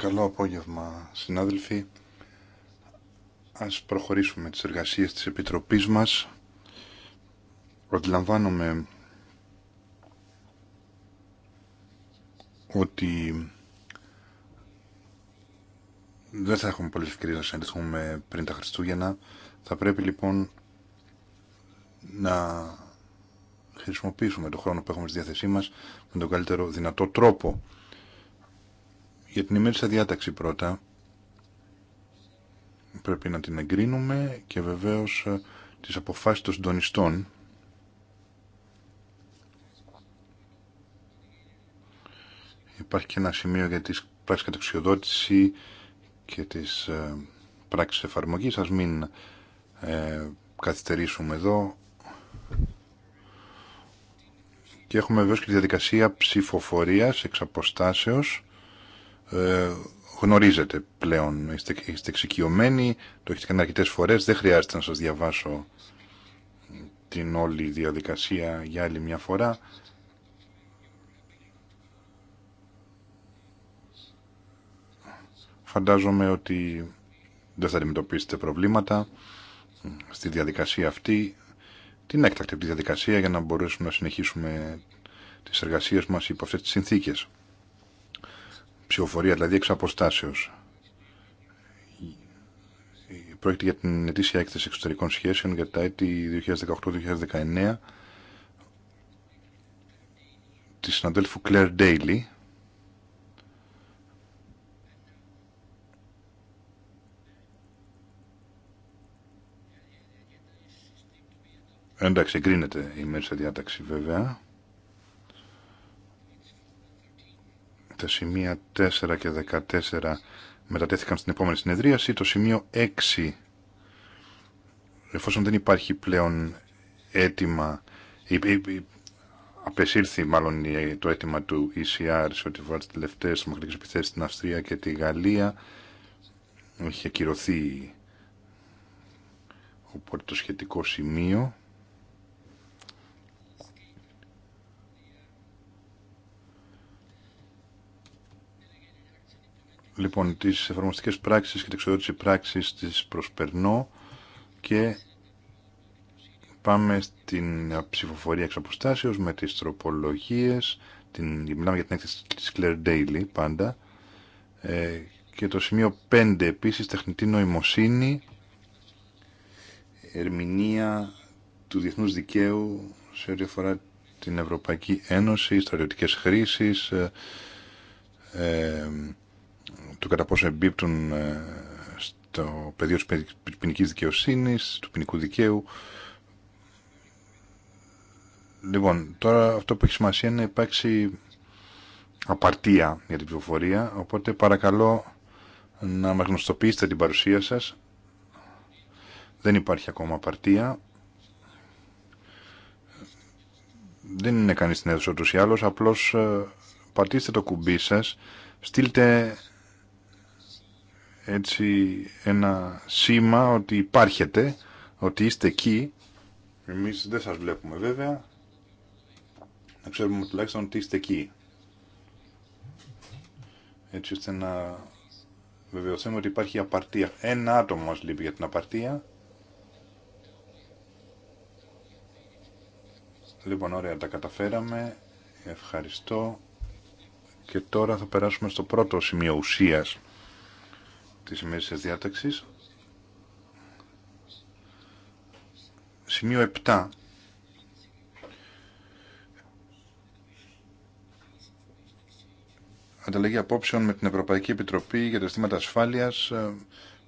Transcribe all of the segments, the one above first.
Καλό απόγευμα, συνάδελφοι. Ας προχωρήσουμε τις εργασίες της Επιτροπής μας. Αντιλαμβάνομαι ότι δεν θα έχουμε πολλές ευκαιρίες να συναντηθούμε πριν τα Χριστούγεννα. Θα πρέπει λοιπόν να χρησιμοποιήσουμε τον χρόνο που έχουμε στη διάθεσή μας με τον καλύτερο δυνατό τρόπο. Για την ημέρησα διάταξη πρώτα πρέπει να την εγκρίνουμε και βεβαίως ε, τις αποφάσεις των συντονιστών Υπάρχει και ένα σημείο για τις πράξεις καταξιοδότηση και τις ε, πράξεις εφαρμογής. Ας μην ε, καθυστερήσουμε εδώ. έχουμε βεβαίως και τη διαδικασία ψηφοφορίας εξ αποστάσεως. Ε, γνωρίζετε πλέον, είστε, είστε εξοικειωμένοι, το έχετε κάνει αρκετές φορές, δεν χρειάζεται να σας διαβάσω την όλη διαδικασία για άλλη μια φορά. Φαντάζομαι ότι δεν θα αντιμετωπίσετε προβλήματα στη διαδικασία αυτή την έκτακτη διαδικασία για να μπορέσουμε να συνεχίσουμε τις εργασίες μας υπό αυτές τις συνθήκες. Ψηφοφορία δηλαδή εξ αποστάσεως. Πρόκειται για την ετήσια έκθεση εξωτερικών σχέσεων για τα έτη 2018-2019 της συναδέλφου Κλέρ Ντέιλι. Εντάξει, εγκρίνεται η μέρη διάταξη βέβαια. Τα σημεία 4 και 14 μετατέθηκαν στην επόμενη συνεδρίαση. Το σημείο 6, εφόσον δεν υπάρχει πλέον αίτημα, απεσύρθη μάλλον το αίτημα του ECR σε ό,τι βάζει τις τελευταίε δημοκρατικέ επιθέσεις στην Αυστρία και τη Γαλλία, είχε ακυρωθεί οπότε το σχετικό σημείο. λοιπόν τις εφαρμοστικές πράξεις και την εξοδότηση πράξης τις προσπερνώ και πάμε στην ψηφοφορία εξ αποστάσεως με τις τροπολογίες την, μιλάμε για την έκθεση της Claire Daily πάντα ε, και το σημείο 5 επίσης τεχνητή νοημοσύνη ερμηνεία του διεθνούς δικαίου σε ό,τι αφορά την Ευρωπαϊκή Ένωση, στρατιωτικές χρήσεις, ε, ε, του κατά πόσο εμπίπτουν ε, στο πεδίο της ποινική δικαιοσύνης, του ποινικού δικαίου. Λοιπόν, τώρα αυτό που έχει σημασία είναι να υπάρξει απαρτία για την πληροφορία, οπότε παρακαλώ να μας γνωστοποιήσετε την παρουσία σας. Δεν υπάρχει ακόμα απαρτία. Δεν είναι κανείς την αίθουσα ούτως ή άλλως, απλώς ε, πατήστε το κουμπί σας, στείλτε έτσι ένα σήμα ότι υπάρχετε, ότι είστε εκεί. Εμείς δεν σας βλέπουμε βέβαια. Να ξέρουμε τουλάχιστον ότι είστε εκεί. Έτσι ώστε να βεβαιωθούμε ότι υπάρχει απαρτία. Ένα άτομο μας λείπει για την απαρτία. Λοιπόν, ωραία, τα καταφέραμε. Ευχαριστώ. Και τώρα θα περάσουμε στο πρώτο σημείο ουσίας της ημέρησης διάταξης. Σημείο 7. Ανταλλαγή απόψεων με την Ευρωπαϊκή Επιτροπή για τα αισθήματα ασφάλειας, ε,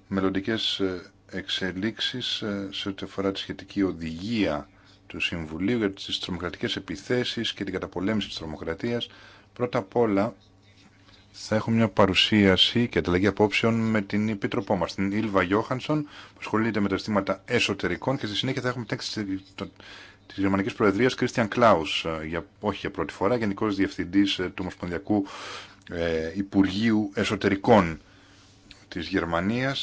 μελλοντικέ ε, εξελίξεις ε, σε ό,τι αφορά τη σχετική οδηγία του Συμβουλίου για τις τρομοκρατικέ επιθέσεις και την καταπολέμηση της τρομοκρατίας. Πρώτα απ' όλα θα έχω μια παρουσίαση και ανταλλαγή απόψεων με την επίτροπό μα, την Ήλβα Γιώχανσον, που ασχολείται με τα αισθήματα εσωτερικών και στη συνέχεια θα έχουμε την έκθεση τη Γερμανική Προεδρία Κρίστιαν ε, Κλάου, όχι για πρώτη φορά, Γενικό Διευθυντή ε, του Ομοσπονδιακού ε, Υπουργείου Εσωτερικών τη Γερμανία,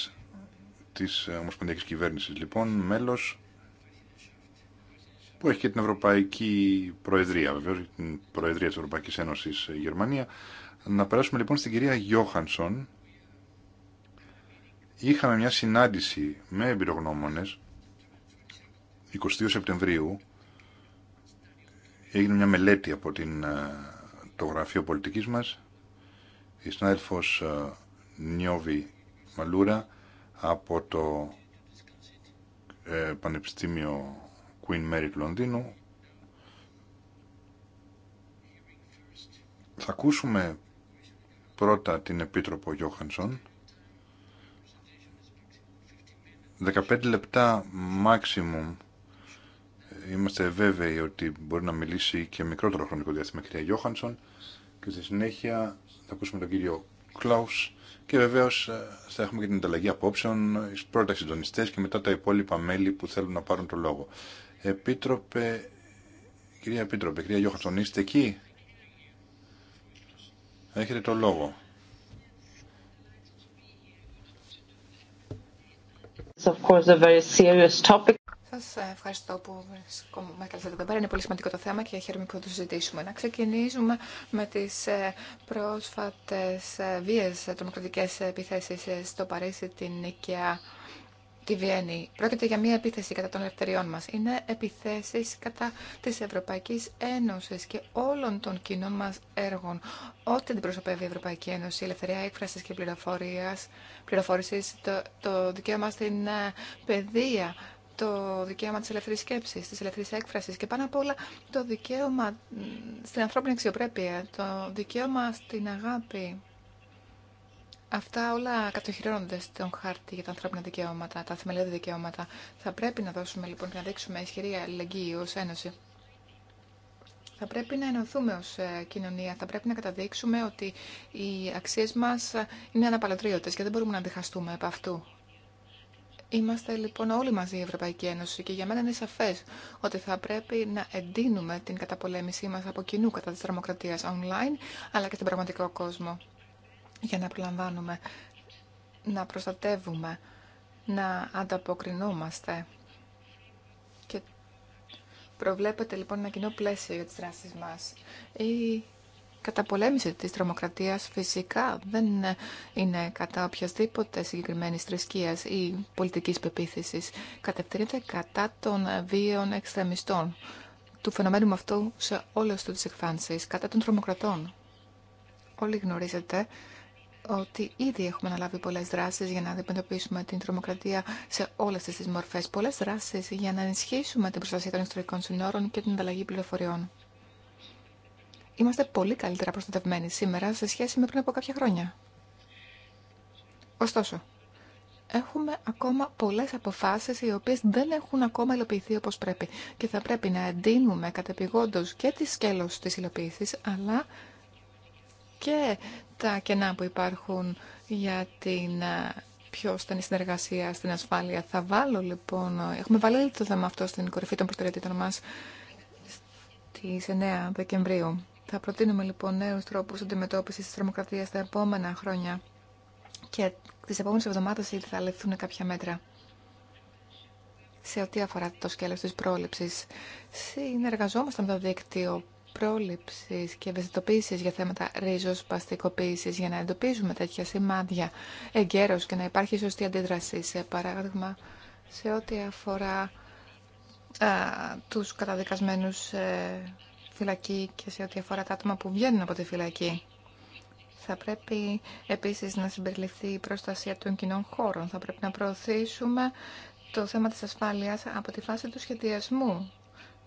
τη ε, Ομοσπονδιακή Κυβέρνηση λοιπόν, μέλο που έχει και την Ευρωπαϊκή Προεδρία, βεβαίω την Προεδρία τη Ευρωπαϊκή Ένωση Γερμανία. Να περάσουμε λοιπόν στην κυρία Γιώχανσον. Είχαμε μια συνάντηση με εμπειρογνώμονες 22 Σεπτεμβρίου. Έγινε μια μελέτη από την, ε, το Γραφείο Πολιτικής μας. Η συνάδελφος ε, Νιώβη Μαλούρα από το ε, Πανεπιστήμιο Queen Mary του Λονδίνου. Θα ακούσουμε πρώτα την Επίτροπο Γιώχανσον. 15 λεπτά maximum είμαστε βέβαιοι ότι μπορεί να μιλήσει και μικρότερο χρονικό διάστημα η κυρία Γιώχανσον και στη συνέχεια θα ακούσουμε τον κύριο Κλάους και βεβαίως ε, θα έχουμε και την ανταλλαγή απόψεων, πρώτα οι συντονιστές και μετά τα υπόλοιπα μέλη που θέλουν να πάρουν το λόγο. Επίτροπε, κυρία Επίτροπε, κυρία Γιώχανσον, είστε εκεί. Έχετε το λόγο. Σα ε, ευχαριστώ που με καλέσατε εδώ πέρα. Είναι πολύ σημαντικό το θέμα και χαίρομαι που θα το συζητήσουμε. Να ξεκινήσουμε με τι ε, πρόσφατε ε, βίε τρομοκρατικέ επιθέσει στο Παρίσι, την Νίκαια τη Βιέννη. Πρόκειται για μια επίθεση κατά των ελευθεριών μας. Είναι επιθέσεις κατά της Ευρωπαϊκής Ένωσης και όλων των κοινών μας έργων. Ό,τι αντιπροσωπεύει η Ευρωπαϊκή Ένωση, η ελευθερία έκφρασης και πληροφορίας, πληροφόρησης, το, το δικαίωμα στην ε, παιδεία, το δικαίωμα της ελεύθερης σκέψης, της ελεύθερης έκφρασης και πάνω απ' όλα το δικαίωμα στην ανθρώπινη αξιοπρέπεια, το δικαίωμα στην αγάπη. Αυτά όλα κατοχυρώνονται στον χάρτη για τα ανθρώπινα δικαιώματα, τα θεμελιώδη δικαιώματα. Θα πρέπει να δώσουμε λοιπόν και να δείξουμε ισχυρή αλληλεγγύη ω Ένωση. Θα πρέπει να ενωθούμε ως ε, κοινωνία, θα πρέπει να καταδείξουμε ότι οι αξίες μας είναι αναπαλωτρίωτες και δεν μπορούμε να αντιχαστούμε από αυτού. Είμαστε λοιπόν όλοι μαζί η Ευρωπαϊκή Ένωση και για μένα είναι σαφές ότι θα πρέπει να εντείνουμε την καταπολέμησή μας από κοινού κατά της τρομοκρατίας online αλλά και στον πραγματικό κόσμο για να προλαμβάνουμε, να προστατεύουμε, να ανταποκρινόμαστε. Και προβλέπεται λοιπόν ένα κοινό πλαίσιο για τις δράσεις μας. Η καταπολέμηση της τρομοκρατίας φυσικά δεν είναι κατά οποιασδήποτε συγκεκριμένης θρησκείας ή πολιτικής πεποίθησης. Κατευθύνεται κατά των βίαιων εξτρεμιστών του φαινομένου αυτού σε όλες τις εκφάνσεις, κατά των τρομοκρατών. Όλοι γνωρίζετε ότι ήδη έχουμε αναλάβει πολλέ δράσει για να αντιμετωπίσουμε την τρομοκρατία σε όλε τι μορφέ. Πολλέ δράσει για να ενισχύσουμε την προστασία των ιστορικών συνόρων και την ανταλλαγή πληροφοριών. Είμαστε πολύ καλύτερα προστατευμένοι σήμερα σε σχέση με πριν από κάποια χρόνια. Ωστόσο, έχουμε ακόμα πολλέ αποφάσει οι οποίε δεν έχουν ακόμα υλοποιηθεί όπω πρέπει και θα πρέπει να εντείνουμε κατεπηγόντω και τη σκέλος τη υλοποίηση αλλά και τα κενά που υπάρχουν για την πιο στενή συνεργασία στην ασφάλεια. Θα βάλω λοιπόν, έχουμε βάλει το θέμα αυτό στην κορυφή των προτεραιοτήτων μας στις 9 Δεκεμβρίου. Θα προτείνουμε λοιπόν νέους τρόπους αντιμετώπισης της τρομοκρατίας τα επόμενα χρόνια και τις επόμενες εβδομάδες ήδη θα λεφθούν κάποια μέτρα σε ό,τι αφορά το σκέλος της πρόληψης. Συνεργαζόμαστε με το δίκτυο και ευαισθητοποίηση για θέματα ριζοσπαστικοποίηση για να εντοπίζουμε τέτοια σημάδια εγκαίρω και να υπάρχει σωστή αντίδραση σε παράδειγμα σε ό,τι αφορά του τους καταδικασμένους φυλακή και σε ό,τι αφορά τα άτομα που βγαίνουν από τη φυλακή. Θα πρέπει επίσης να συμπεριληφθεί η προστασία των κοινών χώρων. Θα πρέπει να προωθήσουμε το θέμα της ασφάλειας από τη φάση του σχεδιασμού.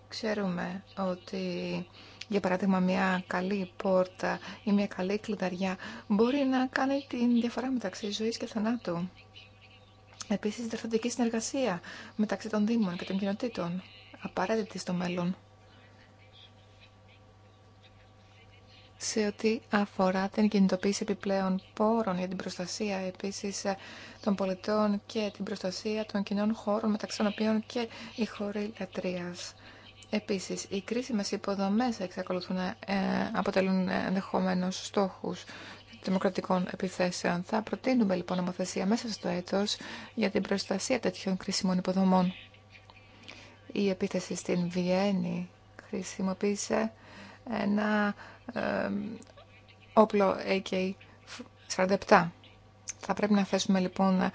Ξέρουμε ότι για παράδειγμα, μια καλή πόρτα ή μια καλή κλειδαριά μπορεί να κάνει την διαφορά μεταξύ ζωής και θανάτου. Επίσης, διευθυντική συνεργασία μεταξύ των Δήμων και των κοινοτήτων, απαραίτητη στο μέλλον. σε ό,τι αφορά την κινητοποίηση επιπλέον πόρων για την προστασία επίσης των πολιτών και την προστασία των κοινών χώρων μεταξύ των οποίων και η χώροι λατρείας. Επίσης, οι κρίσιμες υποδομές εξακολουθούν να ε, αποτελούν ενδεχομένω στόχους δημοκρατικών επιθέσεων. Θα προτείνουμε λοιπόν νομοθεσία μέσα στο έτος για την προστασία τέτοιων κρίσιμων υποδομών. Η επίθεση στην Βιέννη χρησιμοποίησε ένα ε, όπλο AK-47. Θα πρέπει να θέσουμε λοιπόν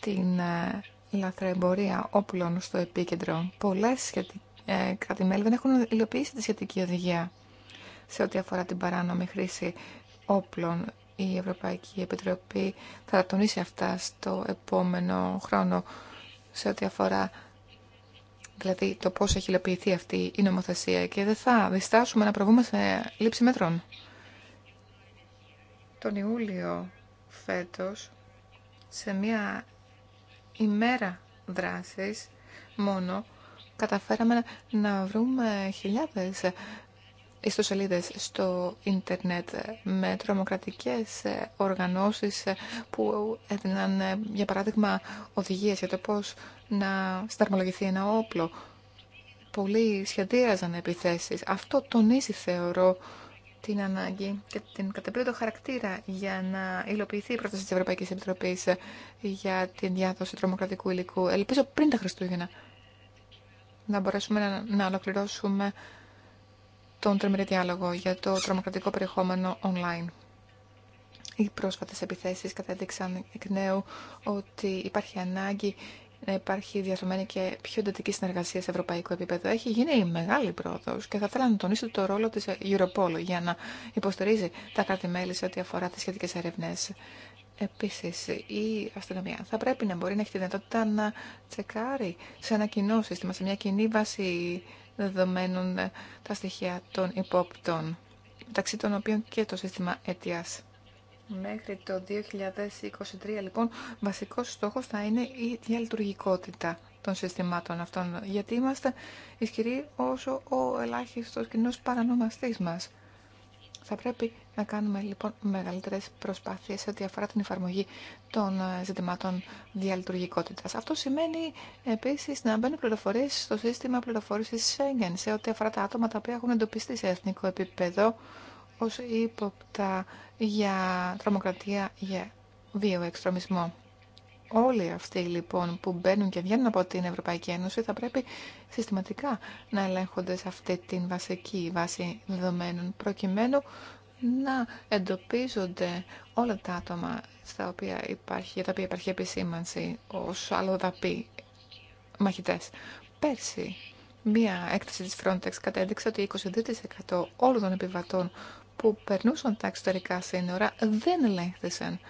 την ε, λαθρεμπορία όπλων στο επίκεντρο. Πολλές σχετικές ε, κράτη-μέλη δεν έχουν υλοποιήσει τη σχετική οδηγία σε ό,τι αφορά την παράνομη χρήση όπλων. Η Ευρωπαϊκή Επιτροπή θα τονίσει αυτά στο επόμενο χρόνο σε ό,τι αφορά δηλαδή το πώς έχει υλοποιηθεί αυτή η νομοθεσία και δεν θα διστάσουμε να προβούμε σε λήψη μέτρων. Τον Ιούλιο φέτος, σε μια ημέρα δράσης μόνο, καταφέραμε να βρούμε χιλιάδες ιστοσελίδες στο ίντερνετ με τρομοκρατικές οργανώσεις που έδιναν, για παράδειγμα, οδηγίες για το πώς να συνταρμολογηθεί ένα όπλο. Πολλοί σχεδίαζαν επιθέσεις. Αυτό τονίζει, θεωρώ, την ανάγκη και την κατεπίδωτο χαρακτήρα για να υλοποιηθεί η πρόταση της Ευρωπαϊκής Επιτροπής για την διάδοση τρομοκρατικού υλικού. Ελπίζω πριν τα Χριστούγεννα να μπορέσουμε να, να ολοκληρώσουμε τον τρομερή διάλογο για το τρομοκρατικό περιεχόμενο online. Οι πρόσφατες επιθέσεις κατέδειξαν εκ νέου ότι υπάρχει ανάγκη να υπάρχει διαρρομένη και πιο εντατική συνεργασία σε ευρωπαϊκό επίπεδο. Έχει γίνει μεγάλη πρόοδο και θα ήθελα να τονίσω το ρόλο τη Europol για να υποστηρίζει τα κράτη-μέλη σε ό,τι αφορά τι σχετικέ έρευνε. Επίσης, η αστυνομία θα πρέπει να μπορεί να έχει τη δυνατότητα να τσεκάρει σε ένα κοινό σύστημα, σε μια κοινή βάση δεδομένων ε, τα στοιχεία των υπόπτων, μεταξύ των οποίων και το σύστημα αιτίας. Μέχρι το 2023, λοιπόν, βασικός στόχος θα είναι η διαλειτουργικότητα των συστημάτων αυτών, γιατί είμαστε ισχυροί όσο ο ελάχιστος κοινός παρανομαστής μας. Θα πρέπει να κάνουμε λοιπόν μεγαλύτερες προσπάθειες σε ό,τι αφορά την εφαρμογή των ε, ζητημάτων διαλειτουργικότητας. Αυτό σημαίνει επίσης να μπαίνουν πληροφορίες στο σύστημα πληροφόρησης Schengen σε ό,τι αφορά τα άτομα τα οποία έχουν εντοπιστεί σε εθνικό επίπεδο ως ύποπτα για τρομοκρατία, για βίαιο εξτρομισμό. Όλοι αυτοί λοιπόν που μπαίνουν και βγαίνουν από την Ευρωπαϊκή Ένωση θα πρέπει συστηματικά να ελέγχονται σε αυτή την βασική βάση δεδομένων προκειμένου να εντοπίζονται όλα τα άτομα στα οποία υπάρχει, για τα οποία υπάρχει επισήμανση ως αλλοδαπή μαχητές. Πέρσι, μία έκθεση της Frontex κατέδειξε ότι 22% όλων των επιβατών που περνούσαν τα εξωτερικά σύνορα δεν ελέγχθησαν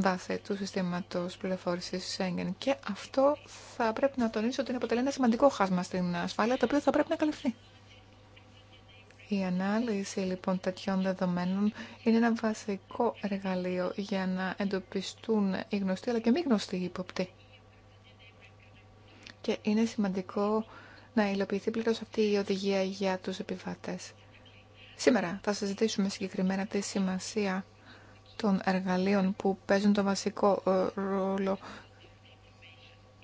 Βάση του συστήματος πληροφόρηση Σέγγεν. Και αυτό θα πρέπει να τονίσω ότι αποτελεί ένα σημαντικό χάσμα στην ασφάλεια, το οποίο θα πρέπει να καλυφθεί. Η ανάλυση λοιπόν τέτοιων δεδομένων είναι ένα βασικό εργαλείο για να εντοπιστούν οι γνωστοί αλλά και μη γνωστοί υποπτοί. Και είναι σημαντικό να υλοποιηθεί πλήρω αυτή η οδηγία για τους επιβάτες. Σήμερα θα συζητήσουμε συγκεκριμένα τη σημασία των εργαλείων που παίζουν το βασικό ε, ρόλο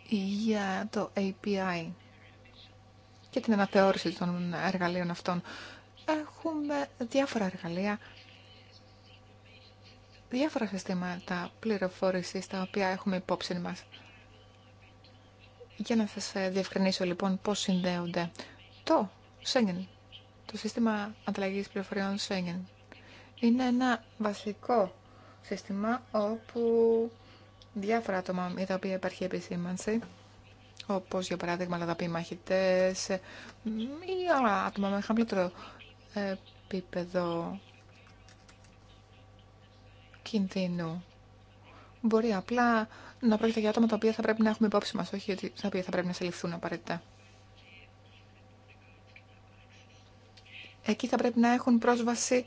για το API και την αναθεώρηση των εργαλείων αυτών. Έχουμε διάφορα εργαλεία, διάφορα συστήματα πληροφόρησης τα οποία έχουμε υπόψη μας. Για να σας ε, διευκρινίσω λοιπόν πώς συνδέονται το Schengen, το σύστημα ανταλλαγής πληροφοριών Schengen. Είναι ένα βασικό σύστημα όπου διάφορα άτομα με τα οποία υπάρχει επισήμανση, όπως για παράδειγμα λαδαπή μαχητές ή άλλα άτομα με χαμηλότερο επίπεδο κινδύνου. Μπορεί απλά να πρόκειται για άτομα τα οποία θα πρέπει να έχουμε υπόψη μας, όχι ότι τα οποία θα πρέπει να συλληφθούν απαραίτητα. Εκεί θα πρέπει να έχουν πρόσβαση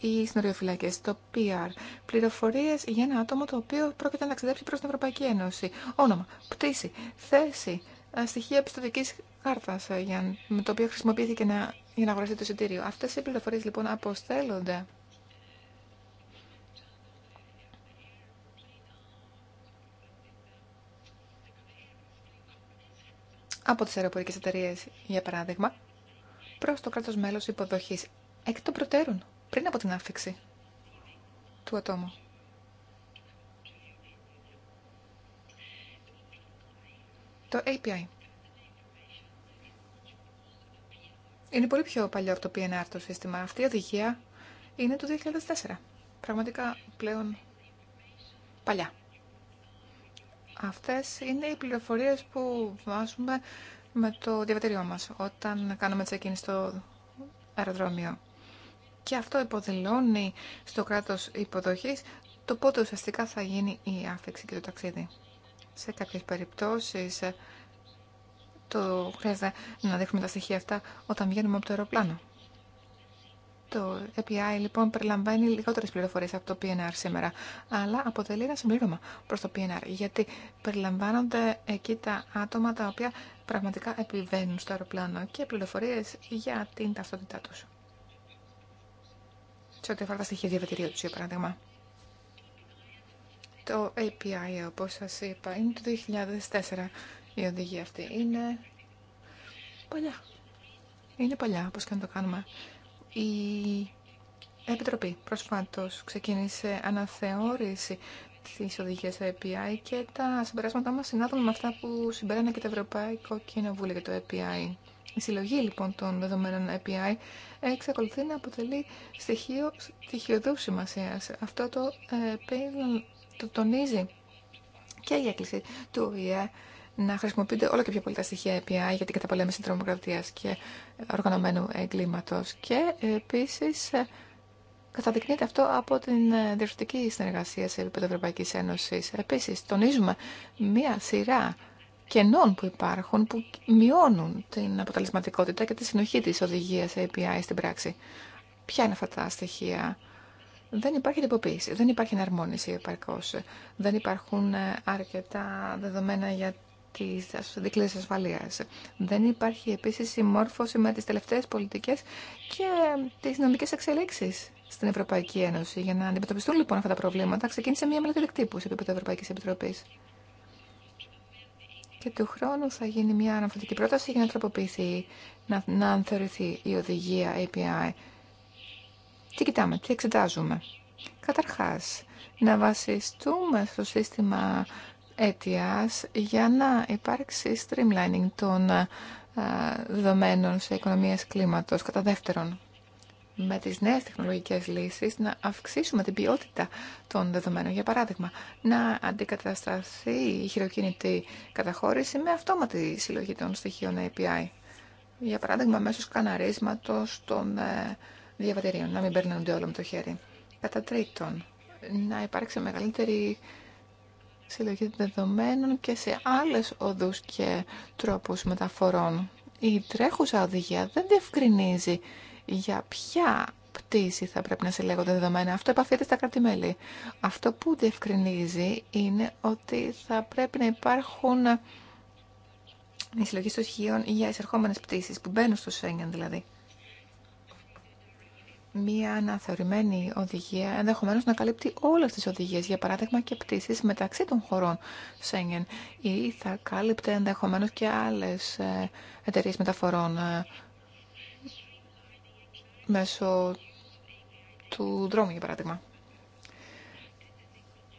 οι συνοριοφυλακέ, το PR, πληροφορίε για ένα άτομο το οποίο πρόκειται να ταξιδέψει προ την Ευρωπαϊκή Ένωση. Όνομα, πτήση, θέση, ε, στοιχεία επιστοτική κάρτα ε, με το οποίο χρησιμοποιήθηκε να, για να αγοράσει το εισιτήριο. Αυτέ οι πληροφορίε λοιπόν αποστέλλονται. από τις αεροπορικές εταιρείες, για παράδειγμα, προς το κράτος μέλος υποδοχής εκ των προτέρων πριν από την άφηξη του ατόμου. Το API. Είναι πολύ πιο παλιό από το PNR το σύστημα. Αυτή η οδηγία είναι του 2004. Πραγματικά πλέον παλιά. Αυτές είναι οι πληροφορίες που βάζουμε με το διαβατήριό μας όταν κάνουμε στο αεροδρόμιο. Και αυτό υποδηλώνει στο κράτος υποδοχής το πότε ουσιαστικά θα γίνει η άφηξη και το ταξίδι. Σε κάποιες περιπτώσεις ε, το χρειάζεται να δείχνουμε τα στοιχεία αυτά όταν βγαίνουμε από το αεροπλάνο. Το API λοιπόν περιλαμβάνει λιγότερες πληροφορίες από το PNR σήμερα, αλλά αποτελεί ένα συμπλήρωμα προς το PNR, γιατί περιλαμβάνονται εκεί τα άτομα τα οποία πραγματικά επιβαίνουν στο αεροπλάνο και πληροφορίες για την ταυτότητά τους σε ό,τι αφορά τα στοιχεία διαβατηρίου του, για παράδειγμα. Το API, όπως σας είπα, είναι το 2004 η οδηγία αυτή. Είναι παλιά. Είναι παλιά, όπω και να το κάνουμε. Η Επιτροπή προσφάτως ξεκίνησε αναθεώρηση της οδηγίας API και τα συμπεράσματά μας συνάδουν με αυτά που συμπέρανε και το Ευρωπαϊκό Κοινοβούλιο για το API. Η συλλογή λοιπόν των δεδομένων API εξακολουθεί να αποτελεί στοιχείο στοιχειοδού σημασία. Αυτό το, ε, το τονίζει και η έκκληση του ΟΗΕ να χρησιμοποιούνται όλο και πιο πολύ τα στοιχεία API για την καταπολέμηση τρομοκρατίας και οργανωμένου εγκλήματο. Και επίσης ε, καταδεικνύεται αυτό από την ε, διευθυντική συνεργασία σε επίπεδο Ευρωπαϊκή Ένωσης. Επίσης, τονίζουμε μία σειρά κενών που υπάρχουν που μειώνουν την αποτελεσματικότητα και τη συνοχή της οδηγίας API στην πράξη. Ποια είναι αυτά τα στοιχεία. Δεν υπάρχει τυποποίηση, δεν υπάρχει εναρμόνιση επαρκώς, δεν υπάρχουν ε, αρκετά δεδομένα για τις δικλείδες ασφαλείας. Δεν υπάρχει επίσης συμμόρφωση με τις τελευταίες πολιτικές και ε, τις νομικές εξελίξεις στην Ευρωπαϊκή Ένωση. Για να αντιμετωπιστούν λοιπόν αυτά τα προβλήματα, ξεκίνησε μια μελέτη δικτύπου σε επίπεδο Ευρωπαϊκή Επιτροπή και του χρόνου θα γίνει μια αναφορική πρόταση για να τροποποιηθεί, να, να ανθεωρηθεί η οδηγία API. Τι κοιτάμε, τι εξετάζουμε. Καταρχάς, να βασιστούμε στο σύστημα αιτίας για να υπάρξει streamlining των ε, δεδομένων σε οικονομίες κλίματος. Κατά δεύτερον, με τις νέες τεχνολογικές λύσεις να αυξήσουμε την ποιότητα των δεδομένων. Για παράδειγμα, να αντικατασταθεί η χειροκίνητη καταχώρηση με αυτόματη συλλογή των στοιχείων API. Για παράδειγμα, μέσω σκαναρίσματος των ε, διαβατηρίων, να μην περνούνται όλο με το χέρι. Κατά τρίτον, να υπάρξει μεγαλύτερη συλλογή δεδομένων και σε άλλες οδούς και τρόπους μεταφορών. Η τρέχουσα οδηγία δεν διευκρινίζει για ποια πτήση θα πρέπει να συλλέγονται δεδομένα. Αυτό επαφείται στα κρατημέλη. Αυτό που διευκρινίζει είναι ότι θα πρέπει να υπάρχουν οι συλλογή στοιχείων για εισερχόμενες πτήσεις που μπαίνουν στο Σέγγεν δηλαδή. Μία αναθεωρημένη οδηγία ενδεχομένως να καλύπτει όλες τις οδηγίες, για παράδειγμα και πτήσεις μεταξύ των χωρών Σέγγεν ή θα κάλυπτε ενδεχομένως και άλλες ε, εταιρείε μεταφορών ε, μέσω του δρόμου, για παράδειγμα.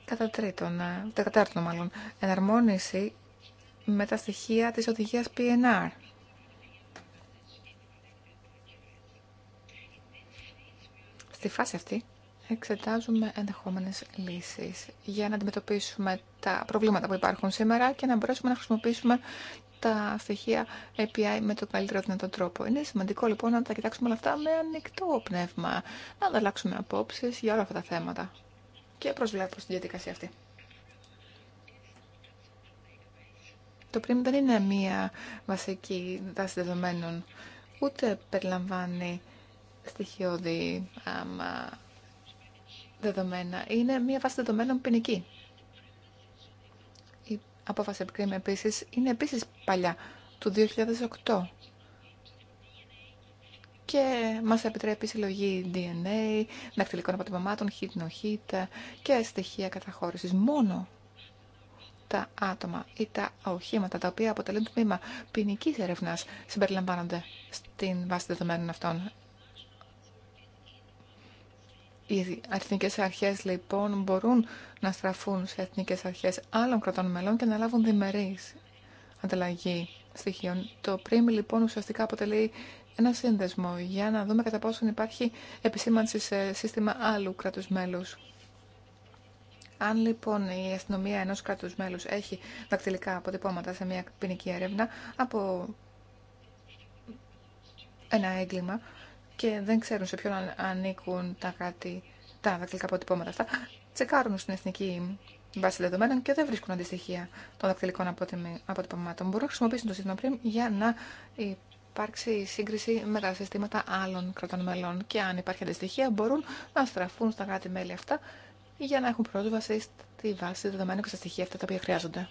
Κατά τρίτον, δεκατάρτον μάλλον, εναρμόνιση με τα στοιχεία της οδηγίας PNR. Στη φάση αυτή εξετάζουμε ενδεχόμενες λύσεις για να αντιμετωπίσουμε τα προβλήματα που υπάρχουν σήμερα και να μπορέσουμε να χρησιμοποιήσουμε τα στοιχεία API με τον καλύτερο δυνατό τρόπο. Είναι σημαντικό λοιπόν να τα κοιτάξουμε όλα αυτά με ανοιχτό πνεύμα, να ανταλλάξουμε απόψει για όλα αυτά τα θέματα. Και προσβλέπω στην διαδικασία αυτή. Το πριν δεν είναι μία βασική δάση δεδομένων, ούτε περιλαμβάνει στοιχειώδη δεδομένα. Είναι μία βάση δεδομένων ποινική απόφαση επικρίνουμε επίσης είναι επίσης παλιά, του 2008. Και μας επιτρέπει συλλογή DNA, δακτυλικών αποτυπωμάτων, hit no hit και στοιχεία καταχώρησης. Μόνο τα άτομα ή τα οχήματα τα οποία αποτελούν τμήμα ποινική έρευνα συμπεριλαμβάνονται στην βάση δεδομένων αυτών. Οι εθνικές αρχές λοιπόν μπορούν να στραφούν σε εθνικές αρχές άλλων κρατών μελών και να λάβουν διμερείς ανταλλαγή στοιχείων. Το πρίμι, λοιπόν ουσιαστικά αποτελεί ένα σύνδεσμο για να δούμε κατά πόσον υπάρχει επισήμανση σε σύστημα άλλου κράτους μέλους. Αν λοιπόν η αστυνομία ενός κράτους μέλους έχει δακτυλικά αποτυπώματα σε μια ποινική έρευνα από ένα έγκλημα, και δεν ξέρουν σε ποιον ανήκουν τα, κάτι, τα δακτυλικά αποτυπώματα αυτά, τσεκάρουν στην εθνική βάση δεδομένων και δεν βρίσκουν αντιστοιχεία των δακτυλικών αποτυπωμάτων. Μπορούν να χρησιμοποιήσουν το σύστημα πριν για να υπάρξει σύγκριση με τα συστήματα άλλων κρατών μελών και αν υπάρχει αντιστοιχεία μπορούν να στραφούν στα κράτη-μέλη αυτά για να έχουν πρόσβαση στη βάση δεδομένων και στα στοιχεία αυτά τα οποία χρειάζονται.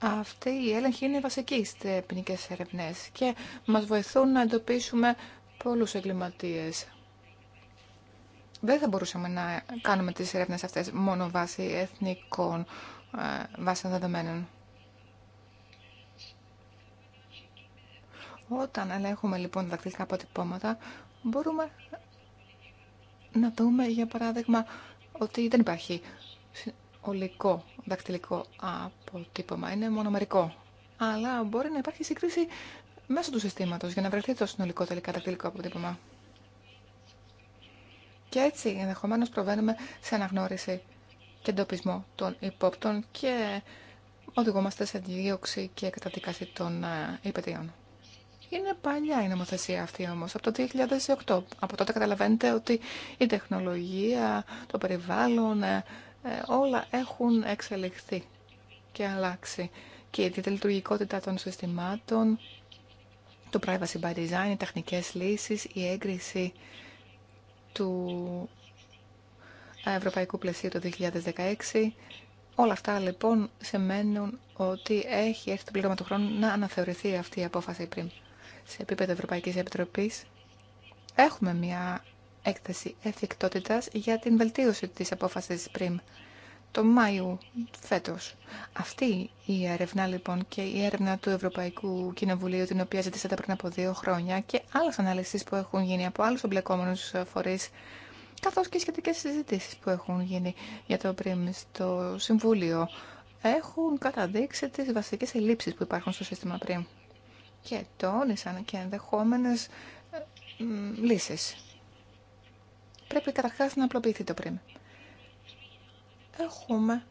Αυτή η έλεγχη είναι βασική στι ποινικέ ερευνέ και μα βοηθούν να εντοπίσουμε πολλού εγκληματίε. Δεν θα μπορούσαμε να κάνουμε τις έρευνε αυτές μόνο βάσει εθνικών ε, βάσεων δεδομένων. Όταν ελέγχουμε λοιπόν δακτυλικά αποτυπώματα, μπορούμε να δούμε για παράδειγμα ότι δεν υπάρχει ολικό δακτυλικό αποτύπωμα, είναι μονομερικό. Αλλά μπορεί να υπάρχει σύγκριση μέσω του συστήματο για να βρεθεί το συνολικό τελικά δακτυλικό αποτύπωμα. Και έτσι ενδεχομένω προβαίνουμε σε αναγνώριση και εντοπισμό των υπόπτων και οδηγούμαστε σε δίωξη και καταδικάση των ε, υπετίων. Είναι παλιά η νομοθεσία αυτή όμω, από το 2008. Από τότε καταλαβαίνετε ότι η τεχνολογία, το περιβάλλον, ε, ε, όλα έχουν εξελιχθεί και αλλάξει. Και η λειτουργικότητα των συστημάτων, το privacy by design, οι τεχνικές λύσεις, η έγκριση του Ευρωπαϊκού Πλαισίου το 2016. Όλα αυτά λοιπόν σημαίνουν ότι έχει έρθει το πλήρωμα του χρόνου να αναθεωρηθεί αυτή η απόφαση πριν. Σε επίπεδο Ευρωπαϊκής Επιτροπής έχουμε μια έκθεση εφικτότητας για την βελτίωση της απόφασης πριν το Μάιο φέτος. Αυτή η έρευνα λοιπόν και η έρευνα του Ευρωπαϊκού Κοινοβουλίου την οποία ζητήσατε πριν από δύο χρόνια και άλλες αναλύσεις που έχουν γίνει από άλλους εμπλεκόμενους φορείς καθώς και σχετικές συζητήσεις που έχουν γίνει για το πριν στο Συμβούλιο έχουν καταδείξει τις βασικές ελλείψεις που υπάρχουν στο σύστημα πριν και τόνισαν και ενδεχόμενες ε, λύσεις. Πρέπει καταρχάς να απλοποιηθεί το πριν. Έχουμε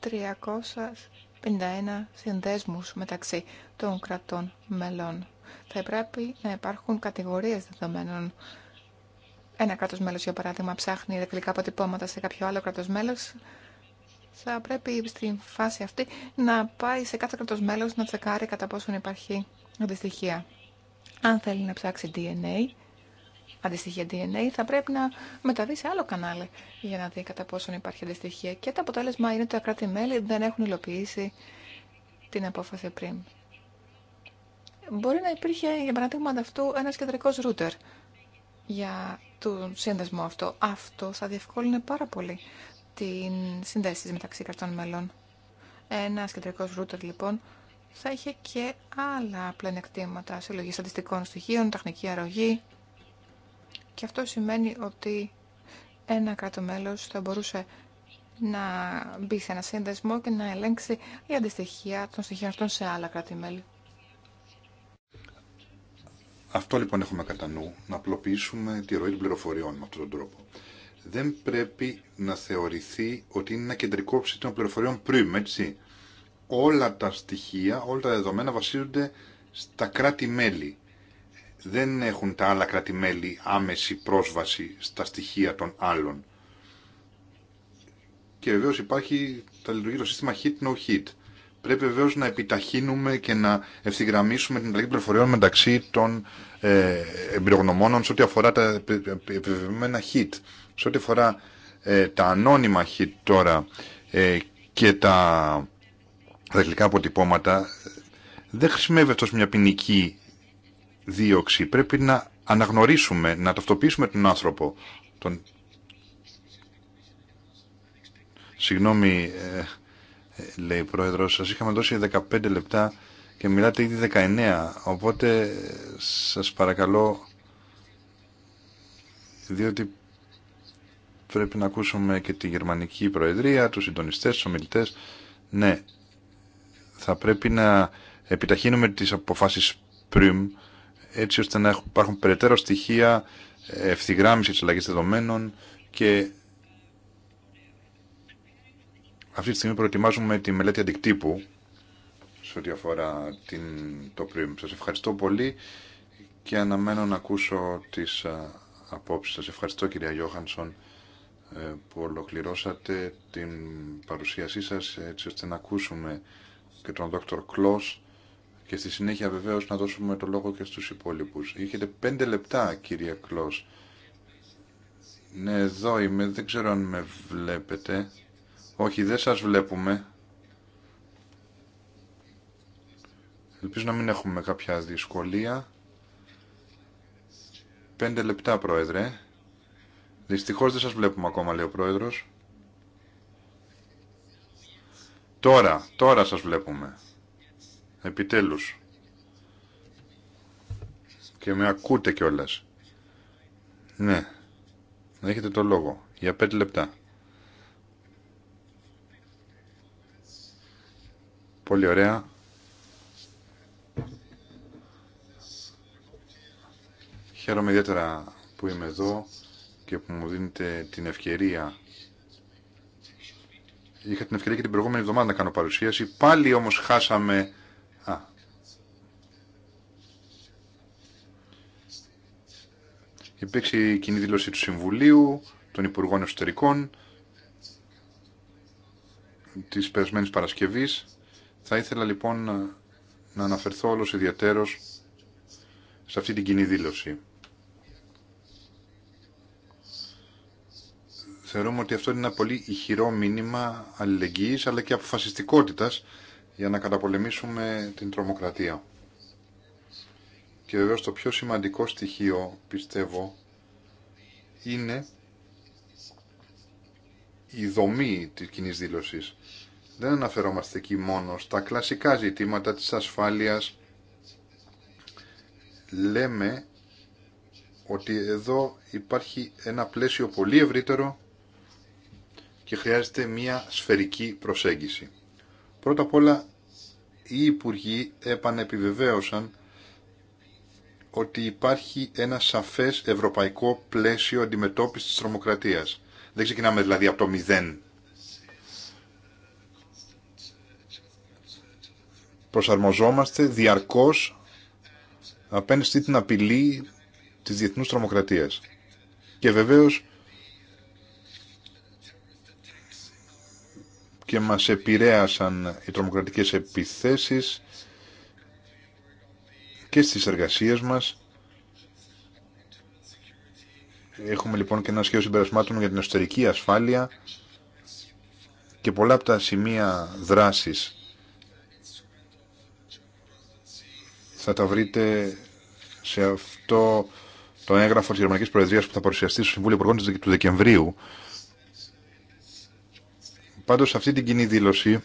351 συνδέσμους μεταξύ των κρατών μελών. Θα πρέπει να υπάρχουν κατηγορίες δεδομένων. Ένα κράτος μέλος, για παράδειγμα, ψάχνει δεκλικά αποτυπώματα σε κάποιο άλλο κράτος μέλος. Θα πρέπει στην φάση αυτή να πάει σε κάθε κράτος μέλος να τσεκάρει κατά πόσον υπάρχει δυστυχία. Αν θέλει να ψάξει DNA, αντιστοιχεία DNA, θα πρέπει να μεταβεί σε άλλο κανάλι για να δει κατά πόσον υπάρχει αντιστοιχεία. Και το αποτέλεσμα είναι ότι τα κράτη-μέλη δεν έχουν υλοποιήσει την απόφαση πριν. Μπορεί να υπήρχε, για παράδειγμα, αυτού ένα κεντρικό ρούτερ για τον σύνδεσμο αυτό. Αυτό θα διευκόλυνε πάρα πολύ την συνδέσεις μεταξύ κρατών μελών. Ένα κεντρικό ρούτερ λοιπόν θα είχε και άλλα πλανεκτήματα συλλογή στατιστικών στοιχείων, τεχνική αρρωγή και αυτό σημαίνει ότι ένα κράτο μέλος θα μπορούσε να μπει σε ένα σύνδεσμο και να ελέγξει η αντιστοιχεία των στοιχείων αυτών σε άλλα κράτη-μέλη. Αυτό λοιπόν έχουμε κατά νου, να απλοποιήσουμε τη ροή των πληροφοριών με αυτόν τον τρόπο. Δεν πρέπει να θεωρηθεί ότι είναι ένα κεντρικό ψήφι των πληροφοριών πριν, έτσι. Όλα τα στοιχεία, όλα τα δεδομένα βασίζονται στα κράτη-μέλη δεν έχουν τα άλλα κρατημέλη άμεση πρόσβαση στα στοιχεία των άλλων. Και βεβαίως υπάρχει, τα λειτουργεί το σύστημα hit no hit. Πρέπει βεβαίω να επιταχύνουμε και να ευθυγραμμίσουμε την αλλαγή πληροφοριών μεταξύ των ε, εμπειρογνωμόνων σε ό,τι αφορά τα επιβεβαιωμένα hit. Σε ό,τι αφορά ε, τα ανώνυμα hit τώρα ε, και τα δακτυλικά αποτυπώματα, ε, δεν χρησιμεύει αυτό μια ποινική δίωξη. Πρέπει να αναγνωρίσουμε, να ταυτοποιήσουμε τον άνθρωπο. Τον... Συγγνώμη, ε, λέει ο Πρόεδρος, σας είχαμε δώσει 15 λεπτά και μιλάτε ήδη 19, οπότε ε, σας παρακαλώ, διότι πρέπει να ακούσουμε και τη Γερμανική Προεδρία, τους συντονιστές, τους ομιλητές. Ναι, θα πρέπει να επιταχύνουμε τις αποφάσεις πριν, έτσι ώστε να υπάρχουν περαιτέρω στοιχεία ευθυγράμμιση της αλλαγής δεδομένων και αυτή τη στιγμή προετοιμάζουμε τη μελέτη αντικτύπου σε ό,τι αφορά το πριν. Σας ευχαριστώ πολύ και αναμένω να ακούσω τις απόψεις σας. Ευχαριστώ κυρία Γιώχανσον ε, που ολοκληρώσατε την παρουσίασή σας έτσι ώστε να ακούσουμε και τον Δόκτωρ Κλώσ και στη συνέχεια βεβαίως να δώσουμε το λόγο και στους υπόλοιπους. Είχετε πέντε λεπτά κύριε Κλός. Ναι, εδώ είμαι, δεν ξέρω αν με βλέπετε. Όχι, δεν σας βλέπουμε. Ελπίζω να μην έχουμε κάποια δυσκολία. Πέντε λεπτά, Πρόεδρε. Δυστυχώς δεν σας βλέπουμε ακόμα, λέει ο Πρόεδρος. Τώρα, τώρα σας βλέπουμε. Επιτέλους. Και με ακούτε κιόλας. Ναι. Έχετε το λόγο. Για πέντε λεπτά. Πολύ ωραία. Χαίρομαι ιδιαίτερα που είμαι εδώ και που μου δίνετε την ευκαιρία. Είχα την ευκαιρία και την προηγούμενη εβδομάδα να κάνω παρουσίαση. Πάλι όμως χάσαμε Α. Υπήρξε η κοινή δήλωση του Συμβουλίου, των Υπουργών Εσωτερικών, της περασμένης Παρασκευής. Θα ήθελα λοιπόν να αναφερθώ όλος ιδιαίτερος σε αυτή την κοινή δήλωση. Θεωρούμε ότι αυτό είναι ένα πολύ ηχηρό μήνυμα αλληλεγγύης αλλά και αποφασιστικότητας για να καταπολεμήσουμε την τρομοκρατία. Και βεβαίως το πιο σημαντικό στοιχείο, πιστεύω, είναι η δομή της κοινή δήλωσης. Δεν αναφερόμαστε εκεί μόνο στα κλασικά ζητήματα της ασφάλειας. Λέμε ότι εδώ υπάρχει ένα πλαίσιο πολύ ευρύτερο και χρειάζεται μια σφαιρική προσέγγιση. Πρώτα απ' όλα οι Υπουργοί επανεπιβεβαίωσαν ότι υπάρχει ένα σαφές ευρωπαϊκό πλαίσιο αντιμετώπισης της τρομοκρατίας. Δεν ξεκινάμε δηλαδή από το μηδέν. Προσαρμοζόμαστε διαρκώς απέναντι στην απειλή της διεθνούς τρομοκρατίας. Και βεβαίως και μας επηρέασαν οι τρομοκρατικές επιθέσεις και στις εργασίες μας. Έχουμε λοιπόν και ένα σχέδιο συμπερασμάτων για την εσωτερική ασφάλεια και πολλά από τα σημεία δράσης θα τα βρείτε σε αυτό το έγγραφο της Γερμανικής Προεδρίας που θα παρουσιαστεί στο Συμβούλιο Υπουργών του Δεκεμβρίου Πάντως σε αυτή την κοινή δήλωση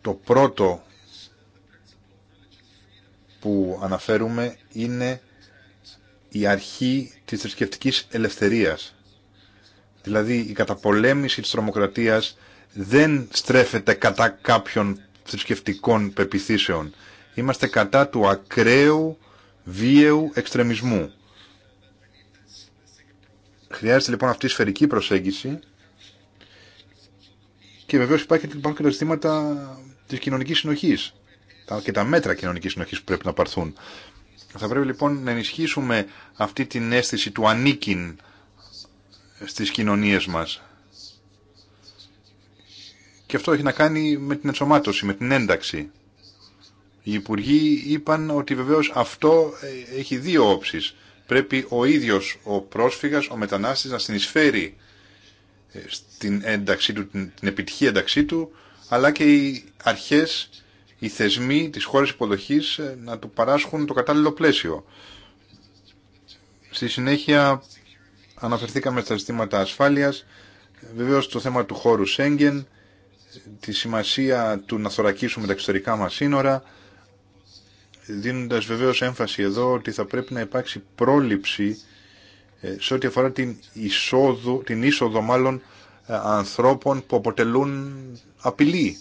το πρώτο που αναφέρουμε είναι η αρχή της θρησκευτική ελευθερίας. Δηλαδή η καταπολέμηση της τρομοκρατίας δεν στρέφεται κατά κάποιων θρησκευτικών πεπιθήσεων. Είμαστε κατά του ακραίου βίαιου εξτρεμισμού. Χρειάζεται λοιπόν αυτή η σφαιρική προσέγγιση και βεβαίω υπάρχει υπάρχουν και τα ζητήματα τη κοινωνική συνοχή και τα μέτρα κοινωνική συνοχή που πρέπει να παρθούν. Θα πρέπει λοιπόν να ενισχύσουμε αυτή την αίσθηση του ανήκειν στις κοινωνίε μας. Και αυτό έχει να κάνει με την ενσωμάτωση, με την ένταξη. Οι υπουργοί είπαν ότι βεβαίως αυτό ε, έχει δύο όψεις. Πρέπει ο ίδιος ο πρόσφυγας, ο μετανάστης να συνεισφέρει στην ένταξή του, την, την επιτυχή ένταξή του, αλλά και οι αρχές, οι θεσμοί της χώρας υποδοχής ε, να του παράσχουν το κατάλληλο πλαίσιο. Στη συνέχεια αναφερθήκαμε στα ζητήματα ασφάλειας, βεβαίως το θέμα του χώρου Σέγγεν, τη σημασία του να θωρακίσουμε τα εξωτερικά μας σύνορα, δίνοντας βεβαίως έμφαση εδώ ότι θα πρέπει να υπάρξει πρόληψη ε, σε ό,τι αφορά την, εισόδου, την είσοδο μάλλον ε, ανθρώπων που αποτελούν απειλή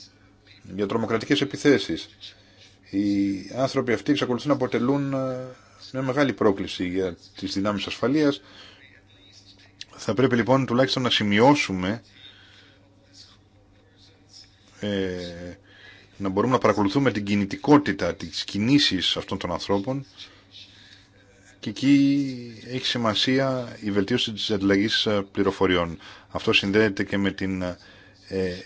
για τρομοκρατικές επιθέσεις. Οι άνθρωποι αυτοί εξακολουθούν να αποτελούν ε, μια μεγάλη πρόκληση για τις δυνάμεις ασφαλείας. Θα πρέπει λοιπόν τουλάχιστον να σημειώσουμε να μπορούμε να παρακολουθούμε την κινητικότητα, της κινήσεις αυτών των ανθρώπων και εκεί έχει σημασία η βελτίωση της ανταλλαγής ε, πληροφοριών. Αυτό συνδέεται και με την ε,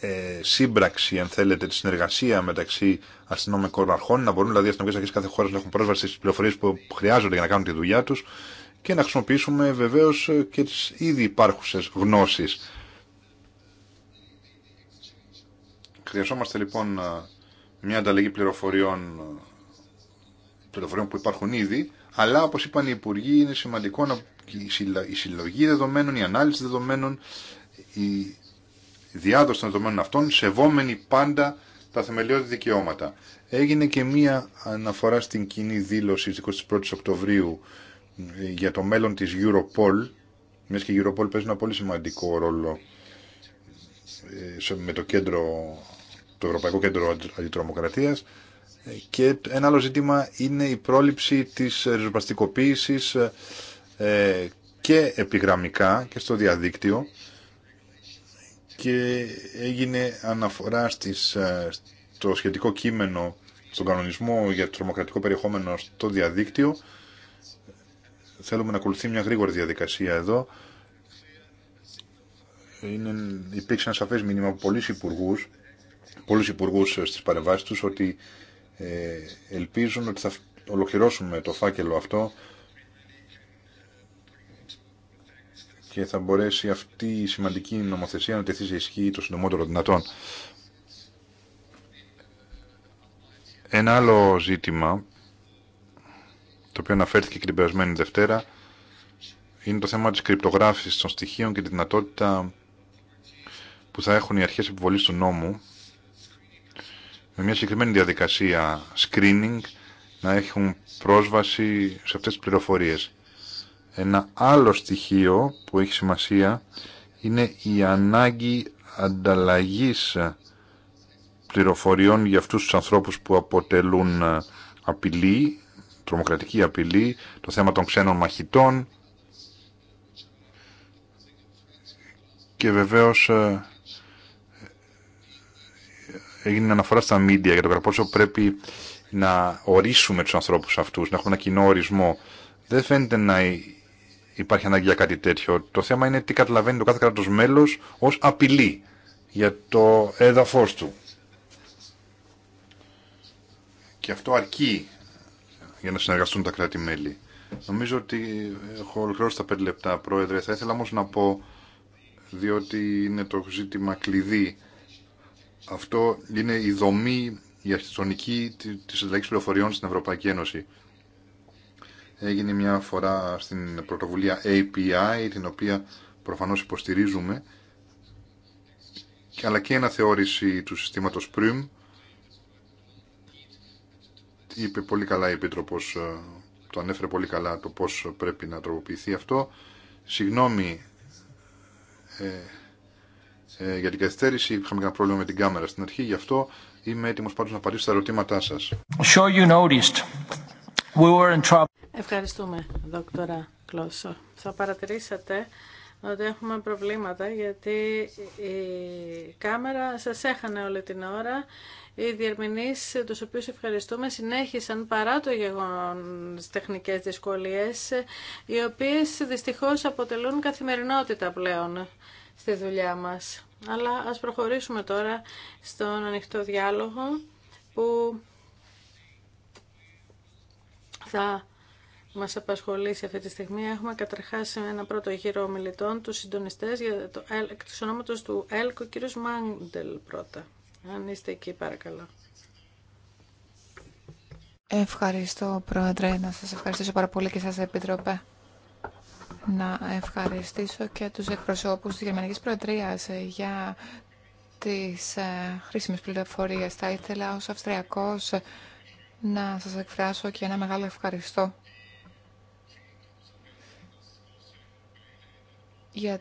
ε, σύμπραξη, αν θέλετε, τη συνεργασία μεταξύ αστυνομικών αρχών, να μπορούν δηλαδή οι αστυνομικέ αρχέ κάθε χώρα να έχουν πρόσβαση στι πληροφορίε που χρειάζονται για να κάνουν τη δουλειά του και να χρησιμοποιήσουμε βεβαίω ε, και τι ήδη υπάρχουσε γνώσει. Χρειαζόμαστε λοιπόν ε, μια ανταλλαγή πληροφοριών πληροφοριών που υπάρχουν ήδη, αλλά όπω είπαν οι υπουργοί είναι σημαντικό να, η συλλογή δεδομένων, η ανάλυση δεδομένων, η διάδοση των δεδομένων αυτών, σεβόμενοι πάντα τα θεμελιώδη δικαιώματα. Έγινε και μία αναφορά στην κοινή δήλωση 21 Οκτωβρίου ε, για το μέλλον τη. Europol, μια και η Europol παίζει ένα πολύ σημαντικό ρόλο ε, με το, το Ευρωπαϊκό Κέντρο Αντιτρομοκρατίας, και ένα άλλο ζήτημα είναι η πρόληψη της ε, και επιγραμμικά και στο διαδίκτυο και έγινε αναφορά στις, ε, στο σχετικό κείμενο στον κανονισμό για το τρομοκρατικό περιεχόμενο στο διαδίκτυο θέλουμε να ακολουθεί μια γρήγορη διαδικασία εδώ είναι, υπήρξε ένα σαφές μήνυμα από πολλούς υπουργούς, πολλούς υπουργούς ε, στις παρεμβάσεις τους ότι ε, ελπίζουν ότι θα ολοκληρώσουμε το φάκελο αυτό και θα μπορέσει αυτή η σημαντική νομοθεσία να τεθεί σε ισχύ το συντομότερο δυνατόν. Ένα άλλο ζήτημα, το οποίο αναφέρθηκε και την περασμένη Δευτέρα, είναι το θέμα της κρυπτογράφησης των στοιχείων και τη δυνατότητα που θα έχουν οι αρχές επιβολής του νόμου με μια συγκεκριμένη διαδικασία screening να έχουν πρόσβαση σε αυτές τις πληροφορίες. Ένα άλλο στοιχείο που έχει σημασία είναι η ανάγκη ανταλλαγής πληροφοριών για αυτούς τους ανθρώπους που αποτελούν απειλή, τρομοκρατική απειλή, το θέμα των ξένων μαχητών και βεβαίως ε, έγινε αναφορά στα μίντια για το πόσο πρέπει να ορίσουμε τους ανθρώπους αυτούς, να έχουμε ένα κοινό ορισμό. Δεν φαίνεται να υπάρχει ανάγκη για κάτι τέτοιο. Το θέμα είναι τι καταλαβαίνει το κάθε κράτος μέλος ως απειλή για το έδαφος του. Και αυτό αρκεί για να συνεργαστούν τα κράτη-μέλη. Νομίζω ότι έχω ολοκληρώσει τα 5 λεπτά, Πρόεδρε. Θα ήθελα όμως να πω, διότι είναι το ζήτημα κλειδί αυτό είναι η δομή, η αρχιτεκτονική της ανταλλαγής πληροφοριών στην Ευρωπαϊκή Ένωση. Έγινε μια φορά στην πρωτοβουλία API, την οποία προφανώς υποστηρίζουμε, αλλά και θεώρηση του συστήματος PRIM. Είπε πολύ καλά η Επίτροπος, ε, το ανέφερε πολύ καλά το πώς πρέπει να τροποποιηθεί αυτό. Συγγνώμη, ε, ε, για την καθυστέρηση. Είχαμε ένα πρόβλημα με την κάμερα στην αρχή, γι' αυτό είμαι έτοιμο πάντω να απαντήσω στα ερωτήματά σα. Sure Ευχαριστούμε, δόκτωρα Κλώσο. Θα παρατηρήσατε ότι έχουμε προβλήματα γιατί η κάμερα σας έχανε όλη την ώρα. Οι διερμηνείς, τους οποίους ευχαριστούμε, συνέχισαν παρά το γεγον τεχνικές δυσκολίες, οι οποίες δυστυχώς αποτελούν καθημερινότητα πλέον στη δουλειά μας. Αλλά ας προχωρήσουμε τώρα στον ανοιχτό διάλογο που θα μας απασχολήσει αυτή τη στιγμή. Έχουμε καταρχάς ένα πρώτο γύρο ομιλητών, τους συντονιστές, για το, τους ονόματος του ΕΛΚ, κύριος Μάντελ πρώτα. Αν είστε εκεί παρακαλώ. Ευχαριστώ Πρόεδρε, να σας ευχαριστήσω πάρα πολύ και σας Επιτροπέ να ευχαριστήσω και τους εκπροσώπους της Γερμανικής Προεδρίας για τις ε, χρήσιμες πληροφορίες. Θα ήθελα ως Αυστριακός να σας εκφράσω και ένα μεγάλο ευχαριστώ για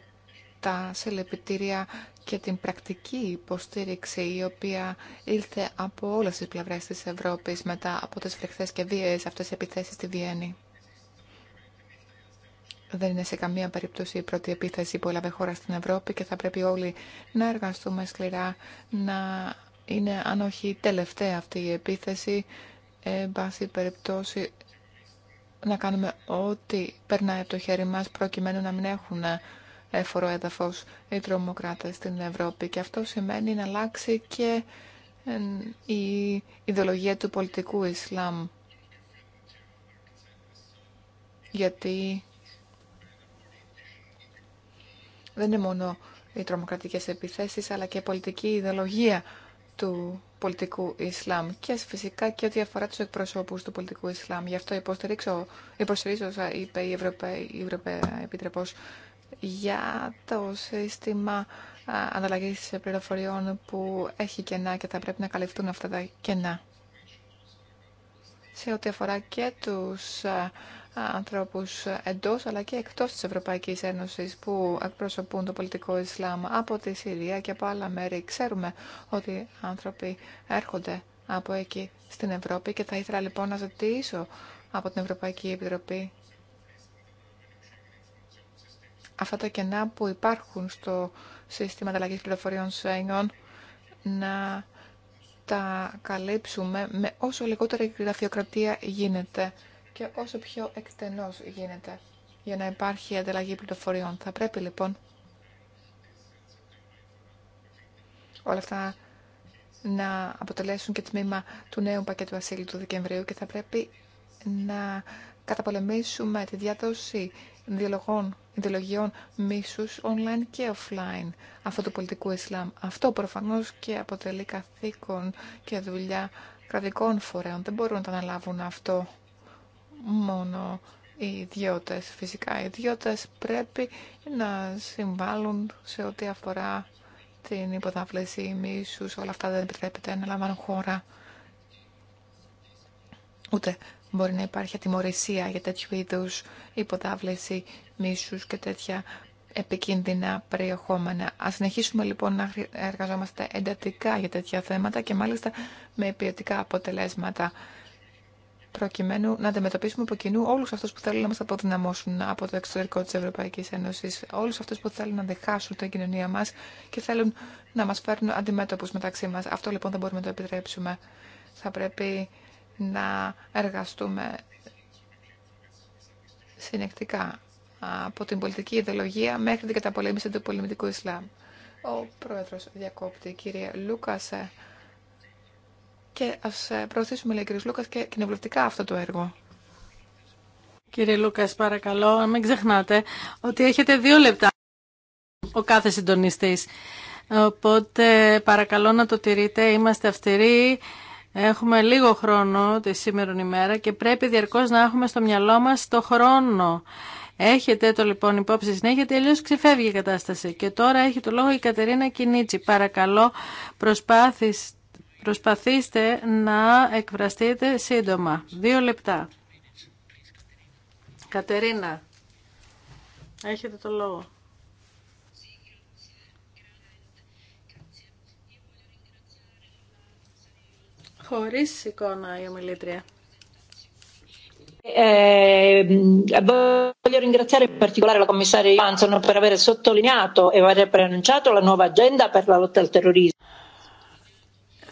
τα συλλεπιτήρια και την πρακτική υποστήριξη η οποία ήλθε από όλες τις πλευρές της Ευρώπης μετά από τις φρεχθές και βίαιες αυτές επιθέσεις στη Βιέννη δεν είναι σε καμία περίπτωση η πρώτη επίθεση που έλαβε χώρα στην Ευρώπη και θα πρέπει όλοι να εργαστούμε σκληρά να είναι, αν όχι η τελευταία αυτή η επίθεση, εν πάση περιπτώσει να κάνουμε ό,τι περνάει από το χέρι μας προκειμένου να μην έχουν έφορο οι τρομοκράτες στην Ευρώπη. Και αυτό σημαίνει να αλλάξει και η ιδεολογία του πολιτικού Ισλάμ. Γιατί δεν είναι μόνο οι τρομοκρατικές επιθέσεις, αλλά και η πολιτική ιδεολογία του πολιτικού Ισλάμ και φυσικά και ό,τι αφορά τους εκπροσώπους του πολιτικού Ισλάμ. Γι' αυτό υποστηρίξω, υποστηρίζω όσα είπε η Ευρωπαϊκή Επιτρεπός για το σύστημα ανταλλαγή πληροφοριών που έχει κενά και θα πρέπει να καλυφθούν αυτά τα κενά. Σε ό,τι αφορά και τους ανθρώπους εντός αλλά και εκτός της Ευρωπαϊκής Ένωσης που εκπροσωπούν το πολιτικό Ισλάμ από τη Συρία και από άλλα μέρη. Ξέρουμε ότι άνθρωποι έρχονται από εκεί στην Ευρώπη και θα ήθελα λοιπόν να ζητήσω από την Ευρωπαϊκή Επιτροπή αυτά τα κενά που υπάρχουν στο σύστημα ανταλλαγή πληροφοριών να τα καλύψουμε με όσο λιγότερη γραφειοκρατία γίνεται και όσο πιο εκτενώς γίνεται για να υπάρχει ανταλλαγή πληροφοριών. Θα πρέπει λοιπόν όλα αυτά να αποτελέσουν και τμήμα του νέου πακέτου ασύλου του Δεκεμβρίου και θα πρέπει να καταπολεμήσουμε τη διάδοση διαλογών, ιδεολογιών μίσους online και offline αυτού του πολιτικού Ισλάμ. Αυτό προφανώς και αποτελεί καθήκον και δουλειά κρατικών φορέων. Δεν μπορούν να τα αναλάβουν αυτό μόνο οι ιδιώτες. Φυσικά οι ιδιώτες πρέπει να συμβάλλουν σε ό,τι αφορά την υποδάφλεση μίσους, όλα αυτά δεν επιτρέπεται να λαμβάνουν χώρα. Ούτε μπορεί να υπάρχει ατιμορρησία για τέτοιου είδους υποδάβληση μίσους και τέτοια επικίνδυνα περιεχόμενα. Ας συνεχίσουμε λοιπόν να εργαζόμαστε εντατικά για τέτοια θέματα και μάλιστα με ποιοτικά αποτελέσματα προκειμένου να αντιμετωπίσουμε από κοινού όλους αυτούς που θέλουν να μας αποδυναμώσουν από το εξωτερικό της Ευρωπαϊκής Ένωσης, όλους αυτούς που θέλουν να διχάσουν την κοινωνία μας και θέλουν να μας φέρουν αντιμέτωπους μεταξύ μας. Αυτό λοιπόν δεν μπορούμε να το επιτρέψουμε. Θα πρέπει να εργαστούμε συνεκτικά από την πολιτική ιδεολογία μέχρι την καταπολέμηση του πολιτικού Ισλάμ. Ο πρόεδρος διακόπτη, κύριε Λούκασε και ας ε, προωθήσουμε, λέει ο κ. Λούκας, και κοινοβουλευτικά αυτό το έργο. Κύριε Λούκα, παρακαλώ, μην ξεχνάτε ότι έχετε δύο λεπτά ο κάθε συντονιστή. Οπότε παρακαλώ να το τηρείτε, είμαστε αυστηροί. Έχουμε λίγο χρόνο τη σήμερα ημέρα και πρέπει διαρκώς να έχουμε στο μυαλό μας το χρόνο. Έχετε το λοιπόν υπόψη συνέχεια, τελείω ξεφεύγει η κατάσταση. Και τώρα έχει το λόγο η Κατερίνα Κινίτσι. Παρακαλώ, προσπάθησε Προσπαθήστε να εκφραστείτε σύντομα. Δύο λεπτά. Κατερίνα, έχετε το λόγο. Χωρίς εικόνα η ομιλήτρια. Eh, voglio ringraziare in particolare la commissaria Johansson per aver sottolineato e aver preannunciato la nuova agenda per la lotta al terrorismo.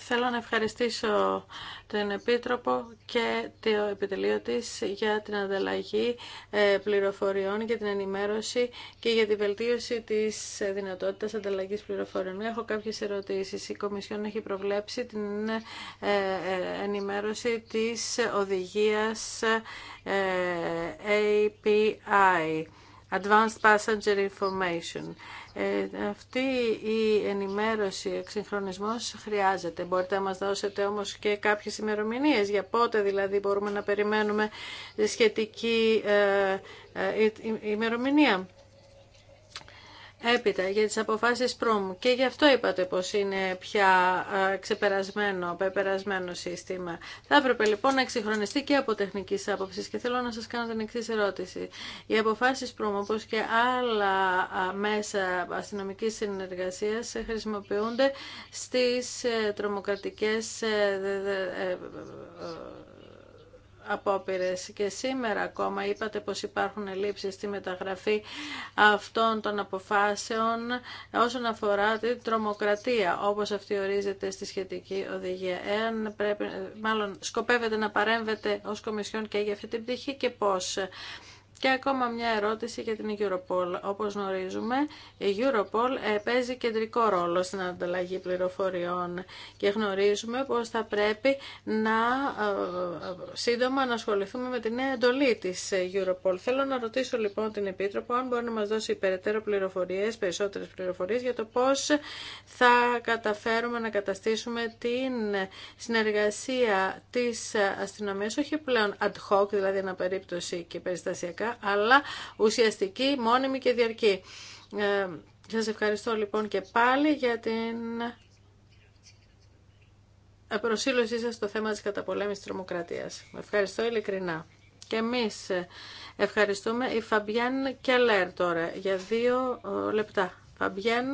Θέλω να ευχαριστήσω τον Επίτροπο και το επιτελείο της για την ανταλλαγή ε, πληροφοριών για την ενημέρωση και για τη βελτίωση της δυνατότητας ανταλλαγής πληροφοριών. Έχω κάποιες ερωτήσεις. Η Κομισιόν έχει προβλέψει την ε, ε, ενημέρωση της οδηγίας API, Advanced Passenger Information. Ε, αυτή η ενημέρωση, εξυγχρονισμός χρειάζεται. Μπορείτε να μας δώσετε όμως και κάποιες ημερομηνίε για πότε δηλαδή μπορούμε να περιμένουμε σχετική ε, ε, ημερομηνία. Έπειτα, για τις αποφάσεις ΠΡΟΜ, Και γι' αυτό είπατε πως είναι πια ξεπερασμένο, πεπερασμένο σύστημα. Θα έπρεπε λοιπόν να εξυγχρονιστεί και από τεχνικής άποψης. Και θέλω να σας κάνω την εξή ερώτηση. Οι αποφάσεις ΠΡΟΜ, όπως και άλλα μέσα αστυνομικής συνεργασίας, χρησιμοποιούνται στις ε, τρομοκρατικές ε, ε, και σήμερα ακόμα είπατε πω υπάρχουν ελλείψεις στη μεταγραφή αυτών των αποφάσεων όσον αφορά την τρομοκρατία όπως αυτή ορίζεται στη σχετική οδηγία. Εάν πρέπει, μάλλον σκοπεύετε να παρέμβετε ως Κομισιόν και για αυτή την πτυχή και πώς. Και ακόμα μια ερώτηση για την Europol. Όπως γνωρίζουμε, η Europol ε, παίζει κεντρικό ρόλο στην ανταλλαγή πληροφοριών και γνωρίζουμε πως θα πρέπει να ε, ε, σύντομα να ασχοληθούμε με την νέα εντολή της Europol. Θέλω να ρωτήσω λοιπόν την Επίτροπο αν μπορεί να μας δώσει περαιτέρω πληροφορίες, περισσότερες πληροφορίες για το πώς θα καταφέρουμε να καταστήσουμε την συνεργασία της αστυνομίας, όχι πλέον ad hoc, δηλαδή ένα περίπτωση και περιστασιακά, αλλά ουσιαστική, μόνιμη και διαρκή. Ε, σας ευχαριστώ λοιπόν και πάλι για την προσήλωσή σας στο θέμα της καταπολέμησης τρομοκρατίας. Ευχαριστώ ειλικρινά. Και εμείς ευχαριστούμε η Φαμπιέν Κελέρ τώρα για δύο ε, λεπτά. Φαμπιέν.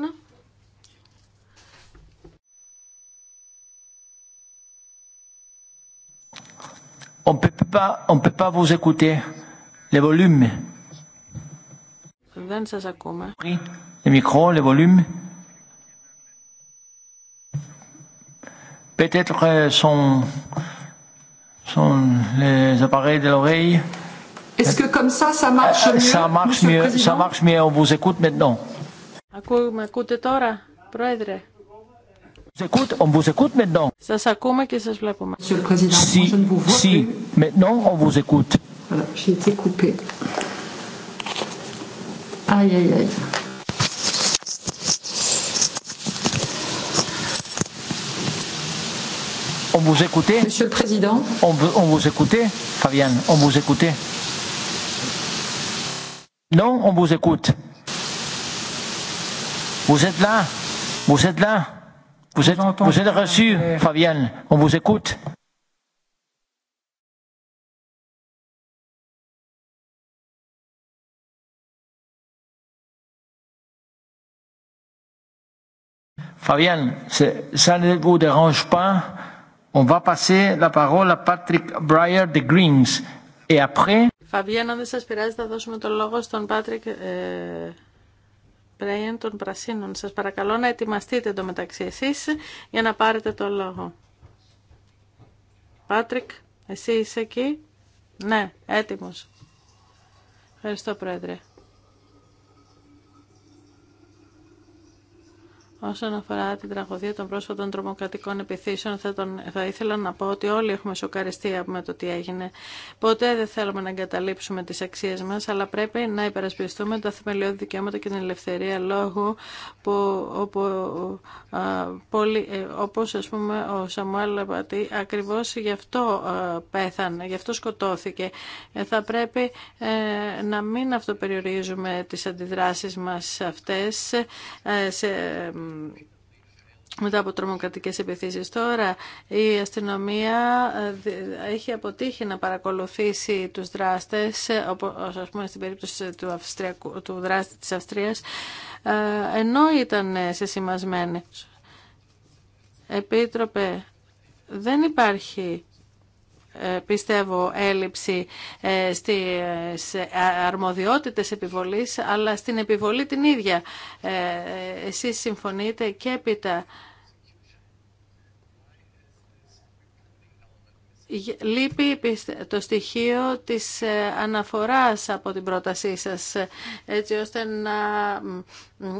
On peut peut pas vous écouter. Le volume. Δεν σας ακούμε. Le micro, le volume. Peut-être sont, sont les appareils de l'oreille. Est-ce que comme ça, ça marche mieux Ça marche mieux, ça marche mieux. On vous écoute maintenant. Ακούμε, τώρα, Πρόεδρε. On vous écoute maintenant. Σας ακούμε και σας βλέπουμε. Si, si, maintenant on vous écoute. Voilà, j'ai été coupée. Aïe, aïe, aïe. On vous écoutait Monsieur le Président On, vous, on vous écoutait Fabienne, on vous écoutait Non, on vous écoute. Vous êtes là Vous êtes là Vous êtes, vous êtes reçu, Fabienne On vous écoute Fabienne, ça ne vous dérange pas αν δεν σα πειράζει θα δώσουμε το λόγο στον Patrick ε, των Πρασίνων. Σα παρακαλώ να ετοιμαστείτε το μεταξύ εσείς για να πάρετε το λόγο. Πάτρικ, εσύ είσαι εκεί. Ναι, έτοιμος. Ευχαριστώ, Πρόεδρε. Όσον αφορά την τραγωδία των πρόσφατων τρομοκρατικών επιθήσεων, θα, τον, θα ήθελα να πω ότι όλοι έχουμε σοκαριστεί με το τι έγινε. Ποτέ δεν θέλουμε να εγκαταλείψουμε τι αξίε μα, αλλά πρέπει να υπερασπιστούμε τα θεμελιώδη δικαιώματα και την ελευθερία λόγου, που, α, ε, όπως ας πούμε ο Σαμουέλ Λαμπατή ακριβώς γι' αυτό πέθανε, γι' αυτό σκοτώθηκε. Ε, θα πρέπει ε, να μην αυτοπεριορίζουμε τις αντιδράσεις μας αυτές σε μετά από τρομοκρατικές επιθέσεις. Τώρα η αστυνομία ε, έχει αποτύχει να παρακολουθήσει τους δράστες, όπως ε, ας πούμε στην περίπτωση του, του δράστη της Αυστρίας, ε, ενώ ήταν σε σημασμένη Επίτροπε, δεν υπάρχει ε, πιστεύω έλλειψη ε, στις ε, αρμοδιότητες επιβολής αλλά στην επιβολή την ίδια. Εσείς συμφωνείτε και έπειτα. λείπει το στοιχείο της ε, αναφοράς από την πρότασή σας, έτσι ώστε να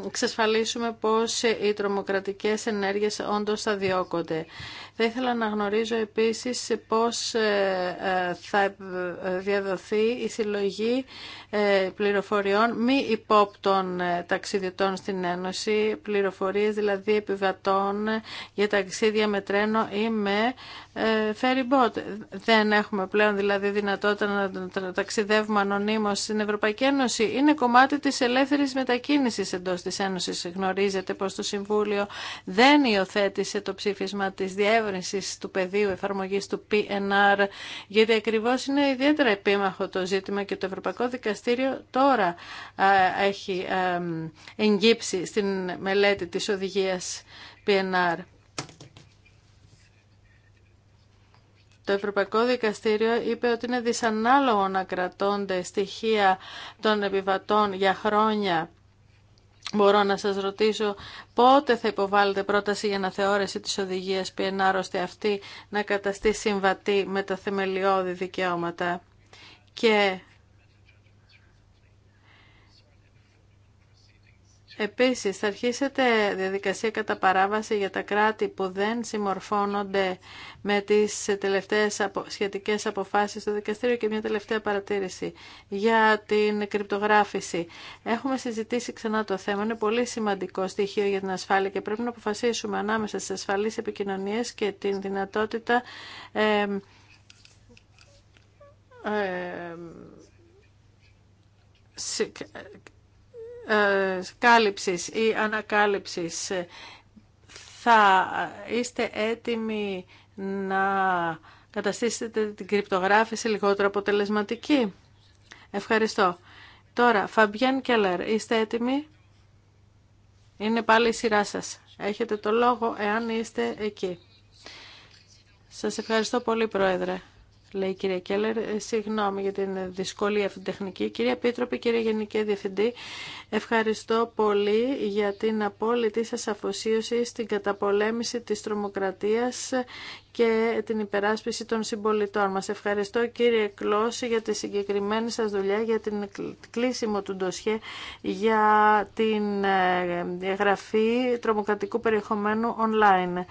εξασφαλίσουμε πώς οι τρομοκρατικές ενέργειες όντως θα διώκονται. Θα ήθελα να γνωρίζω επίσης πώς ε, ε, θα διαδοθεί η συλλογή πληροφοριών μη υπόπτων ταξιδιωτών στην Ένωση, πληροφορίες δηλαδή επιβατών για ταξίδια με τρένο ή με ferry boat δεν έχουμε πλέον δηλαδή δυνατότητα να ταξιδεύουμε ανωνύμως στην Ευρωπαϊκή Ένωση. Είναι κομμάτι της ελεύθερης μετακίνησης εντός της Ένωσης. Γνωρίζετε πως το Συμβούλιο δεν υιοθέτησε το ψήφισμα της διεύρυνσης του πεδίου εφαρμογής του PNR, γιατί ακριβώς είναι ιδιαίτερα επίμαχο το ζήτημα και το Ευρωπαϊκό Δικαστήριο τώρα έχει εγγύψει στην μελέτη της οδηγίας PNR. Το Ευρωπαϊκό Δικαστήριο είπε ότι είναι δυσανάλογο να κρατώνται στοιχεία των επιβατών για χρόνια. Μπορώ να σας ρωτήσω πότε θα υποβάλλετε πρόταση για να της οδηγίας οδηγίες ώστε αυτή να καταστεί συμβατή με τα θεμελιώδη δικαιώματα και Επίσης, θα αρχίσετε διαδικασία κατά παράβαση για τα κράτη που δεν συμμορφώνονται με τις τελευταίες σχετικές αποφάσεις στο δικαστήριο και μια τελευταία παρατήρηση για την κρυπτογράφηση. Έχουμε συζητήσει ξανά το θέμα, είναι πολύ σημαντικό στοιχείο για την ασφάλεια και πρέπει να αποφασίσουμε ανάμεσα στις ασφαλείς επικοινωνίες και την δυνατότητα ε, κάλυψης ή ανακάλυψης ε, θα είστε έτοιμοι να καταστήσετε την κρυπτογράφηση λιγότερο αποτελεσματική. Ευχαριστώ. Τώρα, Φαμπιέν Κέλλερ, είστε έτοιμοι. Είναι πάλι η σειρά σας. Έχετε το λόγο εάν είστε εκεί. Σας ευχαριστώ πολύ, Πρόεδρε λέει η κυρία Κέλλερ. Ε, συγγνώμη για την δυσκολία αυτή την τεχνική. Κυρία Πίτροπη, κύριε Γενική Διευθυντή, ευχαριστώ πολύ για την απόλυτη σας αφοσίωση στην καταπολέμηση της τρομοκρατίας και την υπεράσπιση των συμπολιτών μας. Ευχαριστώ κύριε Κλώση για τη συγκεκριμένη σας δουλειά, για την κλείσιμο του ντοσιέ, για την ε, γραφή τρομοκρατικού περιεχομένου online.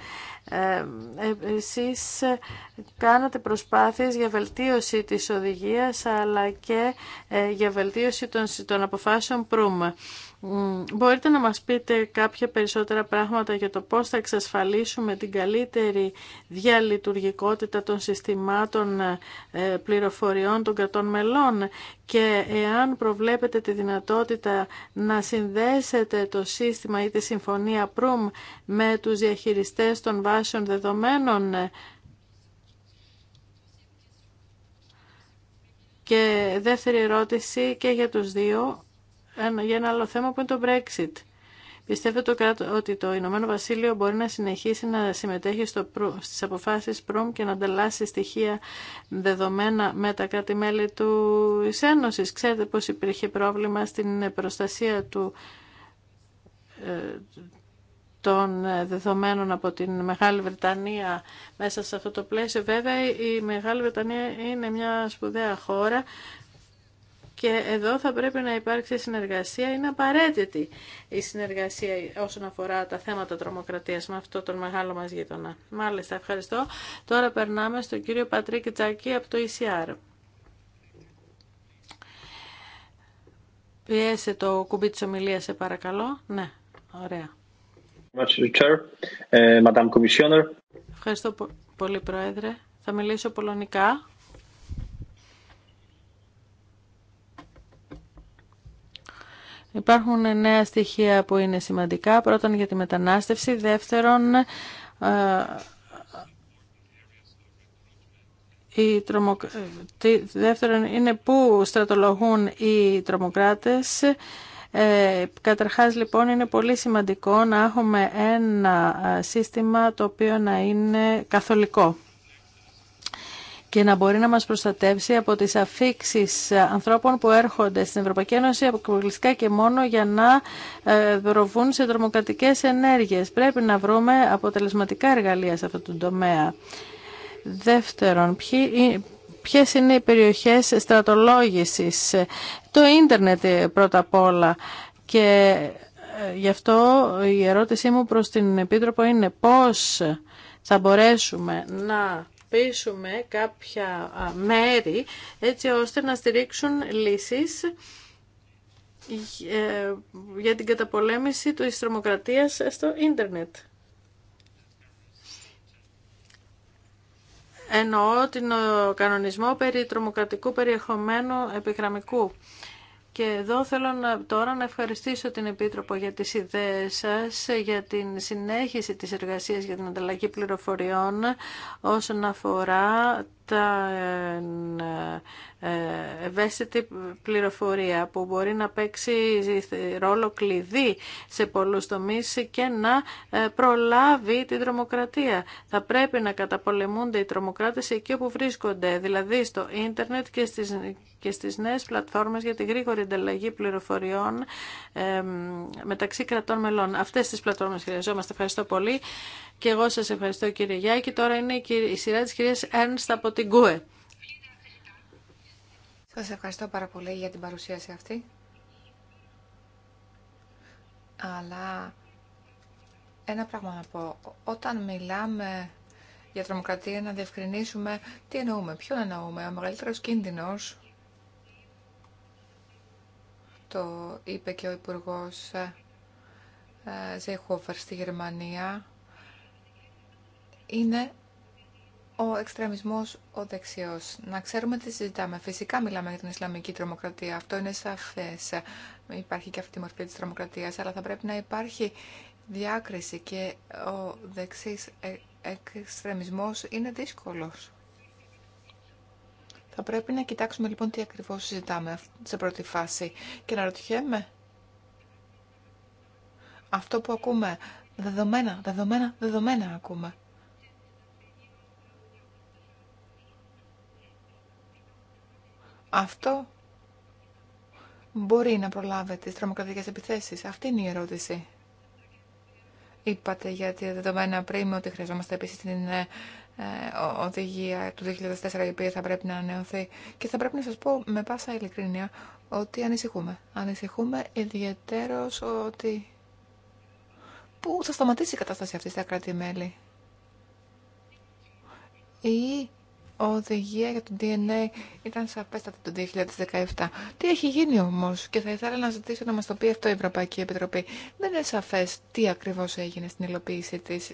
Ε, ε, εσείς κάνατε προσπάθειες για βελτίωση της οδηγίας αλλά και ε, για βελτίωση των, των αποφάσεων προύμα. Μπορείτε να μας πείτε κάποια περισσότερα πράγματα για το πώς θα εξασφαλίσουμε την καλύτερη διαλειτουργικότητα των συστημάτων ε, πληροφοριών των κρατών μελών και εάν προβλέπετε τη δυνατότητα να συνδέσετε το σύστημα ή τη συμφωνία ΠΡΟΥΜ με τους διαχειριστές των βάσεων δεδομένων ε, και δεύτερη ερώτηση και για τους δύο για ένα άλλο θέμα που είναι το Brexit. Πιστεύετε το ότι το Ηνωμένο Βασίλειο μπορεί να συνεχίσει να συμμετέχει στο, στις αποφάσεις ΠΡΟΜ και να ανταλλάσσει στοιχεία δεδομένα με τα κράτη-μέλη του Ένωσης. Ξέρετε πως υπήρχε πρόβλημα στην προστασία του, ε, των δεδομένων από την Μεγάλη Βρετανία μέσα σε αυτό το πλαίσιο. Βέβαια η Μεγάλη Βρετανία είναι μια σπουδαία χώρα και εδώ θα πρέπει να υπάρξει συνεργασία, είναι απαραίτητη η συνεργασία όσον αφορά τα θέματα τρομοκρατίας με αυτό τον μεγάλο μας γείτονα. Μάλιστα, ευχαριστώ. Τώρα περνάμε στον κύριο Πατρίκη Τζακή από το ECR. Πιέσε το κουμπί της ομιλίας, σε παρακαλώ. Ναι, ωραία. Ε, ευχαριστώ πολύ, Πρόεδρε. Θα μιλήσω πολωνικά. Υπάρχουν νέα στοιχεία που είναι σημαντικά. Πρώτον για τη μετανάστευση. Δεύτερον, ε, Δεύτερον είναι πού στρατολογούν οι τρομοκράτες. Ε, καταρχάς λοιπόν είναι πολύ σημαντικό να έχουμε ένα ε, σύστημα το οποίο να είναι καθολικό και να μπορεί να μας προστατεύσει από τις αφήξεις ανθρώπων που έρχονται στην Ευρωπαϊκή Ένωση αποκλειστικά και μόνο για να ε, προβούν σε τρομοκρατικές ενέργειες. Πρέπει να βρούμε αποτελεσματικά εργαλεία σε αυτό το τομέα. Δεύτερον, ποιοι, ποιες είναι οι περιοχές στρατολόγησης. Το ίντερνετ ε, πρώτα απ' όλα και ε, γι' αυτό η ερώτησή μου προς την Επίτροπο είναι πώς θα μπορέσουμε να κάποια μέρη έτσι ώστε να στηρίξουν λύσεις ε, για την καταπολέμηση του τρομοκρατίας στο ίντερνετ. Εννοώ την κανονισμό περί τρομοκρατικού περιεχομένου επιγραμμικού. Και εδώ θέλω να, τώρα να ευχαριστήσω την Επίτροπο για τις ιδέες σας, για την συνέχιση της εργασίας για την ανταλλαγή πληροφοριών όσον αφορά τα ε, ε, ευαίσθητη πληροφορία που μπορεί να παίξει ρόλο κλειδί σε πολλούς τομείς και να ε, προλάβει την τρομοκρατία. Θα πρέπει να καταπολεμούνται οι τρομοκράτες εκεί όπου βρίσκονται, δηλαδή στο ίντερνετ και στις και στις νέες πλατφόρμες για τη γρήγορη ανταλλαγή πληροφοριών μεταξύ κρατών μελών. Αυτές τις πλατφόρμες χρειαζόμαστε. Ευχαριστώ πολύ και εγώ σας ευχαριστώ κύριε Γιάκη. Τώρα είναι η σειρά της κυρίας Έρνστα από την ΚΟΕ. Σας ευχαριστώ πάρα πολύ για την παρουσίαση αυτή. Αλλά ένα πράγμα να πω. Όταν μιλάμε για τρομοκρατία, να διευκρινίσουμε τι εννοούμε, ποιον εννοούμε. Ο μεγαλύτερος κίνδυνος το είπε και ο Υπουργός Ζεχόφερ ε, στη Γερμανία. Είναι ο εξτρεμισμός ο δεξιός. Να ξέρουμε τι συζητάμε. Φυσικά μιλάμε για την Ισλαμική τρομοκρατία. Αυτό είναι σαφές. Υπάρχει και αυτή η μορφή της τρομοκρατίας, αλλά θα πρέπει να υπάρχει διάκριση και ο δεξής ε, εξτρεμισμός είναι δύσκολος. Θα πρέπει να κοιτάξουμε λοιπόν τι ακριβώς συζητάμε σε πρώτη φάση και να ρωτιέμαι αυτό που ακούμε, δεδομένα, δεδομένα, δεδομένα ακούμε. Αυτό μπορεί να προλάβει τις τρομοκρατικές επιθέσεις. Αυτή είναι η ερώτηση. Είπατε γιατί δεδομένα πριν ότι χρειαζόμαστε επίσης την ε, ε, οδηγία του 2004 η οποία θα πρέπει να ανανεωθεί και θα πρέπει να σας πω με πάσα ειλικρίνεια ότι ανησυχούμε. Ανησυχούμε ιδιαίτερως ότι πού θα σταματήσει η κατάσταση αυτή στα κράτη-μέλη. Η οδηγία για το DNA ήταν σαφέστατη το 2017. Τι έχει γίνει όμως και θα ήθελα να ζητήσω να μας το πει αυτό η Ευρωπαϊκή Επιτροπή. Δεν είναι σαφές τι ακριβώς έγινε στην υλοποίησή της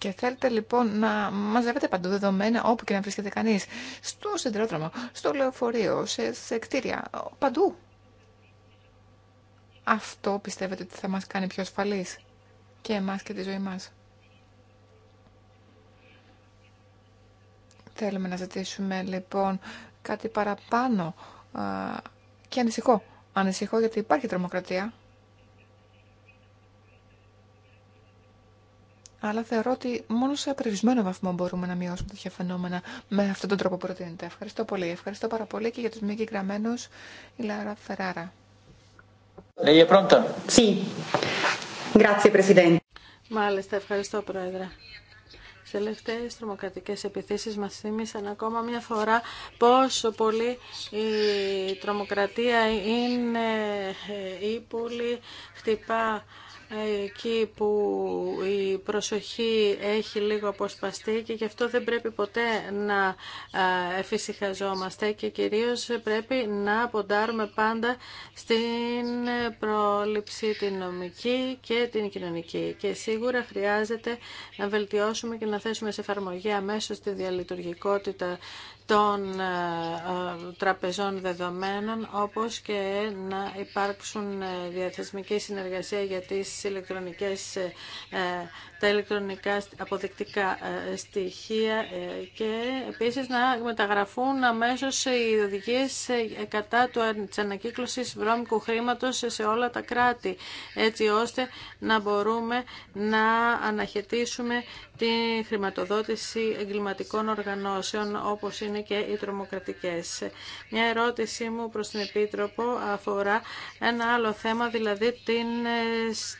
και θέλετε λοιπόν να μαζεύετε παντού δεδομένα όπου και να βρίσκεται κανείς. Στο σιδηρόδρομο, στο λεωφορείο, σε, σε κτίρια, παντού. Αυτό πιστεύετε ότι θα μας κάνει πιο ασφαλείς και εμάς και τη ζωή μας. Θέλουμε να ζητήσουμε λοιπόν κάτι παραπάνω και ανησυχώ. Ανησυχώ γιατί υπάρχει τρομοκρατία αλλά θεωρώ ότι μόνο σε περιορισμένο βαθμό μπορούμε να μειώσουμε τέτοια φαινόμενα με αυτόν τον τρόπο που προτείνεται. Ευχαριστώ πολύ. Ευχαριστώ πάρα πολύ και για τους μη εγγεγραμμένους η Λάρα Φεράρα. Μάλιστα, ευχαριστώ Πρόεδρε. Οι τελευταίες τρομοκρατικές επιθέσεις μας θύμισαν ακόμα μια φορά πόσο πολύ η τρομοκρατία είναι ε, ύπουλη, χτυπά εκεί που η προσοχή έχει λίγο αποσπαστεί και γι' αυτό δεν πρέπει ποτέ να εφησυχαζόμαστε και κυρίως πρέπει να ποντάρουμε πάντα στην πρόληψη την νομική και την κοινωνική και σίγουρα χρειάζεται να βελτιώσουμε και να θέσουμε σε εφαρμογή αμέσως τη διαλειτουργικότητα των ε, ε, τραπεζών δεδομένων όπως και να υπάρξουν ε, διαθεσμική συνεργασία για τις ηλεκτρονικές, τα ηλεκτρονικά αποδεικτικά στοιχεία και επίσης να μεταγραφούν αμέσως οι οδηγίες κατά του, της ανακύκλωσης βρώμικου χρήματος σε όλα τα κράτη έτσι ώστε να μπορούμε να αναχαιτήσουμε τη χρηματοδότηση εγκληματικών οργανώσεων όπως είναι και οι τρομοκρατικές. Μια ερώτησή μου προς την Επίτροπο αφορά ένα άλλο θέμα, δηλαδή την,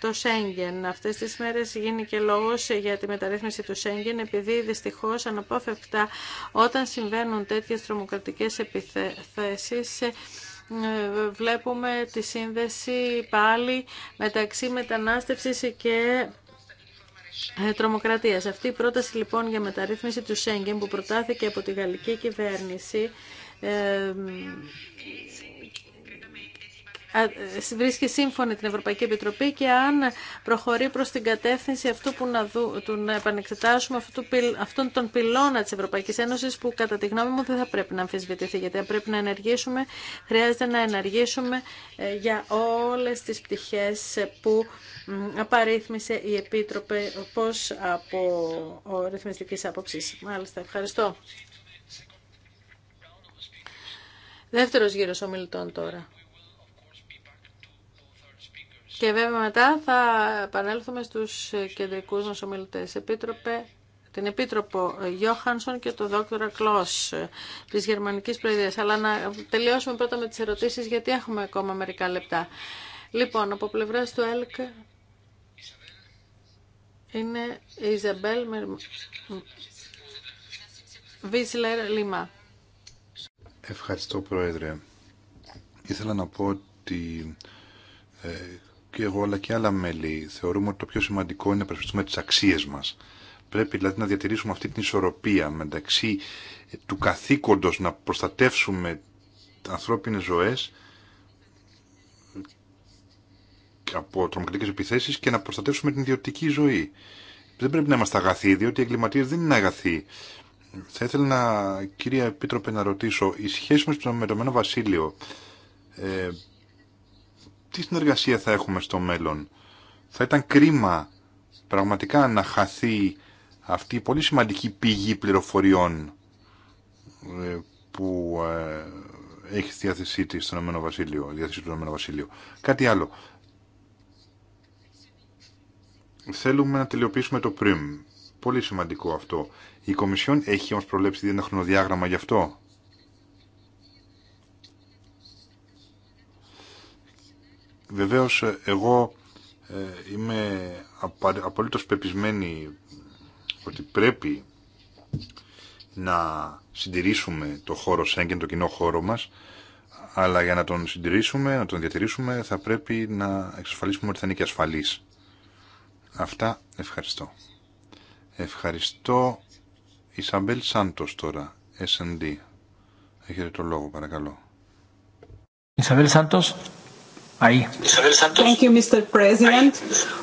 το Σέγγεν. Αυτές τις μέρες γίνει και λόγος για τη μεταρρύθμιση του Σέγγεν επειδή δυστυχώς αναπόφευκτα όταν συμβαίνουν τέτοιες τρομοκρατικές επιθέσεις ε, βλέπουμε τη σύνδεση πάλι μεταξύ μετανάστευσης και ε, τρομοκρατίας. Αυτή η πρόταση λοιπόν για μεταρρύθμιση του Σέγγεν που προτάθηκε από τη γαλλική κυβέρνηση ε, βρίσκει σύμφωνη την Ευρωπαϊκή Επιτροπή και αν προχωρεί προς την κατεύθυνση αυτού που να, δου, του επανεξετάσουμε αυτού, αυτόν τον πυλώνα της Ευρωπαϊκής Ένωσης που κατά τη γνώμη μου δεν θα πρέπει να αμφισβητηθεί γιατί αν πρέπει να ενεργήσουμε χρειάζεται να ενεργήσουμε ε, για όλες τις πτυχές που απαρίθμησε η Επίτροπε πώς από ο ρυθμιστικής άποψης. Μάλιστα, ευχαριστώ. Δεύτερος γύρος ομιλητών τώρα. Και βέβαια μετά θα επανέλθουμε στους κεντρικούς μας ομιλητές. Επίτροπε, την Επίτροπο Γιώχανσον και τον δόκτωρα Κλώσ της Γερμανικής Προεδρίας. Αλλά να τελειώσουμε πρώτα με τις ερωτήσεις γιατί έχουμε ακόμα μερικά λεπτά. Λοιπόν, από πλευρά του ΕΛΚ είναι η Ιζαμπέλ Βίσλερ Λίμα. Ευχαριστώ Πρόεδρε. Ήθελα να πω ότι ε, και εγώ αλλά και άλλα μέλη θεωρούμε ότι το πιο σημαντικό είναι να πρεσβευτούμε τις αξίες μας. Πρέπει δηλαδή να διατηρήσουμε αυτή την ισορροπία μεταξύ ε, του καθήκοντος να προστατεύσουμε ανθρώπινες ζωές ε, από τρομοκρατικές επιθέσεις και να προστατεύσουμε την ιδιωτική ζωή. Δεν πρέπει να είμαστε αγαθοί, διότι οι εγκληματίες δεν είναι αγαθοί. Θα ήθελα, να, κυρία Επίτροπε, να ρωτήσω, η σχέση με το Βασίλειο ε, τι συνεργασία θα έχουμε στο μέλλον. Θα ήταν κρίμα πραγματικά να χαθεί αυτή η πολύ σημαντική πηγή πληροφοριών ε, που ε, έχει στη διάθεσή της στον Ηνωμένο Βασίλειο, διάθεση του Κάτι άλλο. Θέλουμε να τελειοποιήσουμε το πριμ. Πολύ σημαντικό αυτό. Η Κομισιόν έχει όμως προβλέψει ένα χρονοδιάγραμμα γι' αυτό. Βεβαίως ε, εγώ ε, είμαι απολύτως πεπισμένη ότι πρέπει να συντηρήσουμε το χώρο Σέγγεν, το κοινό χώρο μας, αλλά για να τον συντηρήσουμε, να τον διατηρήσουμε, θα πρέπει να εξασφαλίσουμε ότι θα είναι και ασφαλής. Αυτά, ευχαριστώ. Ευχαριστώ. Ισαμπέλ Σάντος τώρα, S&D. Έχετε το λόγο, παρακαλώ. Ισαμπέλ Σάντος. Thank Mr. President.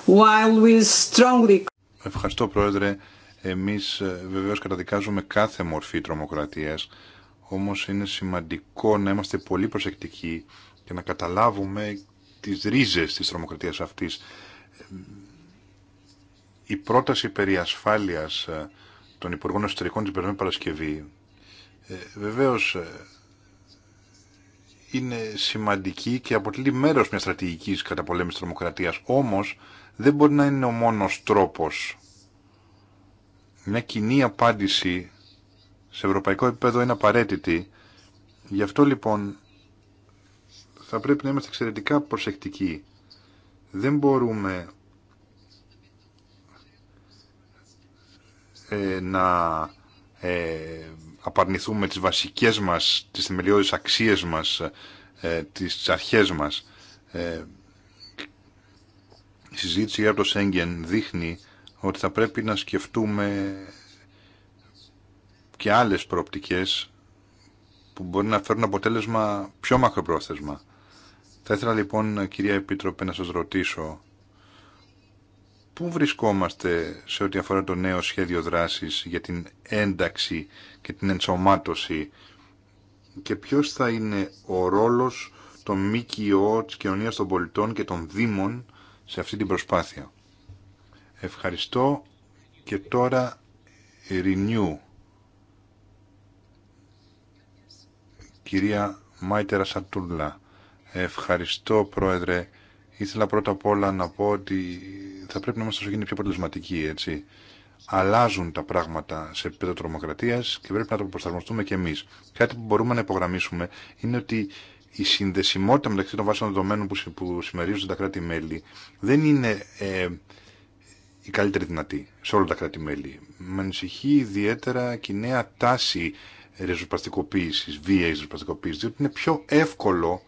While we strongly... Ευχαριστώ, Πρόεδρε. Εμείς ε, βεβαίως καταδικάζουμε κάθε μορφή τρομοκρατίας, όμως είναι σημαντικό να είμαστε πολύ προσεκτικοί και να καταλάβουμε τις ρίζες της τρομοκρατίας αυτής. Η πρόταση περί ασφάλειας ε, των Υπουργών Εσωτερικών της Περνόμενης Παρασκευή, ε, βεβαίως είναι σημαντική και αποτελεί μέρος μιας στρατηγικής καταπολέμησης τρομοκρατίας. Όμως δεν μπορεί να είναι ο μόνος τρόπος. Μια κοινή απάντηση σε ευρωπαϊκό επίπεδο είναι απαραίτητη. Γι' αυτό λοιπόν θα πρέπει να είμαστε εξαιρετικά προσεκτικοί. Δεν μπορούμε ε, να ε, απαρνηθούμε τις βασικές μας, τις θεμελιώδεις αξίες μας, ε, τις αρχές μας. Ε, η συζήτηση για το Σέγγεν δείχνει ότι θα πρέπει να σκεφτούμε και άλλες προοπτικές που μπορεί να φέρουν αποτέλεσμα πιο μακροπρόθεσμα. Θα ήθελα λοιπόν κυρία Επίτροπε να σας ρωτήσω Πού βρισκόμαστε σε ό,τι αφορά το νέο σχέδιο δράσης για την ένταξη και την ενσωμάτωση και ποιος θα είναι ο ρόλος των ΜΚΟ, της κοινωνίας των πολιτών και των Δήμων σε αυτή την προσπάθεια. Ευχαριστώ και τώρα Renew. Κυρία Μάιτερα Σατούρλα. Ευχαριστώ Πρόεδρε. Ήθελα πρώτα απ' όλα να πω ότι θα πρέπει να είμαστε όσο γίνεται πιο αποτελεσματικοί, έτσι. Αλλάζουν τα πράγματα σε επίπεδο τρομοκρατία και πρέπει να το προσαρμοστούμε κι εμεί. Κάτι που μπορούμε να υπογραμμίσουμε είναι ότι η συνδεσιμότητα μεταξύ των βάσεων δεδομένων που συμμερίζονται τα κράτη-μέλη δεν είναι ε, η καλύτερη δυνατή σε όλα τα κράτη-μέλη. Με ανησυχεί ιδιαίτερα και η νέα τάση ριζοσπαστικοποίηση, βία ριζοσπαστικοποίηση, διότι είναι πιο εύκολο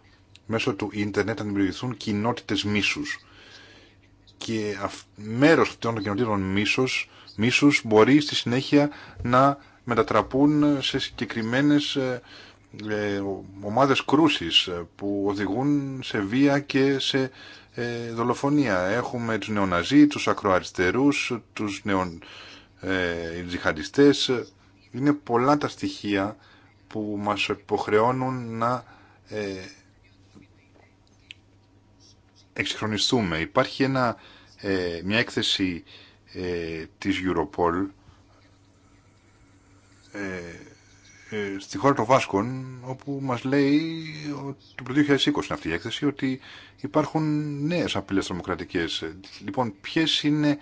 μέσω του ίντερνετ να δημιουργηθούν κοινότητες μίσους. Και μέρος αυτών των κοινότητων μίσους, μπορεί στη συνέχεια να μετατραπούν σε συγκεκριμένες ομάδε ε, ομάδες κρούσης ε, που οδηγούν σε βία και σε ε, δολοφονία. Έχουμε τους νεοναζί, τους ακροαριστερούς, τους νεον, ε, Είναι πολλά τα στοιχεία που μας υποχρεώνουν να εξυγχρονιστούμε. Υπάρχει ε, μια έκθεση ε, της Europol ε, ε, στη χώρα των Βάσκων όπου μας λέει ότι το 2020 αυτή η έκθεση ότι υπάρχουν νέες απειλές δημοκρατικές. Λοιπόν, ποιες είναι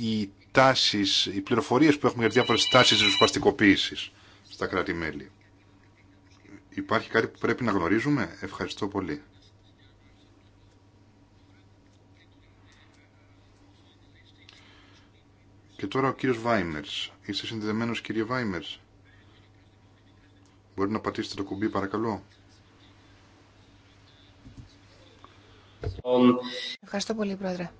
οι τάσεις, οι πληροφορίες που έχουμε για διάφορες τάσεις ριζοσπαστικοποίησης στα κράτη-μέλη. Υπάρχει κάτι που πρέπει να γνωρίζουμε. Ευχαριστώ πολύ. Και τώρα ο κύριος Βάιμερς. Είστε συνδεδεμένος κύριε Βάιμερς. Μπορεί να πατήσετε το κουμπί παρακαλώ. Ευχαριστώ πολύ πρόεδρε.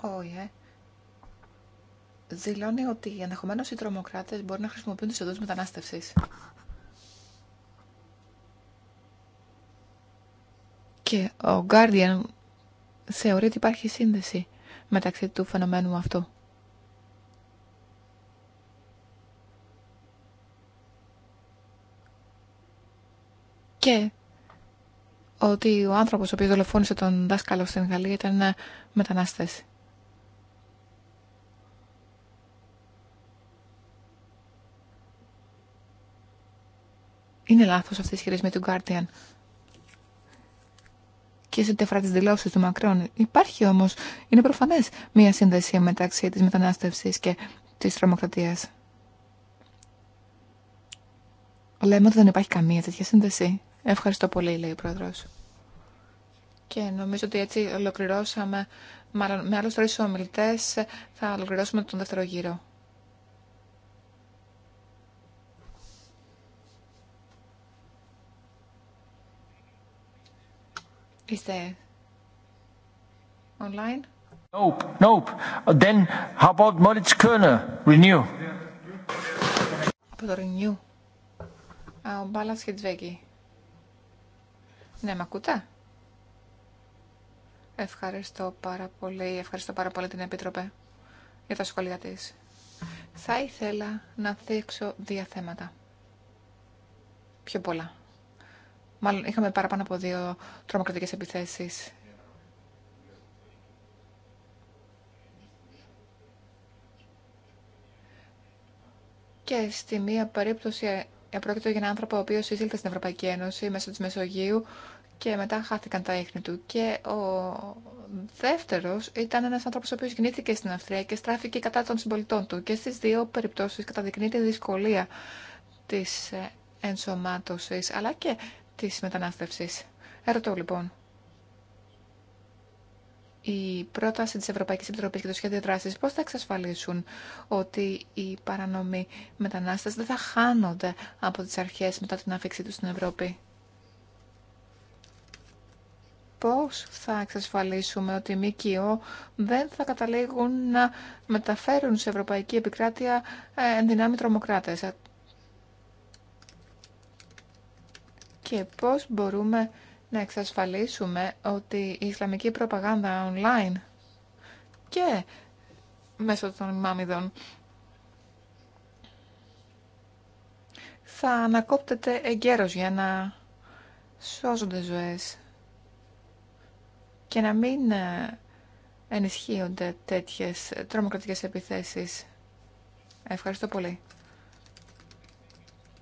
Όχι, ε. Δηλώνει ότι ενδεχομένω οι τρομοκράτε μπορεί να χρησιμοποιούν του οδού μετανάστευση. Και ο Guardian θεωρεί ότι υπάρχει σύνδεση μεταξύ του φαινομένου αυτού. Και ότι ο άνθρωπος ο οποίος δολοφόνησε τον δάσκαλο στην Γαλλία ήταν μετανάστες. Είναι λάθος αυτή η ισχυρισμή του Guardian και σε ό,τι αφορά τι δηλώσει του Μακρόν. Υπάρχει όμω, είναι προφανέ, μία σύνδεση μεταξύ τη μετανάστευση και τη τρομοκρατία. Λέμε ότι δεν υπάρχει καμία τέτοια σύνδεση. Ευχαριστώ πολύ, λέει ο πρόεδρο. Και νομίζω ότι έτσι ολοκληρώσαμε, μάλλον με άλλου τρει ομιλητέ, θα ολοκληρώσουμε τον δεύτερο γύρο. Είστε online. Nope, nope. Then how about Moritz Körner, Renew? Από το Renew. Α, ο Μπάλας Χιτζβέγγι. Ναι, με ακούτε? Ευχαριστώ πάρα πολύ, ευχαριστώ πάρα πολύ την Επίτροπε για τα σχόλια της. Θα ήθελα να θίξω δύο θέματα. Πιο πολλά. Μάλλον είχαμε παραπάνω από δύο τρομοκρατικές επιθέσεις. Και στη μία περίπτωση ε, πρόκειται για έναν άνθρωπο ο οποίος εισήλθε στην Ευρωπαϊκή Ένωση μέσω της Μεσογείου και μετά χάθηκαν τα ίχνη του. Και ο δεύτερος ήταν ένας άνθρωπος ο οποίος γεννήθηκε στην Αυστρία και στράφηκε κατά των συμπολιτών του. Και στις δύο περιπτώσει καταδεικνύεται η δυσκολία της ε, ενσωμάτωση αλλά και της μετανάστευσης. Ερωτώ λοιπόν. Η πρόταση της Ευρωπαϊκής Επιτροπής και το σχέδιο δράσης πώς θα εξασφαλίσουν ότι οι παρανομοί μετανάστες δεν θα χάνονται από τις αρχές μετά την άφηξή τους στην Ευρώπη. Πώς θα εξασφαλίσουμε ότι οι ΜΚΟ δεν θα καταλήγουν να μεταφέρουν σε ευρωπαϊκή επικράτεια ε, ενδυνάμει τρομοκράτες. Ε, και πώς μπορούμε να εξασφαλίσουμε ότι η Ισλαμική προπαγάνδα online και μέσω των μάμιδων θα ανακόπτεται εγκαίρως για να σώζονται ζωές και να μην ε, ενισχύονται τέτοιες τρομοκρατικές επιθέσεις. Ευχαριστώ πολύ.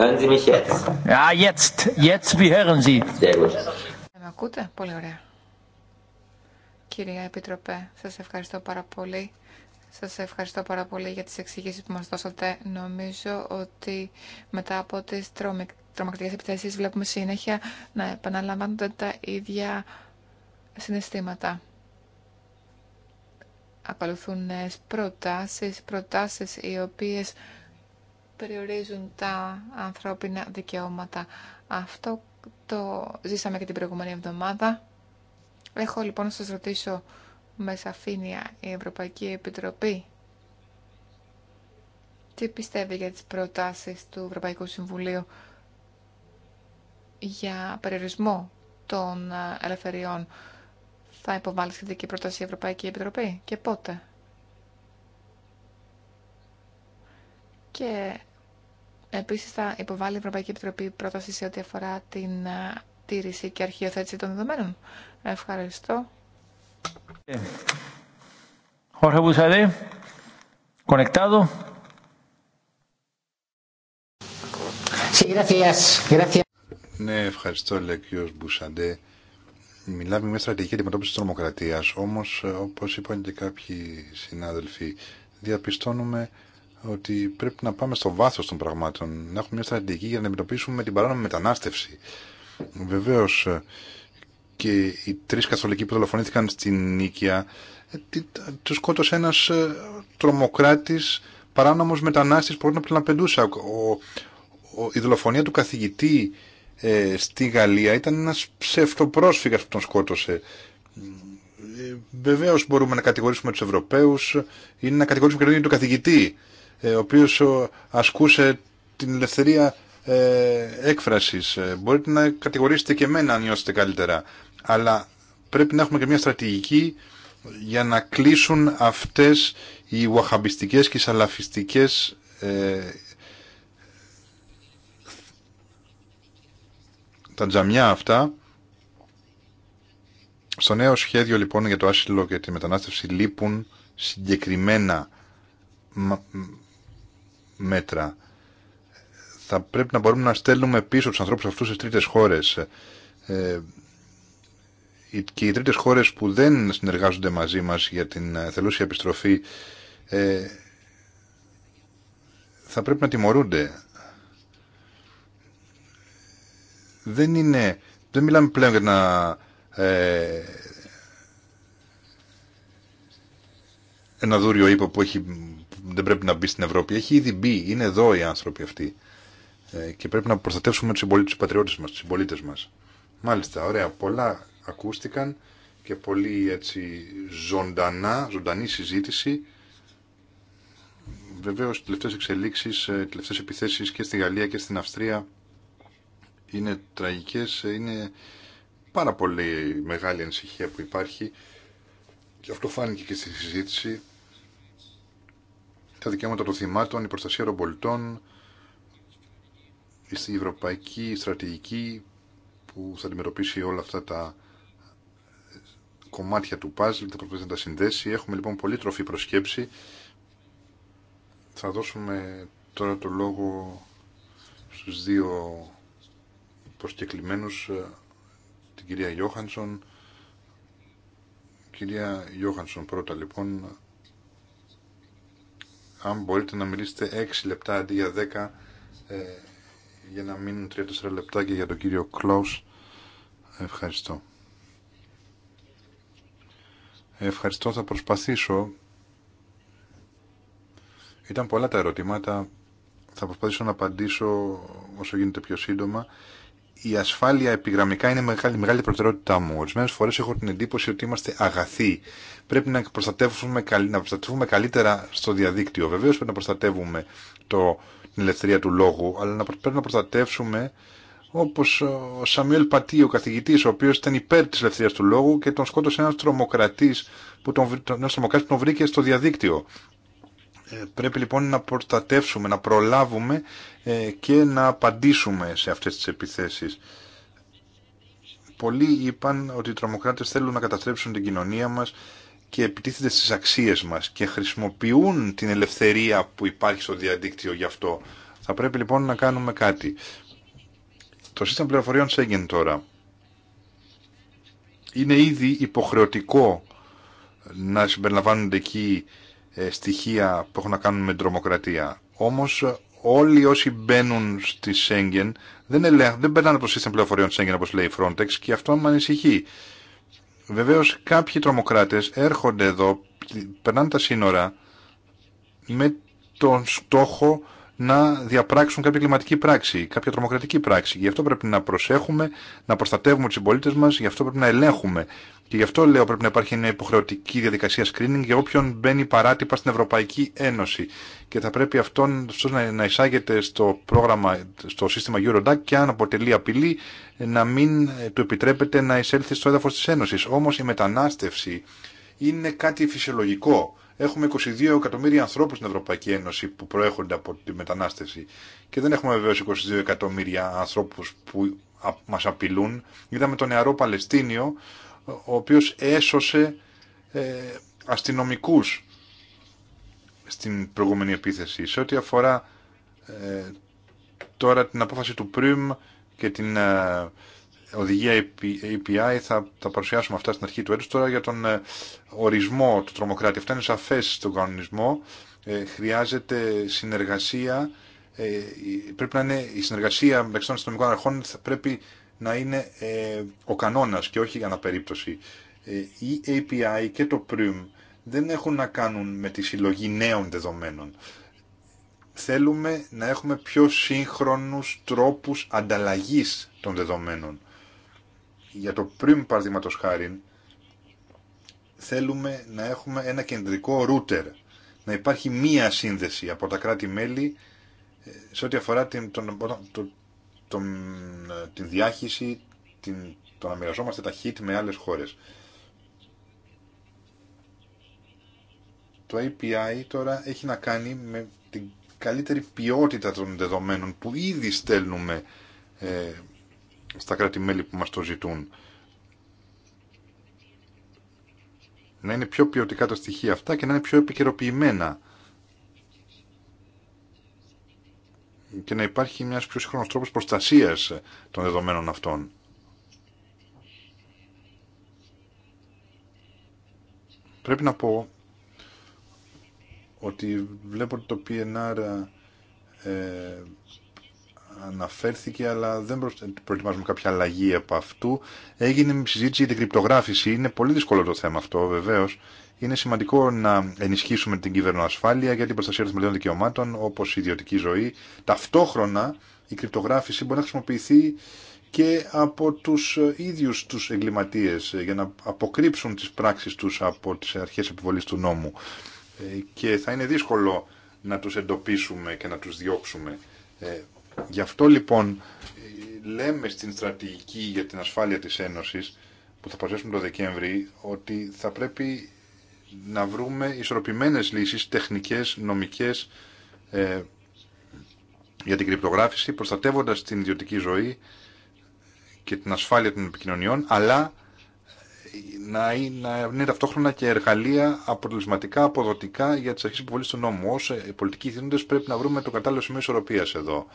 Hören Sie mich jetzt? Ja, jetzt. Jetzt, hören Sie. Sehr gut. Με ακούτε? Πολύ ωραία. Κυρία Επιτροπέ, σας ευχαριστώ πάρα πολύ. Σας ευχαριστώ πάρα πολύ για τις εξηγήσεις που μας δώσατε. Νομίζω ότι μετά από τις τρομακτικές επιθέσεις βλέπουμε συνέχεια να επαναλαμβάνονται τα ίδια συναισθήματα. Ακολουθούν νέες προτάσεις, προτάσεις οι οποίες περιορίζουν τα ανθρώπινα δικαιώματα. Αυτό το ζήσαμε και την προηγούμενη εβδομάδα. Έχω λοιπόν να σας ρωτήσω με σαφήνεια η Ευρωπαϊκή Επιτροπή τι πιστεύει για τις προτάσεις του Ευρωπαϊκού Συμβουλίου για περιορισμό των ε, ελευθεριών. Θα υποβάλει σχετική πρόταση η Ευρωπαϊκή Επιτροπή και πότε. Και Επίσης θα υποβάλει η Ευρωπαϊκή Επιτροπή πρόταση σε ό,τι αφορά την τήρηση και αρχιοθέτηση των δεδομένων. Ευχαριστώ. Ε, Jorge Busade, conectado. Ναι, ευχαριστώ, λέει ο Μπουσαντέ. Μιλάμε μια στρατηγική αντιμετώπιση τη τρομοκρατία. Όμω, ε, όπω είπαν και κάποιοι συνάδελφοι, διαπιστώνουμε ότι πρέπει να πάμε στο βάθος των πραγμάτων, να έχουμε μια στρατηγική για να αντιμετωπίσουμε την παράνομη μετανάστευση. Βεβαίως ε, και οι τρεις καθολικοί που δολοφονήθηκαν στην Νίκαια, ε, του σκότωσε ένας ε, τρομοκράτης, παράνομος μετανάστης που από την Απεντούσα. Ο, ο, η δολοφονία του καθηγητή στη Γαλλία ήταν ένας ψευτοπρόσφυγας που τον σκότωσε. Βεβαίω μπορούμε να κατηγορήσουμε του Ευρωπαίου ή να κατηγορήσουμε και τον καθηγητή. Ε, ο οποίος ασκούσε την ελευθερία ε, έκφρασης. Ε, μπορείτε να κατηγορήσετε και εμένα αν νιώσετε καλύτερα. Αλλά πρέπει να έχουμε και μια στρατηγική για να κλείσουν αυτές οι βαχαμπιστικές και οι σαλαφιστικές τα τζαμιά αυτά. Στο νέο σχέδιο λοιπόν για το άσυλο και τη μετανάστευση λείπουν συγκεκριμένα μέτρα. Θα πρέπει να μπορούμε να στέλνουμε πίσω τους ανθρώπους αυτούς στις τρίτες χώρες. Ε, και οι τρίτες χώρες που δεν συνεργάζονται μαζί μας για την ε, θελούσια επιστροφή ε, θα πρέπει να τιμωρούνται. Δεν είναι... Δεν μιλάμε πλέον για να... Ε, ένα δούριο ύπο που έχει δεν πρέπει να μπει στην Ευρώπη. Έχει ήδη μπει, είναι εδώ οι άνθρωποι αυτοί. Ε, και πρέπει να προστατεύσουμε του συμπολίτες, μα, του μας, μα. Μάλιστα, ωραία, πολλά ακούστηκαν και πολύ έτσι ζωντανά, ζωντανή συζήτηση. Βεβαίω, οι τελευταίε εξελίξει, ε, οι τελευταίε επιθέσει και στη Γαλλία και στην Αυστρία είναι τραγικέ. Ε, είναι πάρα πολύ μεγάλη ανησυχία που υπάρχει. Και αυτό φάνηκε και στη συζήτηση τα δικαιώματα των θυμάτων, η προστασία των πολιτών, η ευρωπαϊκή στρατηγική που θα αντιμετωπίσει όλα αυτά τα ε, κομμάτια του παζλ, θα προσπαθήσει να τα συνδέσει. Έχουμε λοιπόν πολύ τροφή προσκέψη. Θα δώσουμε τώρα το λόγο στους δύο προσκεκλημένους, ε, την κυρία Γιώχανσον. Κυρία Γιώχανσον πρώτα λοιπόν, αν μπορείτε να μιλήσετε 6 λεπτά αντί για 10 ε, για να μείνουν 3-4 λεπτά και για τον κύριο Κλώσ Ευχαριστώ. Ευχαριστώ, θα προσπαθήσω. Ήταν πολλά τα ερωτήματα. Θα προσπαθήσω να απαντήσω όσο γίνεται πιο σύντομα η ασφάλεια επιγραμμικά είναι μεγάλη, μεγάλη προτεραιότητά μου. Ορισμένε φορέ έχω την εντύπωση ότι είμαστε αγαθοί. Πρέπει να προστατεύουμε, να προστατεύουμε καλύτερα στο διαδίκτυο. Βεβαίω πρέπει να προστατεύουμε το, την ελευθερία του λόγου, αλλά να, πρέπει να προστατεύσουμε όπω ο Σαμιέλ Πατή, ο καθηγητή, ο οποίο ήταν υπέρ τη ελευθερία του λόγου και τον σκότωσε ένα τρομοκρατή που που τον βρήκε στο διαδίκτυο. Ε, πρέπει λοιπόν να προστατεύσουμε, να προλάβουμε ε, και να απαντήσουμε σε αυτές τις επιθέσεις. Πολλοί είπαν ότι οι τρομοκράτες θέλουν να καταστρέψουν την κοινωνία μας και επιτίθεται στις αξίες μας και χρησιμοποιούν την ελευθερία που υπάρχει στο διαδίκτυο γι' αυτό. Θα πρέπει λοιπόν να κάνουμε κάτι. Το σύστημα πληροφοριών Σέγγεν τώρα είναι ήδη υποχρεωτικό να συμπεριλαμβάνονται εκεί ε, στοιχεία που έχουν να κάνουν με τρομοκρατία. Όμως όλοι όσοι μπαίνουν στη Σέγγεν δεν, δεν περνάνε από το σύστημα πληροφοριών Σέγγεν όπως λέει η Frontex και αυτό με ανησυχεί. Βεβαίως κάποιοι τρομοκράτες έρχονται εδώ, περνάνε τα σύνορα με τον στόχο να διαπράξουν κάποια κλιματική πράξη, κάποια τρομοκρατική πράξη. Γι' αυτό πρέπει να προσέχουμε, να προστατεύουμε του συμπολίτε μα, γι' αυτό πρέπει να ελέγχουμε. Και γι' αυτό λέω πρέπει να υπάρχει μια υποχρεωτική διαδικασία screening για όποιον μπαίνει παράτυπα στην Ευρωπαϊκή Ένωση. Και θα πρέπει αυτόν να εισάγεται στο, πρόγραμμα, στο σύστημα Eurodac και αν αποτελεί απειλή να μην του επιτρέπεται να εισέλθει στο έδαφο τη Ένωση. Όμω η μετανάστευση είναι κάτι φυσιολογικό Έχουμε 22 εκατομμύρια ανθρώπου στην Ευρωπαϊκή Ένωση που προέρχονται από τη μετανάστευση. Και δεν έχουμε βεβαίω 22 εκατομμύρια ανθρώπου που μα απειλούν. Είδαμε τον νεαρό Παλαιστίνιο, ο οποίο έσωσε ε, αστυνομικού στην προηγούμενη επίθεση. Σε ό,τι αφορά ε, τώρα την απόφαση του Πριμ και την. Ε, οδηγία API ε θα τα παρουσιάσουμε αυτά στην αρχή του έτους. Τώρα για τον ε, ορισμό του τρομοκράτη. Αυτά είναι σαφές στον κανονισμό. Ε, χρειάζεται συνεργασία. πρέπει να είναι η συνεργασία μεταξύ των αστυνομικών αρχών θα πρέπει να είναι ο κανόνας και όχι η αναπερίπτωση. Η API και το PRIM δεν έχουν να κάνουν με τη συλλογή νέων δεδομένων. Θέλουμε να έχουμε πιο σύγχρονους τρόπους ανταλλαγής των δεδομένων για το πριν παραδείγματο χάρη θέλουμε να έχουμε ένα κεντρικό router να υπάρχει μία σύνδεση από τα κράτη-μέλη ε, σε ό,τι αφορά την, τον, τον, τον, ε, την διάχυση την, το να μοιραζόμαστε τα hit με άλλες χώρες το API τώρα έχει να κάνει με την καλύτερη ποιότητα των δεδομένων που ήδη στέλνουμε ε, στα κράτη-μέλη που μας το ζητούν. Να είναι πιο ποιοτικά τα στοιχεία αυτά και να είναι πιο επικαιροποιημένα. Και να υπάρχει μια πιο σύγχρονος τρόπος προστασίας των δεδομένων αυτών. Πρέπει να πω ότι βλέπω ότι το PNR ε, αναφέρθηκε, αλλά δεν προετοιμάζουμε κάποια αλλαγή από αυτού. Έγινε συζήτηση για την κρυπτογράφηση. Είναι πολύ δύσκολο το θέμα αυτό, βεβαίω. Είναι σημαντικό να ενισχύσουμε την κυβερνοασφάλεια για την προστασία των δικαιωμάτων, όπω η ιδιωτική ζωή. Ταυτόχρονα, η κρυπτογράφηση μπορεί να χρησιμοποιηθεί και από του ίδιου του εγκληματίε για να αποκρύψουν τι πράξει του από τι αρχέ επιβολή του νόμου ε, και θα είναι δύσκολο να τους εντοπίσουμε και να τους διώξουμε. Ε, Γι' αυτό λοιπόν λέμε στην στρατηγική για την ασφάλεια της Ένωσης που θα παρουσιάσουμε το Δεκέμβρη ότι θα πρέπει να βρούμε ισορροπημένες λύσεις τεχνικές, νομικές ε, για την κρυπτογράφηση προστατεύοντας την ιδιωτική ζωή και την ασφάλεια των επικοινωνιών αλλά ε, να είναι ταυτόχρονα και εργαλεία αποτελεσματικά, αποδοτικά για τις αρχές υποβολής του νόμου. Ως ε, πολιτικοί θύνοντες πρέπει να βρούμε το κατάλληλο σημείο ισορροπίας εδώ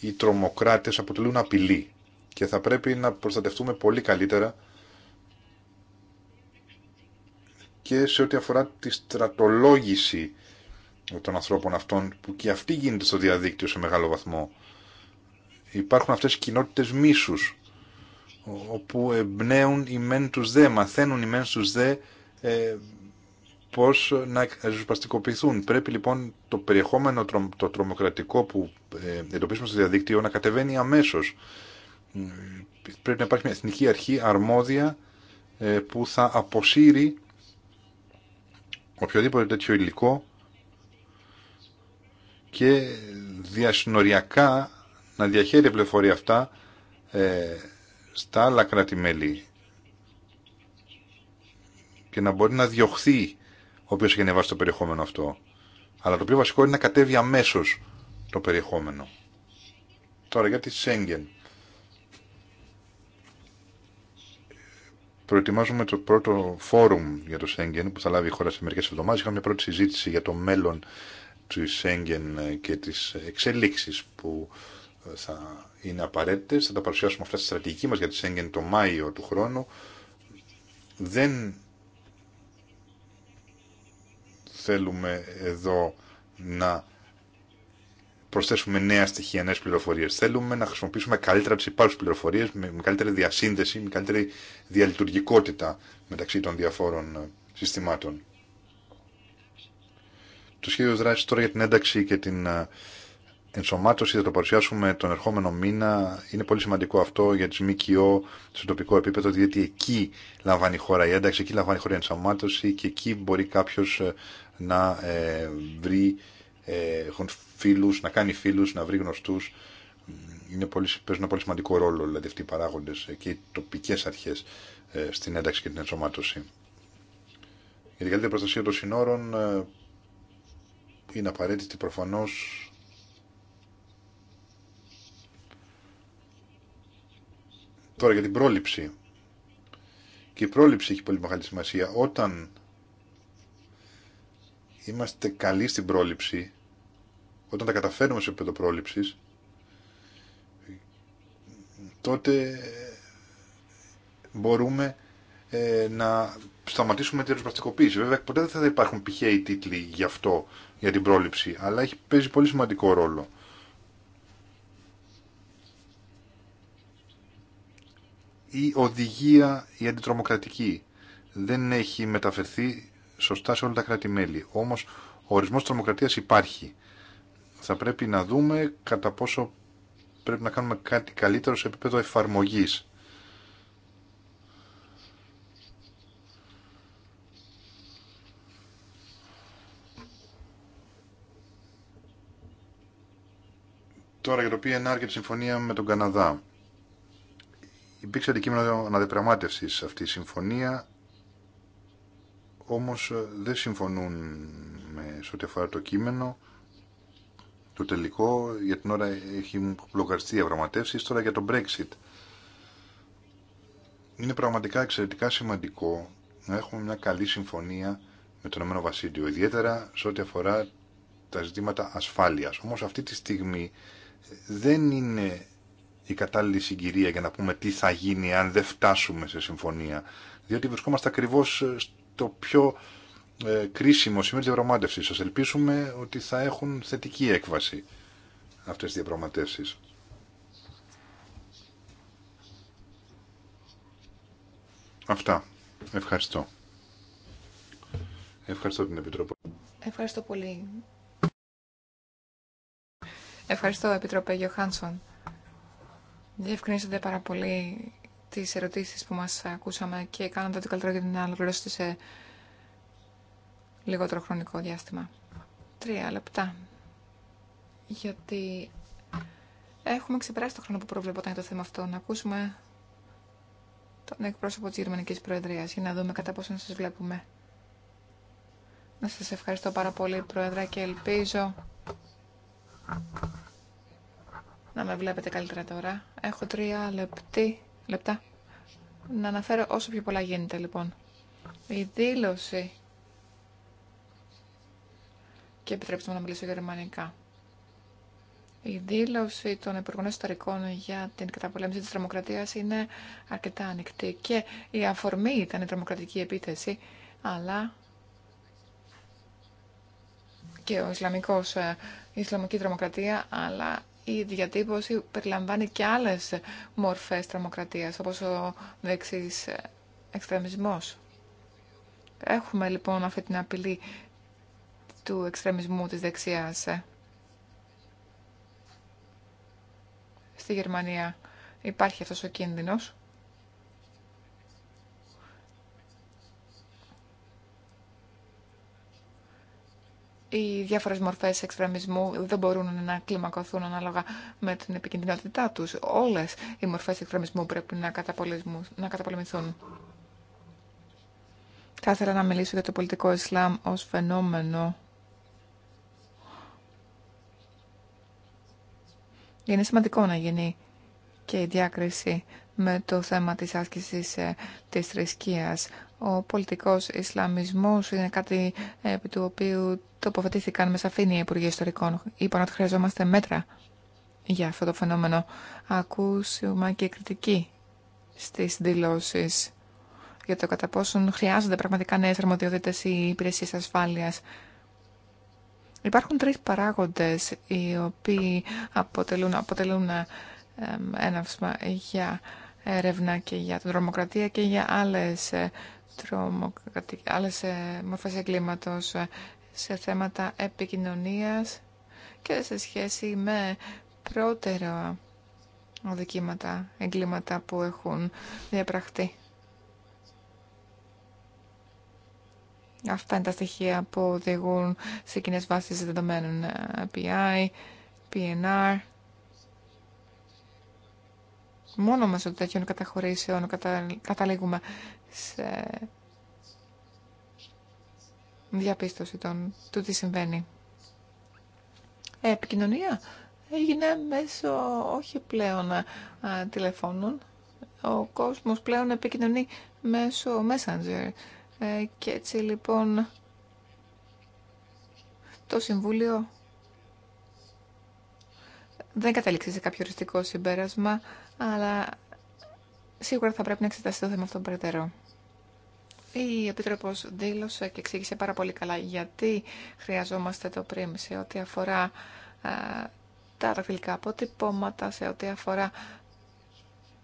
οι τρομοκράτες αποτελούν απειλή και θα πρέπει να προστατευτούμε πολύ καλύτερα και σε ό,τι αφορά τη στρατολόγηση των ανθρώπων αυτών που και αυτή γίνεται στο διαδίκτυο σε μεγάλο βαθμό. Υπάρχουν αυτές οι κοινότητες μίσους όπου εμπνέουν οι μεν τους δε, μαθαίνουν οι μεν τους δε ε, πώς να ριζοσπαστικοποιηθούν. Πρέπει λοιπόν το περιεχόμενο το τρομοκρατικό που ε, εντοπίσουμε στο διαδίκτυο να κατεβαίνει αμέσως. Πρέπει να υπάρχει μια εθνική αρχή αρμόδια ε, που θα αποσύρει οποιοδήποτε τέτοιο υλικό και διασυνοριακά να διαχέει πληροφορία αυτά ε, στα άλλα κράτη-μέλη και να μπορεί να διωχθεί οποίο έχει ανεβάσει το περιεχόμενο αυτό. Αλλά το πιο βασικό είναι να κατέβει αμέσω το περιεχόμενο. Τώρα για τη Σέγγεν. Προετοιμάζουμε το πρώτο φόρουμ για το Σέγγεν που θα λάβει η χώρα σε μερικέ εβδομάδε. Είχαμε μια πρώτη συζήτηση για το μέλλον του Σέγγεν και τι εξελίξει που ε, θα είναι απαραίτητε. Θα τα παρουσιάσουμε αυτά στη στρατηγική μα για τη Σέγγεν το Μάιο του χρόνου. Δεν θέλουμε εδώ να προσθέσουμε νέα στοιχεία, νέε πληροφορίε. Θέλουμε να χρησιμοποιήσουμε καλύτερα τις υπάρχουσες πληροφορίες, με καλύτερη διασύνδεση, με καλύτερη διαλειτουργικότητα μεταξύ των διαφόρων ε, συστημάτων. Το σχέδιο δράση τώρα για την ένταξη και την ε, ενσωμάτωση θα το παρουσιάσουμε τον ερχόμενο μήνα. Είναι πολύ σημαντικό αυτό για τις ΜΚΟ στο τοπικό επίπεδο, διότι εκεί λαμβάνει η χώρα η ένταξη, εκεί λαμβάνει η χώρα η ενσωμάτωση και εκεί μπορεί κάποιο ε, να ε, βρει, ε, έχουν φίλους, να κάνει φίλους, να βρει γνωστούς. Είναι πολύ, παίζουν ένα πολύ σημαντικό ρόλο δηλαδή αυτοί οι παράγοντες και οι τοπικές αρχές ε, στην ένταξη και την ενσωμάτωση. Για την καλύτερη προστασία των συνόρων είναι απαραίτητη προφανώς Τώρα για την πρόληψη. Και η πρόληψη έχει πολύ μεγάλη σημασία. Όταν είμαστε καλοί στην πρόληψη, όταν τα καταφέρνουμε σε επίπεδο πρόληψης, τότε ε, μπορούμε ε, να σταματήσουμε τη ρεσπαστικοποίηση. Βέβαια, ποτέ δεν θα υπάρχουν πηχαίοι τίτλοι για αυτό, για την πρόληψη, αλλά έχει, παίζει πολύ σημαντικό ρόλο. Η οδηγία η αντιτρομοκρατική δεν έχει μεταφερθεί σωστά σε όλα τα κράτη-μέλη. Όμως ο ορισμός τρομοκρατίας υπάρχει. Θα πρέπει να δούμε κατά πόσο πρέπει να κάνουμε κάτι καλύτερο σε επίπεδο εφαρμογής. Τώρα για το PNR και τη συμφωνία με τον Καναδά. Υπήρξε αντικείμενο σε αυτή η συμφωνία όμως ε, δεν συμφωνούν με σε ό,τι αφορά το κείμενο. Το τελικό για την ώρα έχει λογαριστεί διαπραγματεύσει τώρα για το Brexit. Είναι πραγματικά εξαιρετικά σημαντικό να έχουμε μια καλή συμφωνία με το Ηνωμένο Βασίλειο, ιδιαίτερα σε ό,τι αφορά τα ζητήματα ασφάλειας. Όμως αυτή τη στιγμή ε, δεν είναι η κατάλληλη συγκυρία για να πούμε τι θα γίνει αν δεν φτάσουμε σε συμφωνία. Διότι βρισκόμαστε ακριβώς ε, το πιο ε, κρίσιμο σημείο της διαπραγμάτευσης. Σας ελπίσουμε ότι θα έχουν θετική έκβαση αυτές τις διαπραγματεύσεις. Αυτά. Ευχαριστώ. Ευχαριστώ την Επιτροπή. Ευχαριστώ πολύ. Ευχαριστώ, Επιτροπέ Γιωχάνσον. Διευκρινίσατε πάρα πολύ τις ερωτήσεις που μας ακούσαμε και κάνοντα το καλύτερο για την ολοκληρώσετε σε λιγότερο χρονικό διάστημα. Τρία λεπτά. Γιατί έχουμε ξεπεράσει το χρόνο που προβλεπόταν για το θέμα αυτό. Να ακούσουμε τον εκπρόσωπο της Γερμανικής Προεδρίας για να δούμε κατά πόσο σας βλέπουμε. Να σας ευχαριστώ πάρα πολύ, Πρόεδρα, και ελπίζω να με βλέπετε καλύτερα τώρα. Έχω τρία λεπτή λεπτά. Να αναφέρω όσο πιο πολλά γίνεται λοιπόν. Η δήλωση. Και επιτρέψτε μου να μιλήσω γερμανικά. Η δήλωση των Υπουργών Ιστορικών για την καταπολέμηση της τρομοκρατίας είναι αρκετά ανοιχτή και η αφορμή ήταν η τρομοκρατική επίθεση, αλλά και ο Ισλαμικός, η ε, Ισλαμική τρομοκρατία, αλλά η διατύπωση περιλαμβάνει και άλλες μορφές τρομοκρατίας, όπως ο δεξής εξτρεμισμός. Έχουμε λοιπόν αυτή την απειλή του εξτρεμισμού της δεξιάς ε. στη Γερμανία. Υπάρχει αυτός ο κίνδυνος. οι διάφορες μορφές εξτρεμισμού δεν μπορούν να κλιμακωθούν ανάλογα με την επικίνδυνοτητά τους. Όλες οι μορφές εξτρεμισμού πρέπει να, να καταπολεμηθούν. Θα ήθελα να μιλήσω για το πολιτικό Ισλάμ ως φαινόμενο. Είναι σημαντικό να γίνει και η διάκριση με το θέμα της άσκησης ε, της θρησκείας. Ο πολιτικός Ισλαμισμός είναι κάτι ε, επί του οποίου τοποθετήθηκαν με σαφήνεια οι Υπουργοί Ιστορικών. Είπαν ότι χρειαζόμαστε μέτρα για αυτό το φαινόμενο. Ακούσουμε και κριτική στις δηλώσεις για το κατά πόσον χρειάζονται πραγματικά νέες αρμοδιότητες ή υπηρεσίες ασφάλειας. Υπάρχουν τρεις παράγοντες οι οποίοι αποτελούν, αποτελούν ε, έναυσμα για έρευνα και για την τρομοκρατία και για άλλες, ε, άλλες ε, μορφές εγκλήματος ε, σε θέματα επικοινωνίας και σε σχέση με πρώτερα οδικήματα, εγκλήματα που έχουν διαπραχτεί. Αυτά είναι τα στοιχεία που οδηγούν σε κοινέ βάσεις δεδομένων PI, PNR Μόνο μέσω τέτοιων καταχωρήσεων καταλήγουμε σε διαπίστωση των, του τι συμβαίνει. Ε, επικοινωνία έγινε μέσω όχι πλέον ε, τηλεφώνων. Ο κόσμος πλέον επικοινωνεί μέσω Messenger. Ε, και έτσι λοιπόν το Συμβούλιο δεν καταλήξει σε κάποιο οριστικό συμπέρασμα αλλά σίγουρα θα πρέπει να εξεταστεί το θέμα αυτό περαιτέρω. Η Επίτροπο δήλωσε και εξήγησε πάρα πολύ καλά γιατί χρειαζόμαστε το πριμ σε ό,τι αφορά ε, τα δακτυλικά αποτυπώματα, σε ό,τι αφορά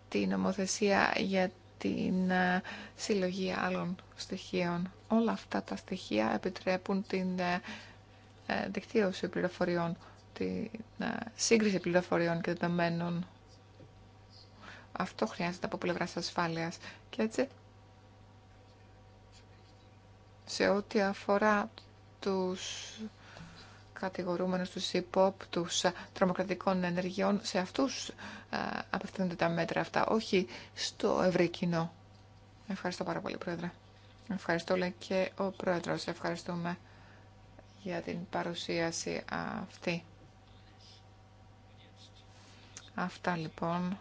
την νομοθεσία για την ε, συλλογή άλλων στοιχείων. Όλα αυτά τα στοιχεία επιτρέπουν την ε, δικτύωση πληροφοριών, την σύγκριση πληροφοριών και δεδομένων αυτό χρειάζεται από πλευρά ασφάλεια. Και έτσι, σε ό,τι αφορά τους κατηγορούμενους, τους υπόπτου τρομοκρατικών ενεργειών, σε αυτούς ε, απευθύνονται τα μέτρα αυτά, όχι στο ευρύ κοινό. Ευχαριστώ πάρα πολύ, Πρόεδρε. Ευχαριστώ, και ο Πρόεδρος. Ευχαριστούμε για την παρουσίαση αυτή. Αυτά λοιπόν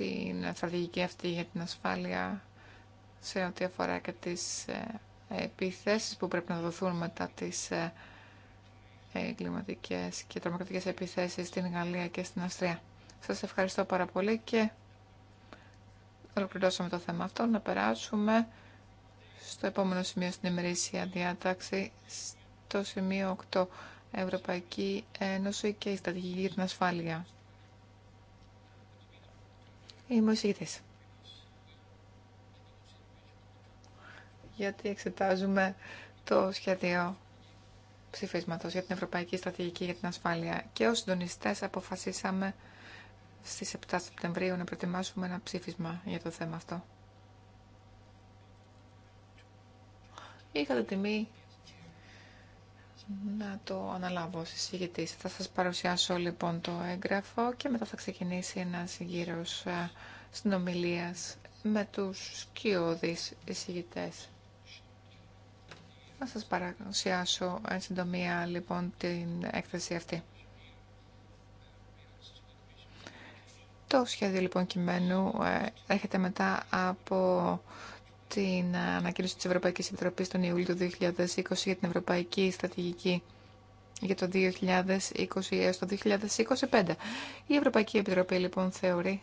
την στρατηγική αυτή για την ασφάλεια σε ό,τι αφορά και τις ε, επιθέσεις που πρέπει να δοθούν μετά τις εγκληματικές ε, και τρομοκρατικές επιθέσεις στην Γαλλία και στην Αυστρία. Σας ευχαριστώ πάρα πολύ και ολοκληρώσαμε το θέμα αυτό. Να περάσουμε στο επόμενο σημείο στην ημερήσια διάταξη, στο σημείο 8, Ευρωπαϊκή Ένωση και η στρατηγική για την Ασφάλεια. Είμαι ο Γιατί εξετάζουμε το σχέδιο ψηφισματο για την Ευρωπαϊκή Στρατηγική για την Ασφάλεια και ω συντονιστέ αποφασίσαμε στις 7 Σεπτεμβρίου να προετοιμάσουμε ένα ψήφισμα για το θέμα αυτό. Είχα την τιμή να το αναλάβω ως εισηγητής. Θα σας παρουσιάσω λοιπόν το έγγραφο και μετά θα ξεκινήσει ένας γύρος ε, συνομιλίας με τους σκιώδεις εισηγητές. Θα σας παρουσιάσω εν συντομία λοιπόν την έκθεση αυτή. Το σχέδιο λοιπόν κειμένου ε, έρχεται μετά από την ανακοίνωση της Ευρωπαϊκής Επιτροπής τον Ιούλιο του 2020 για την Ευρωπαϊκή Στρατηγική για το 2020 έως το 2025. Η Ευρωπαϊκή Επιτροπή λοιπόν θεωρεί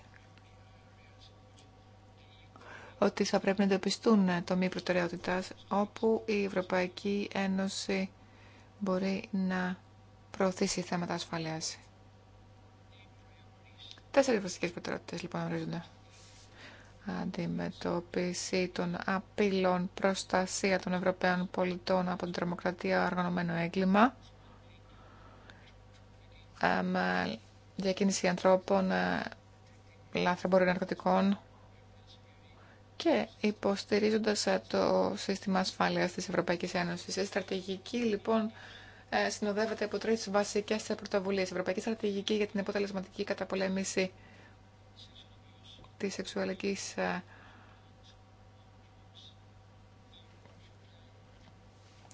ότι θα πρέπει να εντοπιστούν το μη προτεραιότητας όπου η Ευρωπαϊκή Ένωση μπορεί να προωθήσει θέματα ασφαλείας. Τέσσερις βασικές προτεραιότητες λοιπόν ορίζονται αντιμετώπιση των απειλών προστασία των Ευρωπαίων πολιτών από την τρομοκρατία οργανωμένο έγκλημα, διακίνηση ανθρώπων, ε, λάθρεμπορων ναρκωτικών και υποστηρίζοντας ε, το σύστημα ασφάλειας της Ευρωπαϊκής Ένωσης. Η στρατηγική λοιπόν ε, συνοδεύεται από τρεις βασικές πρωτοβουλίες. Ευρωπαϊκή στρατηγική για την αποτελεσματική καταπολέμηση της σεξουαλικής ε,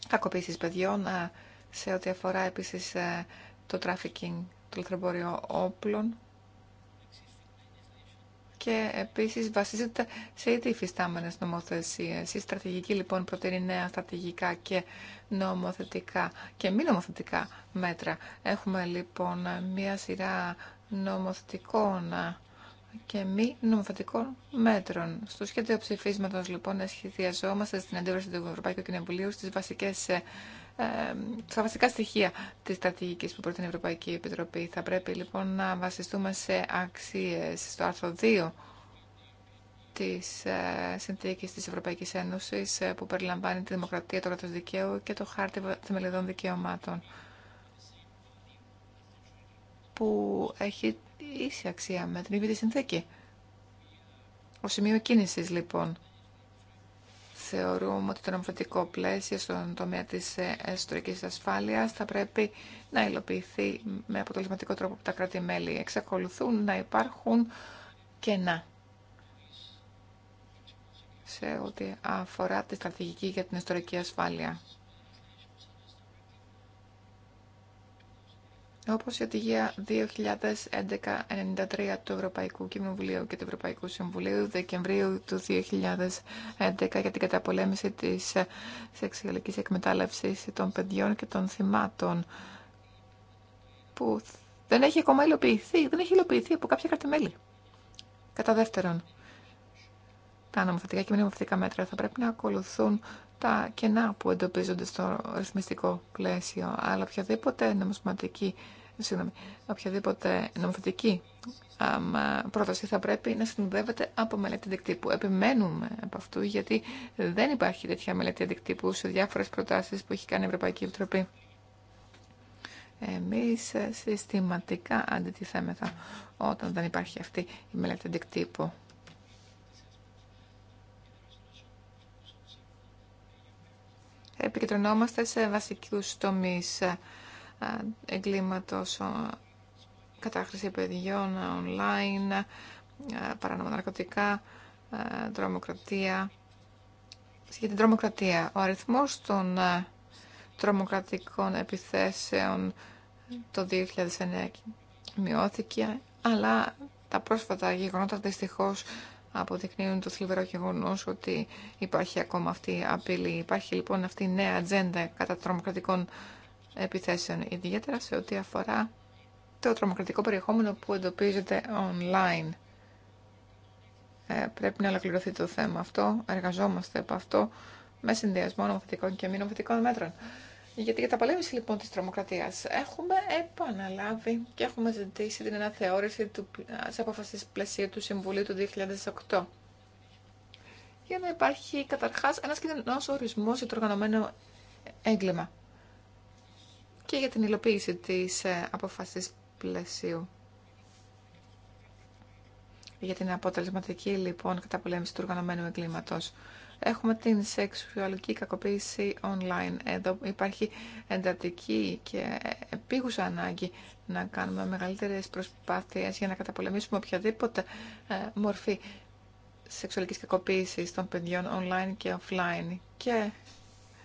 κακοποίησης παιδιών, ε, σε ό,τι αφορά επίσης ε, το τράφικινγκ, του λαθρεμπόριο όπλων και επίσης βασίζεται σε ήδη υφιστάμενες νομοθεσίες. Η στρατηγική λοιπόν προτείνει νέα στρατηγικά και νομοθετικά και μη νομοθετικά μέτρα. Έχουμε λοιπόν μία σειρά νομοθετικών και μη νομοθετικών μέτρων. Στο σχέδιο ψηφίσματο, λοιπόν, σχεδιαζόμαστε στην αντίδραση του Ευρωπαϊκού Κοινοβουλίου στις βασικέ. Ε, ε, στα βασικά στοιχεία τη στρατηγική που προτείνει η Ευρωπαϊκή Επιτροπή. Θα πρέπει, λοιπόν, να βασιστούμε σε αξίε στο άρθρο 2 της συνθήκη ε, συνθήκης της Ευρωπαϊκής Ένωσης που περιλαμβάνει τη δημοκρατία, το κράτος δικαίου και το χάρτη θεμελιωδών δικαιωμάτων που έχει ίση αξία με την ίδια συνθήκη. Ο σημείο κίνηση λοιπόν. Θεωρούμε ότι το νομοθετικό πλαίσιο στον τομέα της ε, εσωτερική ασφάλειας θα πρέπει να υλοποιηθεί με αποτελεσματικό τρόπο που τα κράτη-μέλη εξακολουθούν να υπάρχουν κενά σε ό,τι αφορά τη στρατηγική για την ιστορική ασφάλεια. όπως η Οδηγία 2011-93 του Ευρωπαϊκού Κοινοβουλίου και του Ευρωπαϊκού Συμβουλίου Δεκεμβρίου του 2011 για την καταπολέμηση της σεξουαλικής εκμετάλλευσης των παιδιών και των θυμάτων που δεν έχει ακόμα υλοποιηθεί, δεν έχει υλοποιηθεί από κάποια κρατημέλη. Κατά δεύτερον, τα νομοθετικά και μη νομοθετικά μέτρα θα πρέπει να ακολουθούν τα κενά που εντοπίζονται στο ρυθμιστικό πλαίσιο, αλλά οποιαδήποτε συγγνώμη, οποιαδήποτε νομοθετική πρόταση θα πρέπει να συνδεύεται από μελέτη αντικτύπου. Επιμένουμε από αυτού, γιατί δεν υπάρχει τέτοια μελέτη αντικτύπου σε διάφορες προτάσεις που έχει κάνει η Ευρωπαϊκή Επιτροπή. Εμείς συστηματικά αντιτιθέμεθα όταν δεν υπάρχει αυτή η μελέτη αντικτύπου. επικεντρωνόμαστε σε βασικούς τομείς ε, εγκλήματος, κατάχρηση παιδιών, online, ε, παράνομα ναρκωτικά, ε, τρομοκρατία. Για την τρομοκρατία, ο αριθμός των τρομοκρατικών επιθέσεων το 2009 μειώθηκε, αλλά τα πρόσφατα γεγονότα δυστυχώς αποδεικνύουν το θλιβερό γεγονό ότι υπάρχει ακόμα αυτή η απειλή. Υπάρχει λοιπόν αυτή η νέα ατζέντα κατά τρομοκρατικών επιθέσεων, ιδιαίτερα σε ό,τι αφορά το τρομοκρατικό περιεχόμενο που εντοπίζεται online. Ε, πρέπει να ολοκληρωθεί το θέμα αυτό. Εργαζόμαστε από αυτό με συνδυασμό νομοθετικών και μη νομοθετικών μέτρων. Για την καταπολέμηση λοιπόν της τρομοκρατίας έχουμε επαναλάβει και έχουμε ζητήσει την αναθεώρηση του, σε αποφασής πλαισίου του Συμβουλίου του 2008 για να υπάρχει καταρχάς ένας κοινωνός ορισμός για το οργανωμένο έγκλημα και για την υλοποίηση της ε, αποφασής πλαισίου. Για την αποτελεσματική λοιπόν καταπολέμηση του οργανωμένου εγκλήματος. Έχουμε την σεξουαλική κακοποίηση online. Εδώ υπάρχει εντατική και επίγουσα ανάγκη να κάνουμε μεγαλύτερες προσπάθειες για να καταπολεμήσουμε οποιαδήποτε ε, μορφή σεξουαλικής κακοποίησης των παιδιών online και offline. Και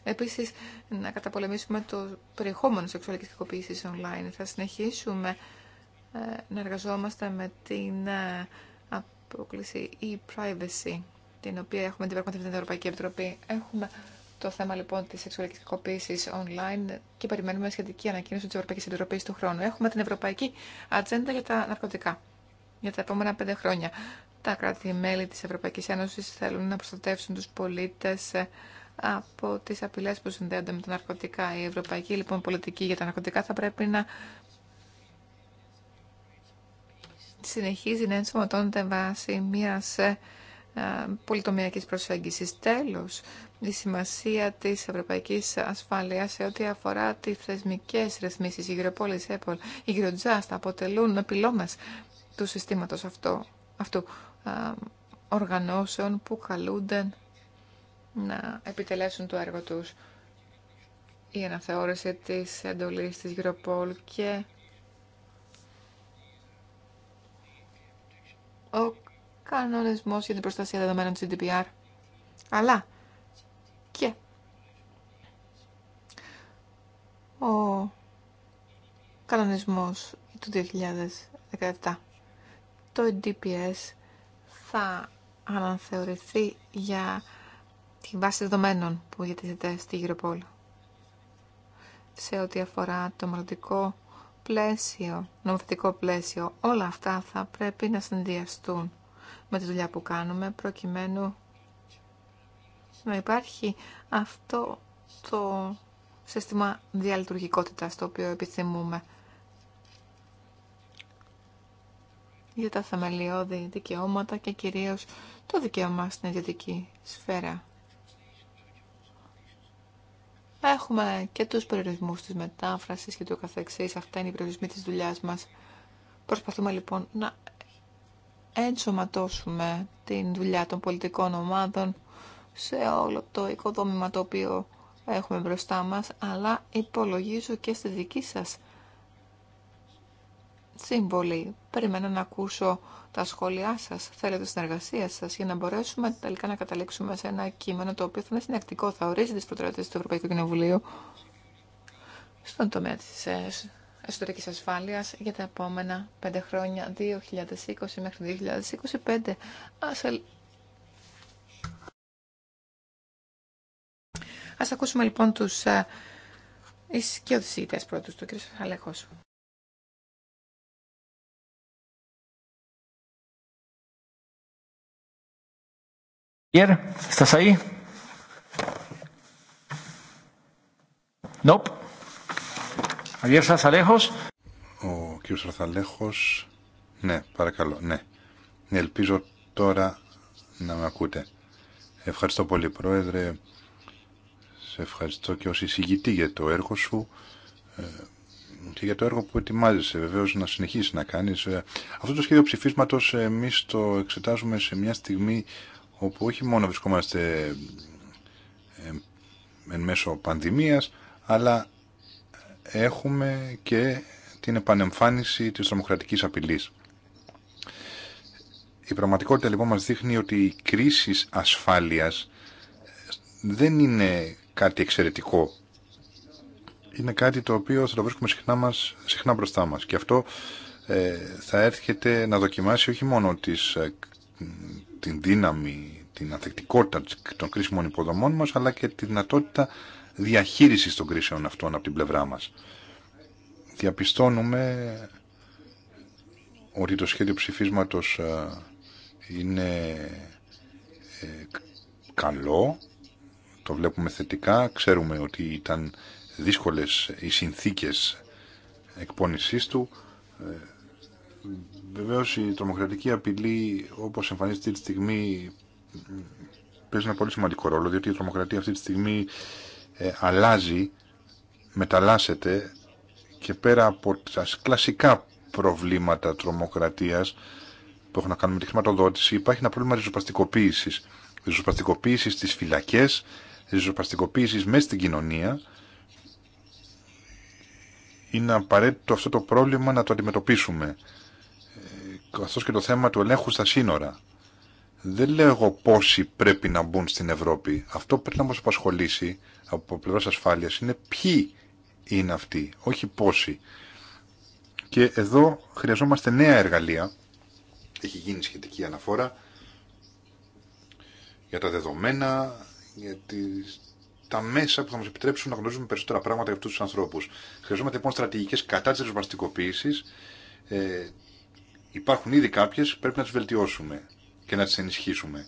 επίσης να καταπολεμήσουμε το περιεχόμενο σεξουαλικής κακοποίησης online. Θα συνεχίσουμε ε, να εργαζόμαστε με την ε, αποκλήση e-privacy την οποία έχουμε την πραγματική την Ευρωπαϊκή Επιτροπή. Έχουμε το θέμα λοιπόν τη σεξουαλική κακοποίηση online και περιμένουμε σχετική ανακοίνωση τη Ευρωπαϊκή Επιτροπή του χρόνου. Έχουμε την Ευρωπαϊκή Ατζέντα για τα ναρκωτικά για τα επόμενα πέντε χρόνια. Τα κράτη-μέλη τη Ευρωπαϊκή Ένωση θέλουν να προστατεύσουν του πολίτε ε, από τι απειλέ που συνδέονται με τα ναρκωτικά. Η ευρωπαϊκή λοιπόν πολιτική για τα ναρκωτικά θα πρέπει να συνεχίζει να ενσωματώνεται βάσει μιας ε, ε, πολυτομιακής προσέγγισης. Τέλος, η σημασία της ευρωπαϊκής ασφάλειας σε ό,τι αφορά τις θεσμικές ρυθμίσεις, η Γυροπόλης, οι η Γυροτζάστα αποτελούν πυλώνας του συστήματος αυτού ε, οργανώσεων που καλούνται να επιτελέσουν το έργο τους. Η αναθεώρηση της εντολής της Γυροπόλ και ο Κανονισμό για την προστασία δεδομένων του GDPR. Αλλά και ο κανονισμός του 2017. Το DPS θα αναθεωρηθεί για τη βάση δεδομένων που διατηρείται στη Europol σε ό,τι αφορά το μελλοντικό πλαίσιο, νομοθετικό πλαίσιο. Όλα αυτά θα πρέπει να συνδυαστούν με τη δουλειά που κάνουμε προκειμένου να υπάρχει αυτό το σύστημα διαλειτουργικότητας το οποίο επιθυμούμε για τα θεμελιώδη δικαιώματα και κυρίως το δικαίωμα στην ιδιωτική σφαίρα. Έχουμε και τους περιορισμούς της μετάφρασης και του καθεξής. Αυτά είναι οι περιορισμοί της δουλειάς μας. Προσπαθούμε λοιπόν να ενσωματώσουμε την δουλειά των πολιτικών ομάδων σε όλο το οικοδόμημα το οποίο έχουμε μπροστά μας, αλλά υπολογίζω και στη δική σας σύμβολη. Περιμένω να ακούσω τα σχόλιά σας, θέλετε συνεργασία σας, για να μπορέσουμε τελικά να καταλήξουμε σε ένα κείμενο το οποίο θα είναι συνεκτικό, θα ορίζει τις προτεραιότητες του Ευρωπαϊκού Κοινοβουλίου στον τομέα της ε, εσωτερικής ασφάλειας για τα επόμενα 5 χρόνια, 2020 μέχρι 2025. Ας, Ας ακούσουμε λοιπόν τους ε, ισχυοδησίτες πρώτους, του κ. Αλέχος. ¿Estás ahí? Nope. Ο κύριος Σαρθαλέχος. Ναι, παρακαλώ, ναι. Ελπίζω τώρα να με ακούτε. Ευχαριστώ πολύ, Πρόεδρε. Σε ευχαριστώ και ως εισηγητή για το έργο σου ε, και για το έργο που ετοιμάζεσαι βεβαίω να συνεχίσει να κάνει. Ε, αυτό το σχέδιο ψηφίσματο εμεί το εξετάζουμε σε μια στιγμή όπου όχι μόνο βρισκόμαστε ε, εν μέσω πανδημίας αλλά έχουμε και την επανεμφάνιση της τρομοκρατικής απειλής. Η πραγματικότητα λοιπόν μας δείχνει ότι η κρίση ασφάλειας δεν είναι κάτι εξαιρετικό. Είναι κάτι το οποίο θα το βρίσκουμε συχνά, μας, συχνά μπροστά μας. Και αυτό ε, θα έρχεται να δοκιμάσει όχι μόνο τις, ε, την δύναμη, την ανθεκτικότητα των κρίσιμων υποδομών μας, αλλά και τη δυνατότητα διαχείρισης των κρίσεων αυτών από την πλευρά μας. Διαπιστώνουμε ότι το σχέδιο ψηφίσματος ε, είναι ε, καλό, το βλέπουμε θετικά, ξέρουμε ότι ήταν δύσκολες οι συνθήκες εκπόνησής του. Ε, Βεβαίω η τρομοκρατική απειλή όπως εμφανίζεται τη στιγμή παίζει ένα πολύ σημαντικό ρόλο διότι η τρομοκρατία αυτή τη στιγμή ε, αλλάζει, μεταλλάσσεται και πέρα από τα κλασικά προβλήματα τρομοκρατίας που έχουν να κάνουν με τη χρηματοδότηση υπάρχει ένα πρόβλημα ριζοπαστικοποίησης. Ριζοπαστικοποίηση στις φυλακές, ριζοπαστικοποίησης μέσα στην κοινωνία. Είναι απαραίτητο αυτό το πρόβλημα να το αντιμετωπίσουμε. Ε, καθώς και το θέμα του ελέγχου στα σύνορα. Δεν λέω εγώ πόσοι πρέπει να μπουν στην Ευρώπη. Αυτό πρέπει να μας απασχολήσει από πλευρά ασφάλεια είναι ποιοι είναι αυτοί, όχι πόσοι. Και εδώ χρειαζόμαστε νέα εργαλεία, έχει γίνει σχετική αναφορά, για τα δεδομένα, για τα μέσα που θα μα επιτρέψουν να γνωρίζουμε περισσότερα πράγματα για αυτού του ανθρώπου. Χρειαζόμαστε λοιπόν στρατηγικέ κατά τη Ε, υπάρχουν ήδη κάποιε, πρέπει να τι βελτιώσουμε και να τι ενισχύσουμε.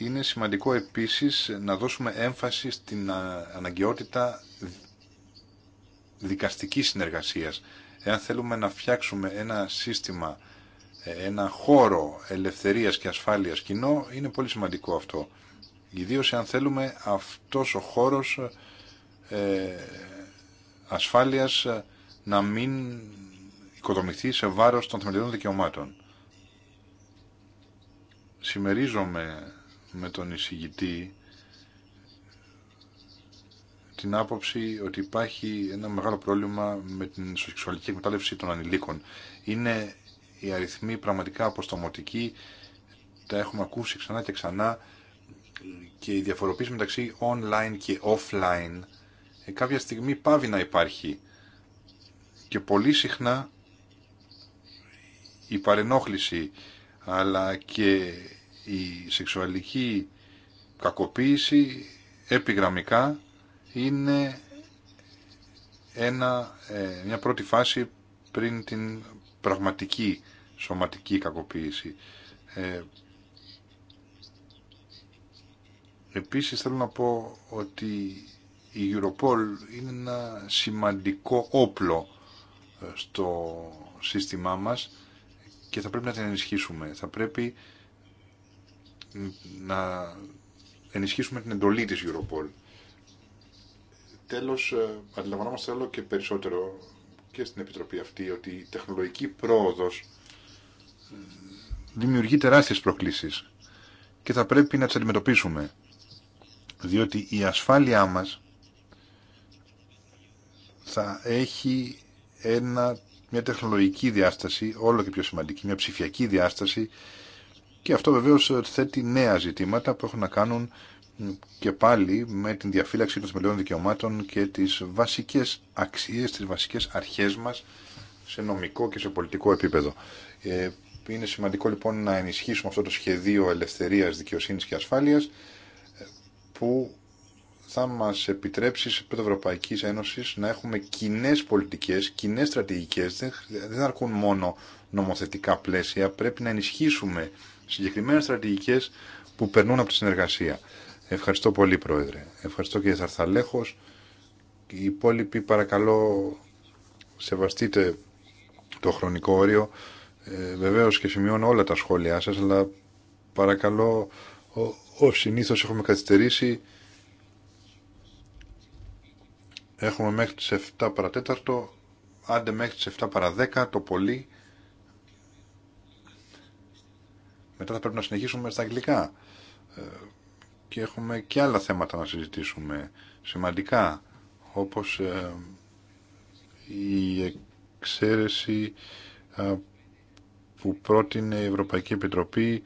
Είναι σημαντικό επίσης να δώσουμε έμφαση στην αναγκαιότητα δικαστικής συνεργασίας. Εάν θέλουμε να φτιάξουμε ένα σύστημα, ε, ένα χώρο ελευθερίας και ασφάλειας κοινό, είναι πολύ σημαντικό αυτό. Ιδίως εάν θέλουμε αυτός ο χώρος ε, ασφάλειας ε, να μην οικοδομηθεί σε βάρος των θεμελιωδών δικαιωμάτων. Σημερίζομαι με τον εισηγητή την άποψη ότι υπάρχει ένα μεγάλο πρόβλημα με την σεξουαλική εκμετάλλευση των ανηλίκων. Είναι οι αριθμοί πραγματικά αποστομωτικοί, τα έχουμε ακούσει ξανά και ξανά και η διαφοροποίηση μεταξύ online και offline ε, κάποια στιγμή πάβει να υπάρχει και πολύ συχνά η παρενόχληση αλλά και η σεξουαλική κακοποίηση επιγραμμικά είναι ένα, ε, μια πρώτη φάση πριν την πραγματική σωματική κακοποίηση. Ε, επίσης θέλω να πω ότι η Europol είναι ένα σημαντικό όπλο ε, στο σύστημά μας και θα πρέπει να την ενισχύσουμε. Θα πρέπει να ενισχύσουμε την εντολή της Europol. Τέλος, ε, αντιλαμβανόμαστε όλο και περισσότερο και στην Επιτροπή αυτή ότι η τεχνολογική πρόοδος ε, δημιουργεί τεράστιες προκλήσεις και θα πρέπει να τις αντιμετωπίσουμε διότι η ασφάλειά μας θα έχει ένα, μια τεχνολογική διάσταση όλο και πιο σημαντική, μια ψηφιακή διάσταση και αυτό βεβαίως ε, θέτει νέα ζητήματα που έχουν να κάνουν και πάλι με την διαφύλαξη των θεμελιών δικαιωμάτων και τις βασικές αξίες, τι βασικέ αρχέ μας σε νομικό και σε πολιτικό επίπεδο. Ε, είναι σημαντικό λοιπόν να ενισχύσουμε αυτό το σχεδίο ελευθερίας, δικαιοσύνης και ασφάλειας ε, που θα μας επιτρέψει σε επίπεδο Ευρωπαϊκή Ένωσης να έχουμε κοινέ πολιτικέ, κοινέ στρατηγικέ, Δεν αρκούν μόνο νομοθετικά πλαίσια, πρέπει να ενισχύσουμε συγκεκριμένες στρατηγικές που περνούν από τη συνεργασία. Ευχαριστώ πολύ Πρόεδρε. Ευχαριστώ τα Θαρθαλέχος. Οι υπόλοιποι παρακαλώ σεβαστείτε το χρονικό όριο. Ε, βεβαίως και σημειώνω όλα τα σχόλιά σας, αλλά παρακαλώ ως συνήθω έχουμε καθυστερήσει. Έχουμε μέχρι τις 7 παρατέταρτο, άντε μέχρι τις 7 παρα 10 το πολύ. Μετά θα πρέπει να συνεχίσουμε στα αγγλικά. Ε, και έχουμε και άλλα θέματα να συζητήσουμε σημαντικά, όπως ε, η εξαίρεση που πρότεινε η Ευρωπαϊκή Επιτροπή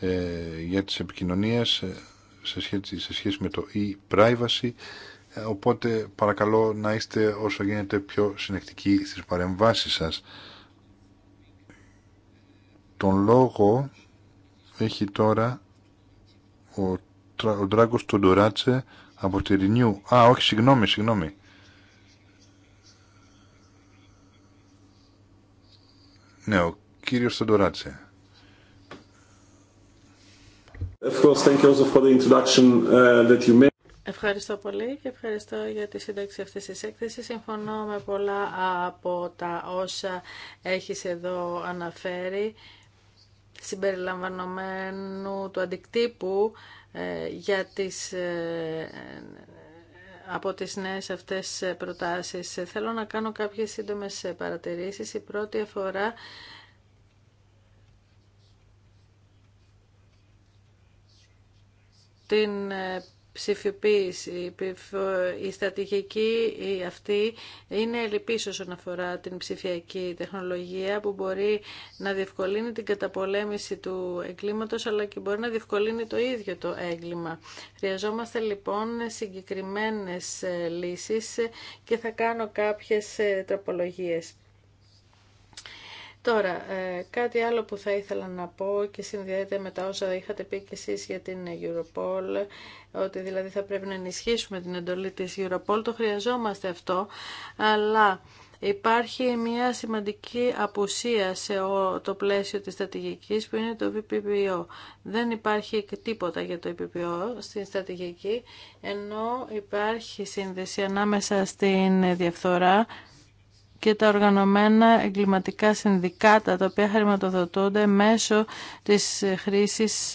ε, για τις επικοινωνίες σε σχέση, με το e-privacy οπότε παρακαλώ να είστε όσο γίνεται πιο συνεκτικοί στις παρεμβάσεις σας. Τον λόγο έχει τώρα ο, ο Ντράγκος του Ντουράτσε από τη Ρινιού. Α, όχι, συγγνώμη, συγγνώμη. Ναι, ο κύριος Τοντοράτσε. Uh, ευχαριστώ πολύ και ευχαριστώ για τη σύνταξη αυτής της έκθεσης. Συμφωνώ με πολλά από τα όσα έχεις εδώ αναφέρει συμπεριλαμβανομένου του αντικτύπου ε, για τις, ε, ε, από τις νέες αυτές προτάσεις. Θέλω να κάνω κάποιες σύντομες παρατηρήσεις. Η πρώτη αφορά την ψηφιοποίηση. Η στρατηγική αυτή είναι ελπίσω όσον αφορά την ψηφιακή τεχνολογία που μπορεί να διευκολύνει την καταπολέμηση του εγκλήματος αλλά και μπορεί να διευκολύνει το ίδιο το έγκλημα. Χρειαζόμαστε λοιπόν συγκεκριμένες ε, λύσεις και θα κάνω κάποιες ε, τροπολογίες. Τώρα, ε, κάτι άλλο που θα ήθελα να πω και συνδυάζεται με τα όσα είχατε πει και εσείς για την Europol, ότι δηλαδή θα πρέπει να ενισχύσουμε την εντολή της Europol, το χρειαζόμαστε αυτό, αλλά... Υπάρχει μια σημαντική απουσία σε το πλαίσιο της στρατηγικής που είναι το VPPO. Δεν υπάρχει τίποτα για το VPPO στην στρατηγική, ενώ υπάρχει σύνδεση ανάμεσα στην διαφθορά και τα οργανωμένα εγκληματικά συνδικάτα τα οποία χρηματοδοτούνται μέσω της χρήσης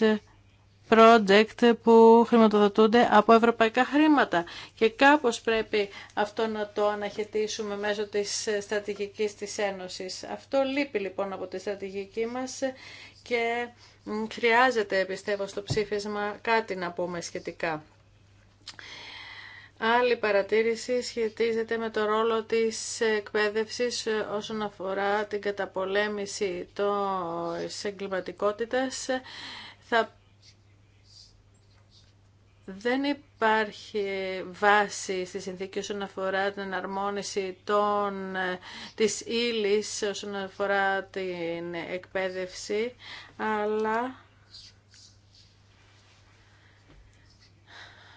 project που χρηματοδοτούνται από ευρωπαϊκά χρήματα. Και κάπως πρέπει αυτό να το αναχαιτήσουμε μέσω της στρατηγικής της Ένωσης. Αυτό λείπει λοιπόν από τη στρατηγική μας και χρειάζεται πιστεύω στο ψήφισμα κάτι να πούμε σχετικά. Άλλη παρατήρηση σχετίζεται με το ρόλο της εκπαίδευσης όσον αφορά την καταπολέμηση της εγκληματικότητας. Θα δεν υπάρχει βάση στη συνθήκη όσον αφορά την εναρμόνιση των, της ύλης όσον αφορά την εκπαίδευση, αλλά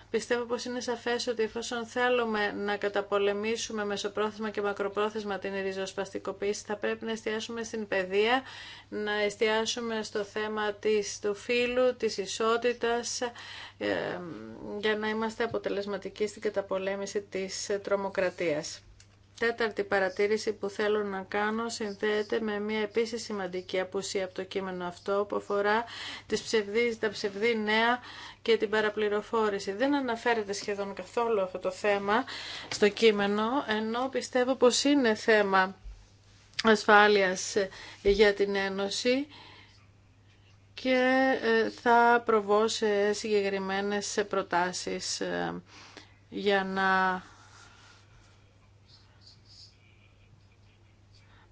Πιστεύω πως είναι σαφές ότι εφόσον θέλουμε να καταπολεμήσουμε μεσοπρόθεσμα και μακροπρόθεσμα την ριζοσπαστικοποίηση, θα πρέπει να εστιάσουμε στην παιδεία, να εστιάσουμε στο θέμα της, του φύλου, της ισότητας, ε, για να είμαστε αποτελεσματικοί στην καταπολέμηση της τρομοκρατίας τέταρτη παρατήρηση που θέλω να κάνω συνδέεται με μια επίσης σημαντική απουσία από το κείμενο αυτό που αφορά τις ψευδείς, τα ψευδή νέα και την παραπληροφόρηση. Δεν αναφέρεται σχεδόν καθόλου αυτό το θέμα στο κείμενο, ενώ πιστεύω πως είναι θέμα ασφάλειας για την Ένωση και ε, θα προβώ σε συγκεκριμένες προτάσεις ε, για να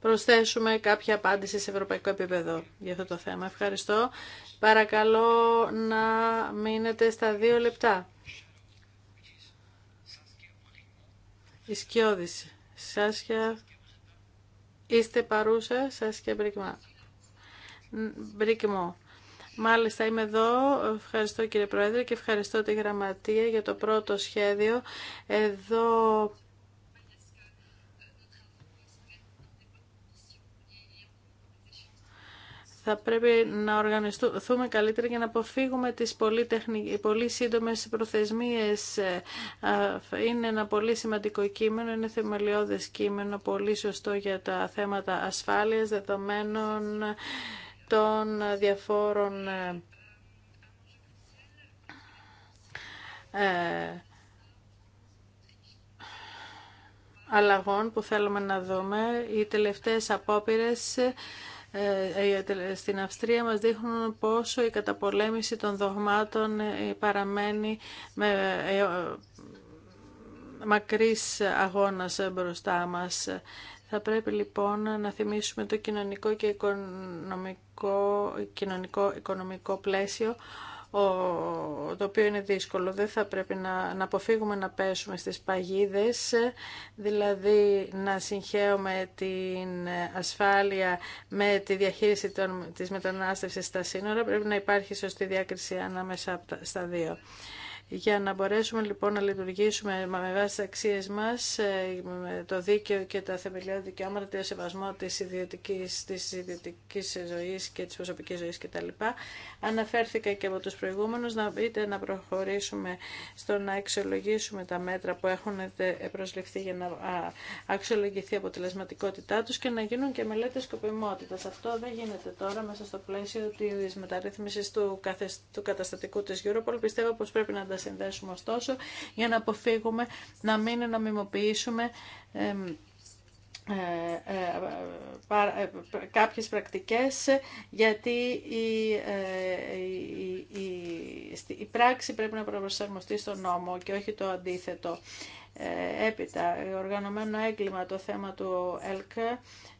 προσθέσουμε κάποια απάντηση σε ευρωπαϊκό επίπεδο για αυτό το θέμα. Ευχαριστώ. Παρακαλώ να μείνετε στα δύο λεπτά. Η Σκιώδηση. Σάσια, είστε παρούσα, και Μπρικμά. Μπρικμό. Μάλιστα είμαι εδώ. Ευχαριστώ κύριε Πρόεδρε και ευχαριστώ τη Γραμματεία για το πρώτο σχέδιο. Εδώ θα πρέπει να οργανιστούμε καλύτερα για να αποφύγουμε τις πολύ, τεχνικές, πολύ σύντομες προθεσμίες. Ε, είναι ένα πολύ σημαντικό κείμενο, είναι θεμελιώδες κείμενο, πολύ σωστό για τα θέματα ασφάλειας δεδομένων των διαφόρων ε, ε, αλλαγών που θέλουμε να δούμε. Οι τελευταίες απόπειρες ε, ε, στην Αυστρία μας δείχνουν πόσο η καταπολέμηση των δογμάτων ε, παραμένει με μακρύς αγώνας μπροστά μας. Θα πρέπει λοιπόν να θυμίσουμε το κοινωνικό και οικονομικό, κοινωνικό, οικονομικό πλαίσιο το οποίο είναι δύσκολο. Δεν θα πρέπει να, να αποφύγουμε να πέσουμε στις παγίδες, δηλαδή να συγχαίουμε την ασφάλεια με τη διαχείριση των, της μετανάστευσης στα σύνορα. Πρέπει να υπάρχει σωστή διάκριση ανάμεσα στα δύο. Για να μπορέσουμε λοιπόν να λειτουργήσουμε με βάση τι αξίε μα, ε, το δίκαιο και τα θεμελιώδη δικαιώματα, το σεβασμό τη ιδιωτική της ιδιωτικής ζωή και τη προσωπική ζωή κτλ. Αναφέρθηκα και από του προηγούμενου να είτε να προχωρήσουμε στο να αξιολογήσουμε τα μέτρα που έχουν προσληφθεί για να αξιολογηθεί η αποτελεσματικότητά του και να γίνουν και μελέτε σκοπιμότητα. Αυτό δεν γίνεται τώρα μέσα στο πλαίσιο τη μεταρρύθμιση του, του καταστατικού τη Europol. Πιστεύω πω πρέπει να τα συνδέσουμε ωστόσο για να αποφύγουμε να μην νομιμοποιήσουμε ε, ε, ε, κάποιες πρακτικές γιατί η, η, η, η πράξη πρέπει να προσαρμοστεί στον νόμο και όχι το αντίθετο. Ε, έπειτα, οργανωμένο έγκλημα το θέμα του ΕΛΚ,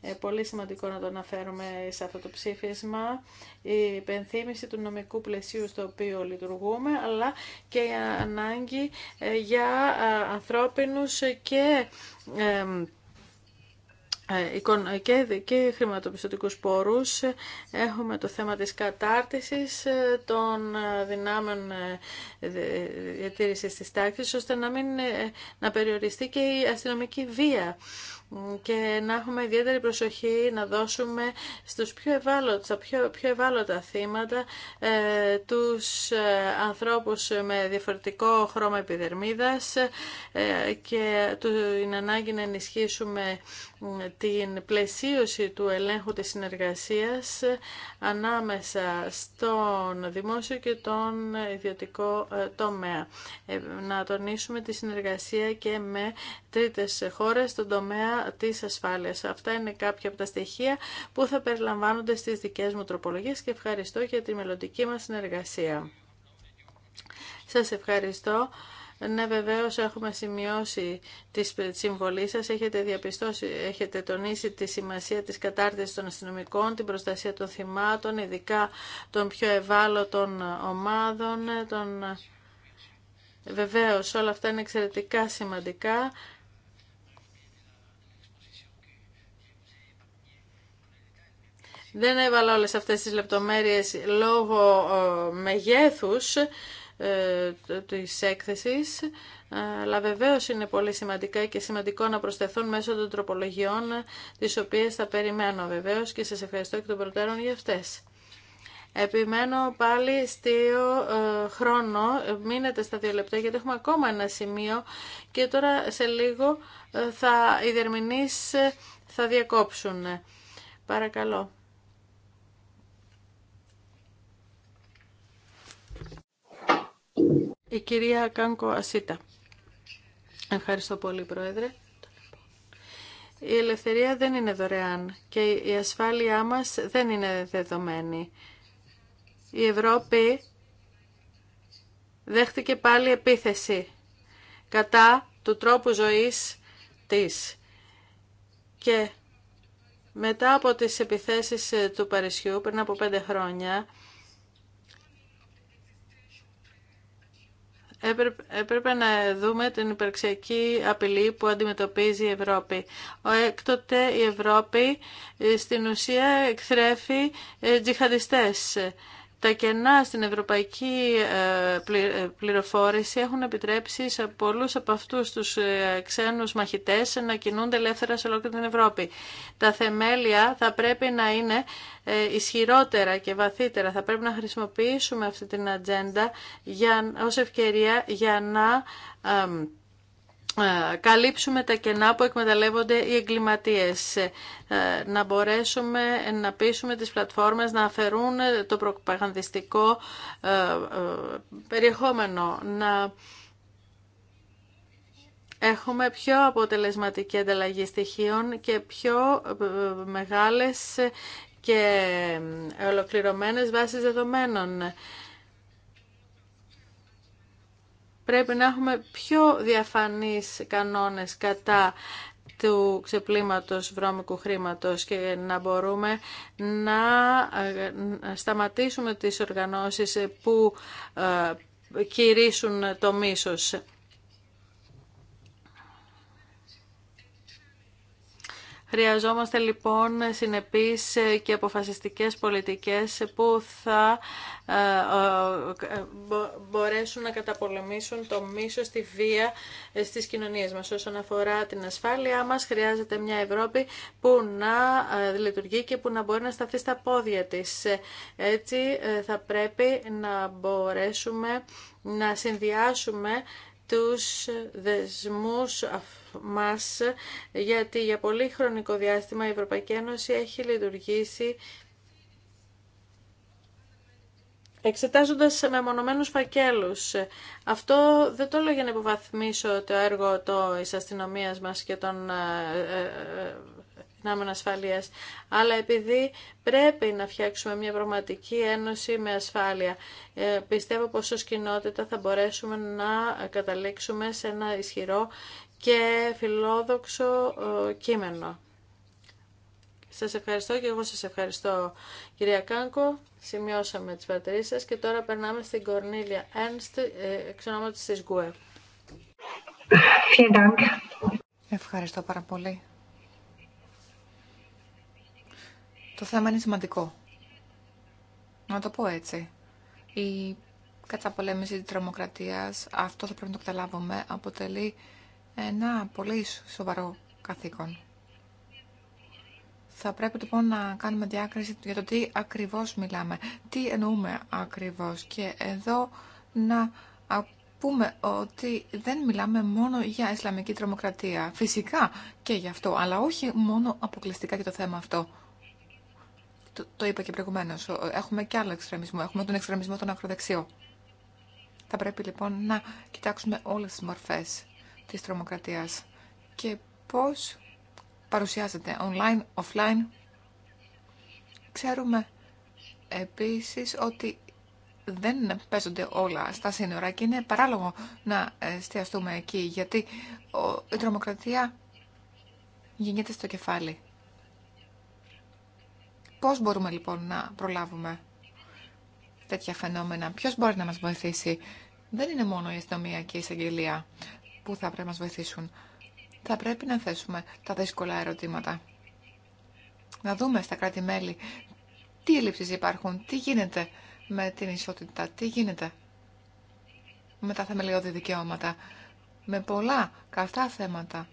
ε, πολύ σημαντικό να το αναφέρουμε σε αυτό το ψήφισμα, η υπενθύμηση του νομικού πλαισίου στο οποίο λειτουργούμε, αλλά και η ανάγκη ε, για ανθρώπινους και ε, και, και χρηματοπιστωτικούς πόρους. Έχουμε το θέμα της κατάρτισης ε, των ε, δυνάμεων διατήρησης της τάξης, ώστε να, μην, να περιοριστεί και η αστυνομική βία και να έχουμε ιδιαίτερη προσοχή να δώσουμε στους πιο ευάλωτα, στα πιο, πιο ευάλωτα θύματα ε, τους ανθρώπους με διαφορετικό χρώμα επιδερμίδας και του, είναι ανάγκη να ενισχύσουμε την πλαισίωση του ελέγχου της συνεργασίας ανάμεσα στον δημόσιο και τον ιδιωτικό ε, τομέα. Ε, να τονίσουμε τη συνεργασία και με τρίτες χώρες στον τομέα της ασφάλειας. Αυτά είναι κάποια από τα στοιχεία που θα περιλαμβάνονται στις δικές μου τροπολογίες και ευχαριστώ για τη μελλοντική μας συνεργασία. Σας ευχαριστώ. Ναι, βεβαίω έχουμε σημειώσει τη συμβολή σα. Έχετε διαπιστώσει, έχετε τονίσει τη σημασία τη κατάρτιση των αστυνομικών, την προστασία των θυμάτων, ειδικά των πιο ευάλωτων ομάδων. Των... Βεβαίω, όλα αυτά είναι εξαιρετικά σημαντικά. Δεν έβαλα όλες αυτές τις λεπτομέρειες λόγω ε, μεγέθους. Ε, της έκθεσης, αλλά βεβαίω είναι πολύ σημαντικά και σημαντικό να προσθεθούν μέσω των τροπολογιών, τις οποίες θα περιμένω βεβαίω και σας ευχαριστώ και των προτέρων για αυτές. Επιμένω πάλι στο ε, χρόνο, μείνετε στα δύο λεπτά γιατί έχουμε ακόμα ένα σημείο και τώρα σε λίγο ε, θα, οι διερμηνείς θα διακόψουν. Παρακαλώ. Η κυρία Κάνκο Ασίτα. Ευχαριστώ πολύ, Πρόεδρε. Η ελευθερία δεν είναι δωρεάν και η ασφάλειά μας δεν είναι δεδομένη. Η Ευρώπη δέχτηκε πάλι επίθεση κατά του τρόπου ζωής της. Και μετά από τις επιθέσεις ε, του Παρισιού πριν από πέντε χρόνια, έπρεπε να δούμε την υπερξιακή απειλή που αντιμετωπίζει η Ευρώπη. Ο έκτοτε η Ευρώπη ε, στην ουσία εκθρέφει ε, τζιχαντιστές τα κενά στην ευρωπαϊκή ε, ε, πληροφόρηση έχουν επιτρέψει σε πολλούς από αυτούς τους ε, ξένους μαχητές να κινούνται ελεύθερα σε ολόκληρη την Ευρώπη. Τα θεμέλια θα πρέπει να είναι ισχυρότερα και βαθύτερα. Θα πρέπει να χρησιμοποιήσουμε αυτή την ατζέντα για, ως ευκαιρία για να ε, καλύψουμε τα κενά που εκμεταλλεύονται οι εγκληματίες, ε, να μπορέσουμε να πείσουμε τις πλατφόρμες να αφαιρούν το προπαγανδιστικό ε, περιεχόμενο, να έχουμε πιο αποτελεσματική ανταλλαγή στοιχείων και πιο μεγάλες και ολοκληρωμένες βάσεις δεδομένων. Πρέπει να έχουμε πιο διαφανείς κανόνες κατά του ξεπλήματος βρώμικου χρήματος και να μπορούμε να ε, σταματήσουμε τις οργανώσεις που ε, κηρύσουν το μίσος. Χρειαζόμαστε λοιπόν συνεπείς και αποφασιστικές πολιτικές που θα ε, ε, ε, μπορέσουν να καταπολεμήσουν το μίσο στη βία στις κοινωνίες μας. Όσον αφορά την ασφάλειά μας, χρειάζεται μια Ευρώπη που να λειτουργεί και που να μπορεί να σταθεί στα πόδια της. Έτσι θα πρέπει να μπορέσουμε να συνδυάσουμε τους δεσμούς μας, γιατί για πολύ χρονικό διάστημα η Ευρωπαϊκή Ένωση έχει λειτουργήσει εξετάζοντας με μονομένους φακέλους. Αυτό δεν το λέω για να υποβαθμίσω το έργο της αστυνομίας μας και των ε, ε, ε, είμαι ασφαλεία. Αλλά επειδή πρέπει να φτιάξουμε μια πραγματική ένωση με ασφάλεια, ε, πιστεύω πω ω κοινότητα θα μπορέσουμε να καταλήξουμε σε ένα ισχυρό και φιλόδοξο ε, κείμενο. Σας ευχαριστώ και εγώ σας ευχαριστώ κυρία Κάνκο. Σημειώσαμε τις πατρίες σας και τώρα περνάμε στην Κορνίλια Ένστ, ε, εξ ονόματος της ΓΚΟΕ. Ευχαριστώ πάρα πολύ. Το θέμα είναι σημαντικό. Να το πω έτσι. Η καταπολέμηση της τρομοκρατίας, αυτό θα πρέπει να το καταλάβουμε, αποτελεί ένα πολύ σοβαρό καθήκον. Θα πρέπει λοιπόν να κάνουμε διάκριση για το τι ακριβώς μιλάμε, τι εννοούμε ακριβώς και εδώ να πούμε ότι δεν μιλάμε μόνο για Ισλαμική τρομοκρατία. Φυσικά και γι' αυτό, αλλά όχι μόνο αποκλειστικά για το θέμα αυτό. Το, το είπα και προηγουμένως, έχουμε και άλλο εξτρεμισμό, έχουμε τον εξτρεμισμό των ακροδεξιών. Θα πρέπει λοιπόν να κοιτάξουμε όλες τις μορφές της τρομοκρατίας και πώς παρουσιάζεται online, offline. Ξέρουμε επίσης ότι δεν παίζονται όλα στα σύνορα και είναι παράλογο να εστιαστούμε εκεί γιατί η τρομοκρατία γεννιέται στο κεφάλι. Πώς μπορούμε λοιπόν να προλάβουμε τέτοια φαινόμενα, ποιος μπορεί να μας βοηθήσει. Δεν είναι μόνο η αστυνομία και η εισαγγελία που θα πρέπει να μας βοηθήσουν. Θα πρέπει να θέσουμε τα δύσκολα ερωτήματα. Να δούμε στα κράτη-μέλη τι ελλείψεις υπάρχουν, τι γίνεται με την ισότητα, τι γίνεται με τα θεμελιώδη δικαιώματα, με πολλά καυτά θέματα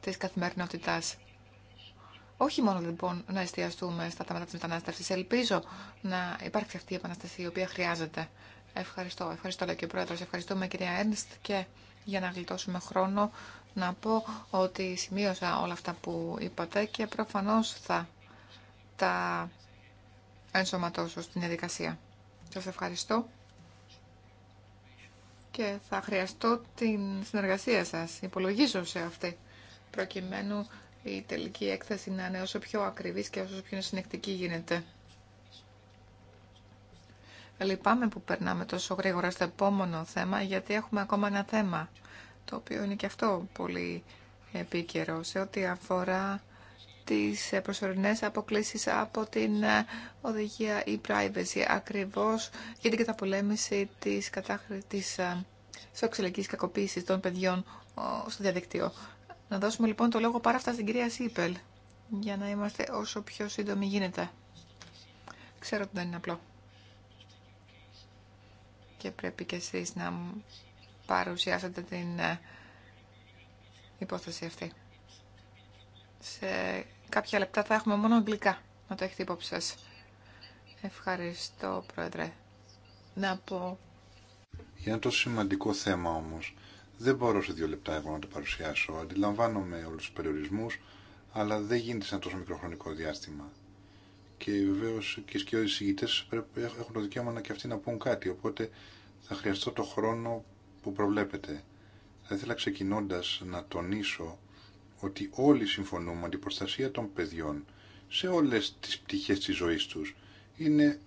της καθημερινότητάς. Όχι μόνο λοιπόν να εστιαστούμε στα θέματα τη μετανάστευση. Ελπίζω να υπάρξει αυτή η επαναστασία η οποία χρειάζεται. Ευχαριστώ. Ευχαριστώ λέει και ο Πρόεδρος. Ευχαριστούμε κυρία Ένστ και για να γλιτώσουμε χρόνο να πω ότι σημείωσα όλα αυτά που είπατε και προφανώς θα τα ενσωματώσω στην διαδικασία. Σας ευχαριστώ και θα χρειαστώ την συνεργασία σας. Υπολογίζω σε αυτή προκειμένου η τελική έκθεση να είναι όσο πιο ακριβής και όσο πιο συνεκτική γίνεται. Λυπάμαι που περνάμε τόσο γρήγορα στο επόμενο θέμα, γιατί έχουμε ακόμα ένα θέμα, το οποίο είναι και αυτό πολύ επίκαιρο, σε ό,τι αφορά τις προσωρινές αποκλήσεις από την οδηγία e-privacy, ακριβώς για την καταπολέμηση της, κατάχρη... της ε, κακοποίησης των παιδιών ε, στο διαδικτύο. Να δώσουμε λοιπόν το λόγο πάρα αυτά στην κυρία Σίπελ, για να είμαστε όσο πιο σύντομοι γίνεται. Ξέρω ότι δεν είναι απλό. Και πρέπει και εσείς να παρουσιάσετε την ε, υπόθεση αυτή. Σε κάποια λεπτά θα έχουμε μόνο αγγλικά, να το έχετε υπόψη σας. Ευχαριστώ, Πρόεδρε. Να πω... Για το σημαντικό θέμα όμως, δεν μπορώ σε δύο λεπτά εγώ να το παρουσιάσω. Αντιλαμβάνομαι όλου του περιορισμού, αλλά δεν γίνεται σε ένα τόσο μικροχρονικό διάστημα. Και βεβαίω και οι σκιώδει ηγητέ έχουν το δικαίωμα να και αυτοί να πούν κάτι. Οπότε θα χρειαστώ το χρόνο που προβλέπετε. Θα ήθελα ξεκινώντα να τονίσω ότι όλοι συμφωνούμε ότι η προστασία των παιδιών σε όλε τι πτυχέ τη ζωή του είναι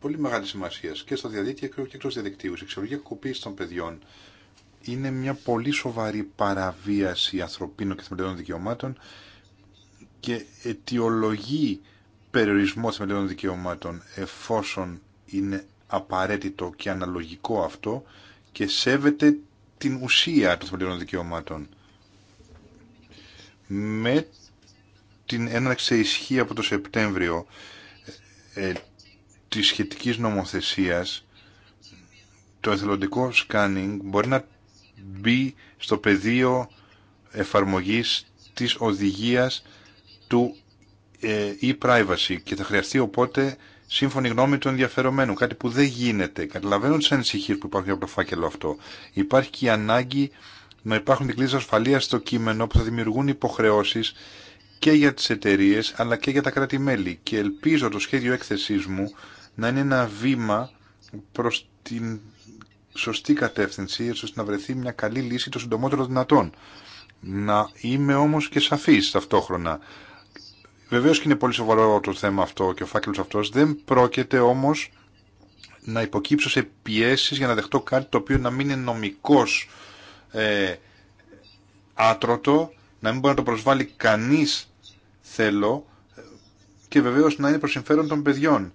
πολύ μεγάλη σημασία και στο διαδίκτυο και εκτό διαδικτύου. Η εξοργία των παιδιών είναι μια πολύ σοβαρή παραβίαση ανθρωπίνων και θεμελιωδών δικαιωμάτων και αιτιολογεί περιορισμό θεμελιών δικαιωμάτων εφόσον είναι απαραίτητο και αναλογικό αυτό και σέβεται την ουσία των θεμελιωδών δικαιωμάτων. Με την έναρξη ισχύ από το Σεπτέμβριο ε, της σχετικής νομοθεσίας το εθελοντικό σκάνινγκ μπορεί να μπει στο πεδίο εφαρμογής της οδηγίας του ε, e-privacy και θα χρειαστεί οπότε σύμφωνη γνώμη των ενδιαφερομένων. κάτι που δεν γίνεται. Καταλαβαίνω τις ανησυχίες που υπάρχουν από το φάκελο αυτό. Υπάρχει και η ανάγκη να υπάρχουν κλίση ασφαλείας στο κείμενο που θα δημιουργούν υποχρεώσεις και για τις εταιρείες αλλά και για τα κράτη-μέλη και ελπίζω το σχέδιο έκθεσής μου να είναι ένα βήμα προς την σωστή κατεύθυνση, έτσι ώστε να βρεθεί μια καλή λύση το συντομότερο δυνατόν. Να είμαι όμως και σαφής ταυτόχρονα. Βεβαίως και είναι πολύ σοβαρό το θέμα αυτό και ο φάκελος αυτός. Δεν πρόκειται όμως να υποκύψω σε πιέσεις για να δεχτώ κάτι το οποίο να μην είναι νομικός ε, άτρωτο, να μην μπορεί να το προσβάλλει κανείς θέλω και βεβαίως να είναι προς συμφέρον των παιδιών.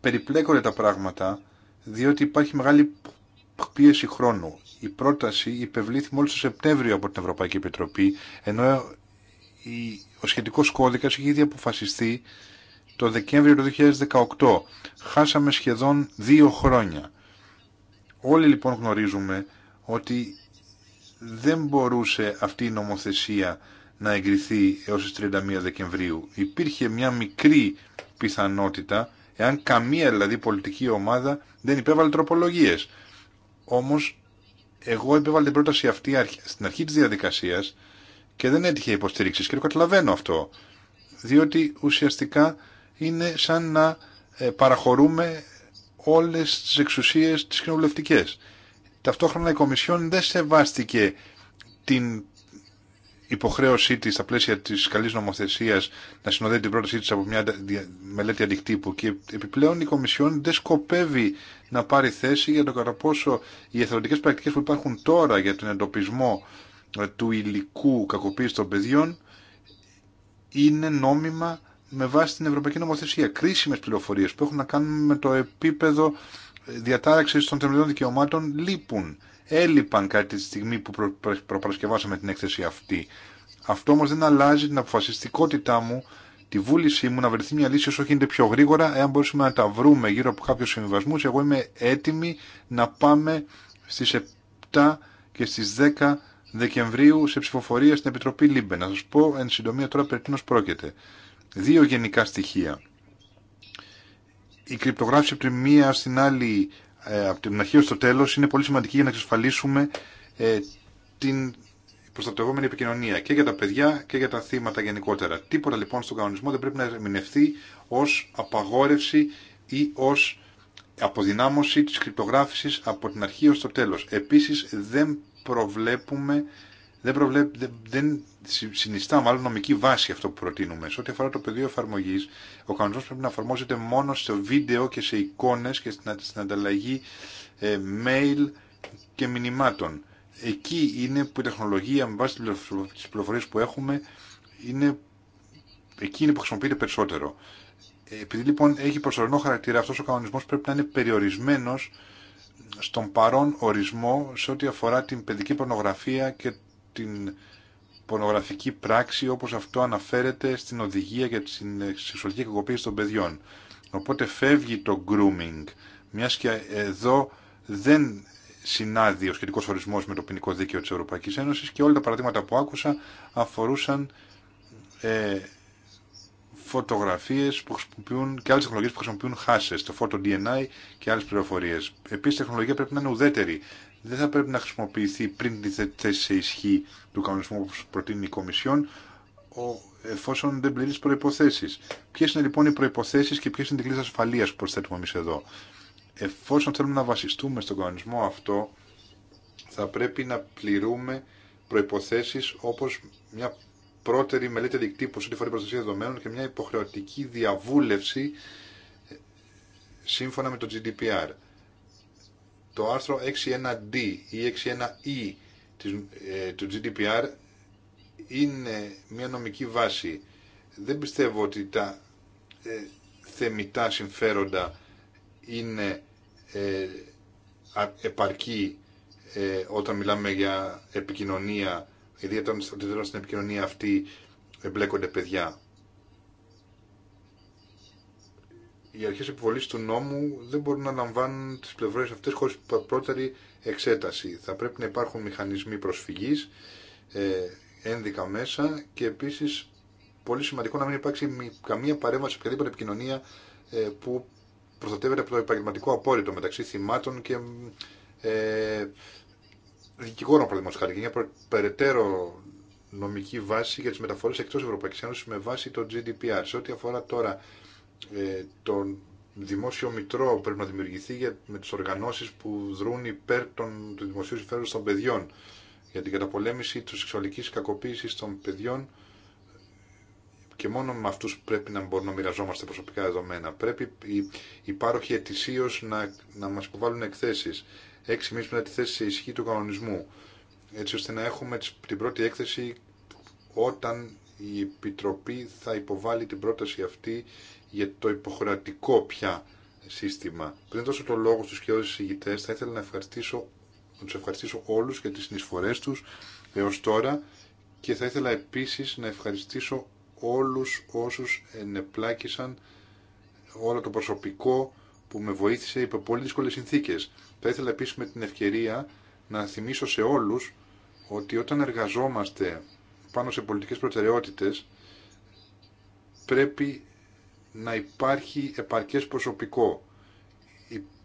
Περιπλέκονται τα πράγματα διότι υπάρχει μεγάλη πίεση χρόνου. Η πρόταση υπευλήθη μόλις το Σεπτέμβριο από την Ευρωπαϊκή Επιτροπή, ενώ ο σχετικός κώδικας είχε ήδη αποφασιστεί το Δεκέμβριο του 2018. Χάσαμε σχεδόν δύο χρόνια. Όλοι λοιπόν γνωρίζουμε ότι δεν μπορούσε αυτή η νομοθεσία να εγκριθεί έως τις 31 Δεκεμβρίου. Υπήρχε μια μικρή πιθανότητα εάν καμία δηλαδή πολιτική ομάδα δεν υπέβαλε τροπολογίες. Όμως εγώ υπέβαλε την πρόταση αυτή στην αρχή της διαδικασίας και δεν έτυχε υποστήριξη, και το καταλαβαίνω αυτό. Διότι ουσιαστικά είναι σαν να ε, παραχωρούμε όλες τις εξουσίες τις κοινοβουλευτικέ. Ταυτόχρονα η Κομισιόν δεν σεβάστηκε την υποχρέωσή τη στα πλαίσια τη καλή νομοθεσία να συνοδεύει την πρότασή τη από μια μελέτη αντικτύπου. Και επιπλέον η Κομισιόν δεν σκοπεύει να πάρει θέση για το κατά πόσο οι εθελοντικέ πρακτικέ που υπάρχουν τώρα για τον εντοπισμό ε, του υλικού κακοποίηση των παιδιών είναι νόμιμα με βάση την Ευρωπαϊκή Νομοθεσία. Κρίσιμε πληροφορίε που έχουν να κάνουν με το επίπεδο ε, διατάραξη των θεμελιών δικαιωμάτων λείπουν έλειπαν κάτι τη στιγμή που προ, προπαρασκευάσαμε την έκθεση αυτή. Αυτό όμω δεν αλλάζει την αποφασιστικότητά μου, τη βούλησή μου να βρεθεί μια λύση όσο γίνεται πιο γρήγορα, εάν μπορούσαμε να τα βρούμε γύρω από κάποιου συμβιβασμού. Εγώ είμαι έτοιμη να πάμε στι 7 και στι 10 Δεκεμβρίου σε ψηφοφορία στην Επιτροπή Λίμπε. Να σα πω εν συντομία τώρα περί τίνο πρόκειται. Δύο γενικά στοιχεία. Η κρυπτογράφηση από τη μία στην άλλη ε, από την αρχή ως το τέλος είναι πολύ σημαντική για να εξασφαλίσουμε ε, την προστατευόμενη επικοινωνία και για τα παιδιά και για τα θύματα γενικότερα. Τίποτα λοιπόν στον κανονισμό δεν πρέπει να ερμηνευτεί ως απαγόρευση ή ως αποδυνάμωση της κρυπτογράφησης από την αρχή ως το τέλος. Επίσης δεν προβλέπουμε, δεν, προβλέπ, δεν συνιστά μάλλον νομική βάση αυτό που προτείνουμε. Σε ό,τι αφορά το πεδίο εφαρμογή, ο κανονισμό πρέπει να εφαρμόζεται μόνο σε βίντεο και σε εικόνε και στην ανταλλαγή ε, mail και μηνυμάτων. Εκεί είναι που η τεχνολογία με βάση τι πληροφορίε που έχουμε είναι εκεί είναι που χρησιμοποιείται περισσότερο. Επειδή λοιπόν έχει προσωρινό χαρακτήρα, αυτό ο κανονισμό πρέπει να είναι περιορισμένο στον παρόν ορισμό σε ό,τι αφορά την παιδική πορνογραφία και την πονογραφική πράξη όπως αυτό αναφέρεται στην οδηγία για τη σεξουαλική κακοποίηση των παιδιών. Οπότε φεύγει το grooming, μιας και εδώ δεν συνάδει ο σχετικός ορισμό με το ποινικό δίκαιο της Ευρωπαϊκής Ένωσης και όλα τα παραδείγματα που άκουσα αφορούσαν ε, φωτογραφίε που χρησιμοποιούν και άλλες τεχνολογίες που χρησιμοποιούν χάσε, το photo DNA και άλλες πληροφορίε. Επίσης, η τεχνολογία πρέπει να είναι ουδέτερη δεν θα πρέπει να χρησιμοποιηθεί πριν τη θέση σε ισχύ του κανονισμού που προτείνει η Κομισιόν, εφόσον δεν πληρεί τι προποθέσει. Ποιε είναι λοιπόν οι προποθέσει και ποιε είναι οι κλίδε ασφαλεία που προσθέτουμε εμεί εδώ. Εφόσον θέλουμε να βασιστούμε στον κανονισμό αυτό, θα πρέπει να πληρούμε προποθέσει όπω μια πρώτερη μελέτη δικτύπου σε ό,τι αφορά προστασία δεδομένων και μια υποχρεωτική διαβούλευση σύμφωνα με το GDPR το άρθρο 61D ή 61E ε, του GDPR είναι μια νομική βάση. Δεν πιστεύω ότι τα ε, θεμητά συμφέροντα είναι ε, επαρκή όταν μιλάμε για επικοινωνία, ιδιαίτερα στην επικοινωνία αυτή εμπλέκονται παιδιά. οι αρχές επιβολής του νόμου δεν μπορούν να λαμβάνουν τις πλευρές αυτές χωρίς πρώτερη εξέταση. Θα πρέπει να υπάρχουν μηχανισμοί προσφυγής, ε, ένδικα μέσα και επίσης πολύ σημαντικό να μην υπάρξει καμία παρέμβαση σε οποιαδήποτε επικοινωνία ε, που προστατεύεται από το επαγγελματικό απόρριτο μεταξύ θυμάτων και ε, δικηγόρων παραδείγματος χάρη. Μια περαιτέρω νομική βάση για τις μεταφορές εκτός Ευρωπαϊκής Ένωσης με βάση το GDPR. Σε ό,τι αφορά τώρα ε, τον δημόσιο μητρό πρέπει να δημιουργηθεί για, με τις οργανώσεις που δρούν υπέρ των, του δημοσίου συμφέροντος των παιδιών για την καταπολέμηση της σεξουαλικής κακοποίηση των παιδιών και μόνο με αυτού πρέπει να μπορούμε να μοιραζόμαστε προσωπικά δεδομένα. Πρέπει οι, οι πάροχοι να, να μας υποβάλουν εκθέσεις. Έξι μήνε μετά τη θέση σε ισχύ του κανονισμού. Έτσι ώστε να έχουμε την πρώτη έκθεση όταν η Επιτροπή θα υποβάλει την πρόταση αυτή για το υποχρεωτικό πια σύστημα. Πριν δώσω το λόγο στους κοινούς συζητητές, θα ήθελα να, ευχαριστήσω, να ευχαριστήσω όλους για τις συνεισφορές τους έως τώρα και θα ήθελα επίσης να ευχαριστήσω όλους όσους ενεπλάκησαν όλο το προσωπικό που με βοήθησε υπό πολύ δύσκολε συνθήκε. Θα ήθελα επίσης με την ευκαιρία να θυμίσω σε όλους ότι όταν εργαζόμαστε πάνω σε πολιτικές προτεραιότητες πρέπει να υπάρχει επαρκές προσωπικό.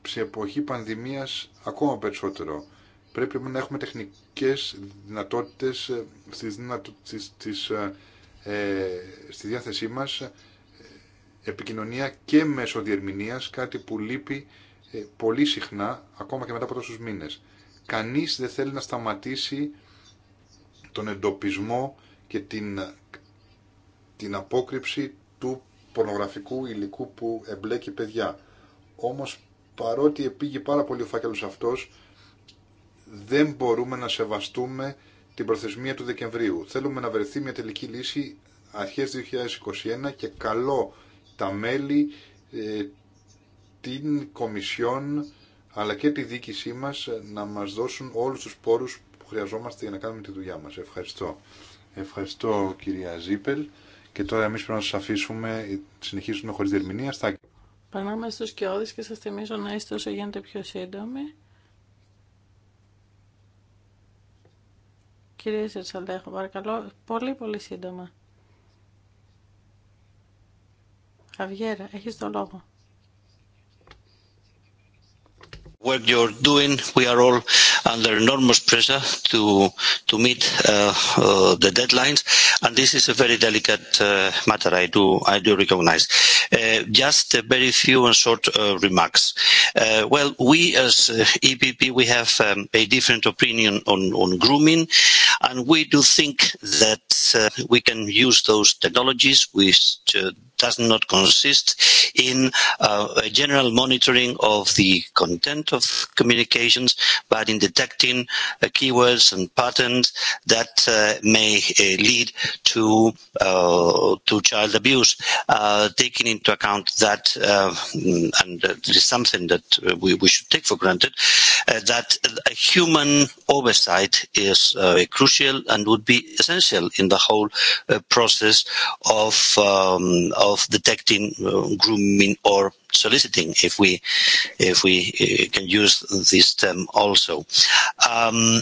Σε εποχή πανδημίας ακόμα περισσότερο. Πρέπει να έχουμε τεχνικές δυνατότητες ε, στις, ε, ε, στη διάθεσή μας επικοινωνία και μέσω διερμηνίας, κάτι που λείπει πολύ συχνά, ακόμα και μετά από τόσους μήνες. Κανείς δεν θέλει να σταματήσει τον εντοπισμό και την, την απόκρυψη του πορνογραφικού υλικού που εμπλέκει παιδιά. Όμως παρότι επήγει πάρα πολύ ο φάκελος αυτός, δεν μπορούμε να σεβαστούμε την προθεσμία του Δεκεμβρίου. Θέλουμε να βρεθεί μια τελική λύση αρχές 2021 και καλό τα μέλη, ε, την Κομισιόν αλλά και τη δίκησή μας να μας δώσουν όλους τους πόρους που χρειαζόμαστε για να κάνουμε τη δουλειά μας. Ευχαριστώ. Ευχαριστώ κυρία Ζήπελ. Και τώρα εμείς πρέπει να σα αφήσουμε, συνεχίσουμε χωρίς διερμηνία. Στα... Περνάμε στους κοιόδη και σας θυμίζω να είστε όσο γίνεται πιο σύντομοι. Κύριε Σερσαλτέχο, παρακαλώ, πολύ πολύ σύντομα. Χαβιέρα, έχεις το λόγο. What you're doing, we are all under enormous pressure to to meet uh, uh, the deadlines and this is a very delicate matter. I do I do recognize. Just very few and short remarks. Well, we as EPP we have a different opinion on on grooming, and we do think that we can use those technologies which does not consist in a general monitoring of the content of communications, but in detecting keywords and patterns that may lead to to child abuse, taking into account that, and this is something that we we should take for granted, that a human oversight is crucial and would be essential in the whole process of of detecting grooming or soliciting, if we if we can use this term also. Um,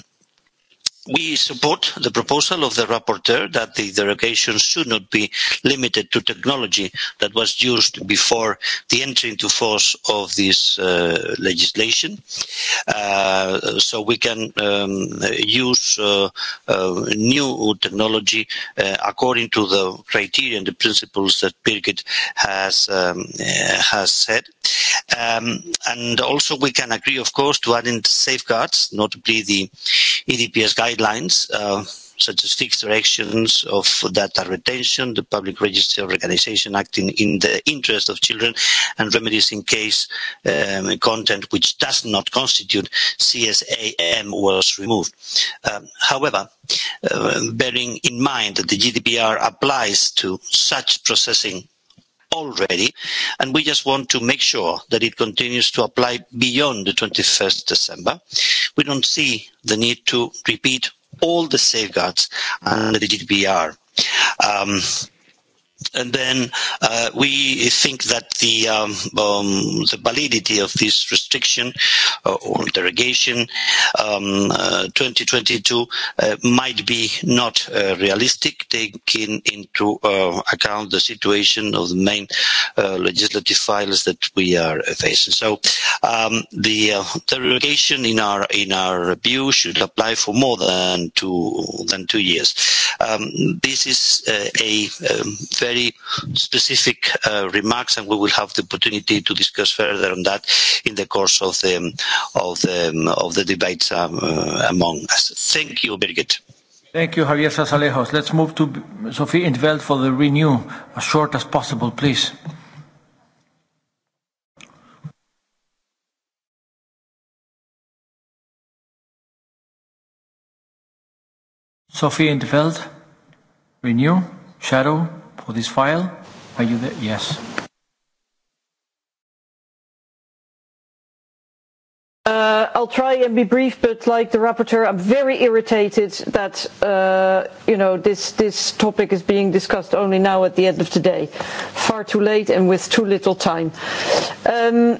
we support the proposal of the rapporteur that the derogation should not be limited to technology that was used before the entry into force of this legislation so we can use new technology according to the criteria and the principles that Birgit has has said and also we can agree of course to add in safeguards notably the edps guidelines, such as fixed directions of data retention, the public register organization acting in the interest of children, and remedies in case content which does not constitute CSAM was removed. However, bearing in mind that the GDPR applies to such processing already, and we just want to make sure that it continues to apply beyond the 21st December, we don't see the need to repeat all the safeguards under the GDPR. Um, And then uh, we think that the um, um, the validity of this restriction or derogation um, 2022 might be not realistic, taking into account the situation of the main legislative files that we are facing. So um, the derogation in our in our view should apply for more than two than two years. Um, this is a very specific remarks, and we will have the opportunity to discuss further on that in the course of the of the of the debates among us. Thank you, Birgit. Thank you, Javier Sasalejos. Let's move to Sophie Intveld for the renew, as short as possible, please. Sophie Intveld, renew, shadow for this file. Are you there? Yes. I'll try and be brief, but like the rapporteur, I'm very irritated that you know this this topic is being discussed only now at the end of today, far too late and with too little time. Um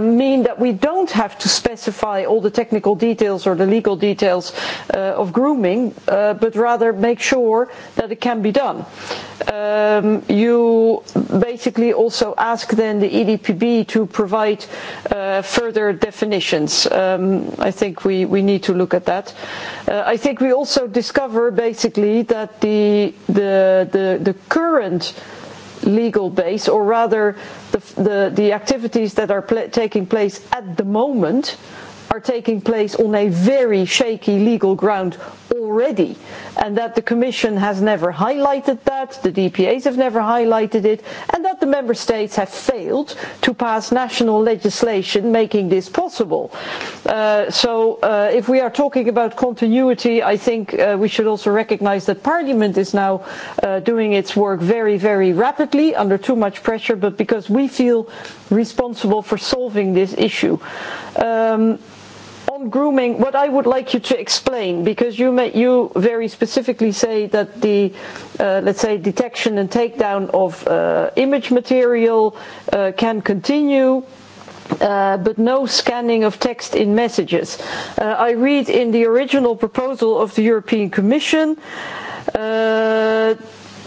mean that we don't have to specify all the technical details or the legal details of grooming, but rather make sure that it can be done. You basically also ask then the EDPB to provide further definitions. I think we we need to look at that. I think we also discover basically that the the the current legal base, or rather the the the activities that are taking place at the moment are taking place on a very shaky legal ground already and that the Commission has never highlighted that, the DPAs have never highlighted it and that the Member States have failed to pass national legislation making this possible. So if we are talking about continuity I think we should also recognize that Parliament is now doing its work very, very rapidly under too much pressure but because we feel responsible for solving this issue on grooming, what I would like you to explain, because you may you very specifically say that the, let's say, detection and takedown of image material can continue but no scanning of text in messages. I read in the original proposal of the European Commission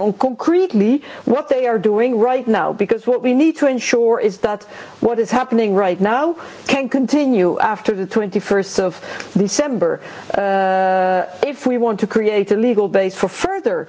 on concretely what they are doing right now because what we need to ensure is that what is happening right now can continue after the 21st of December if we want to create a legal base for further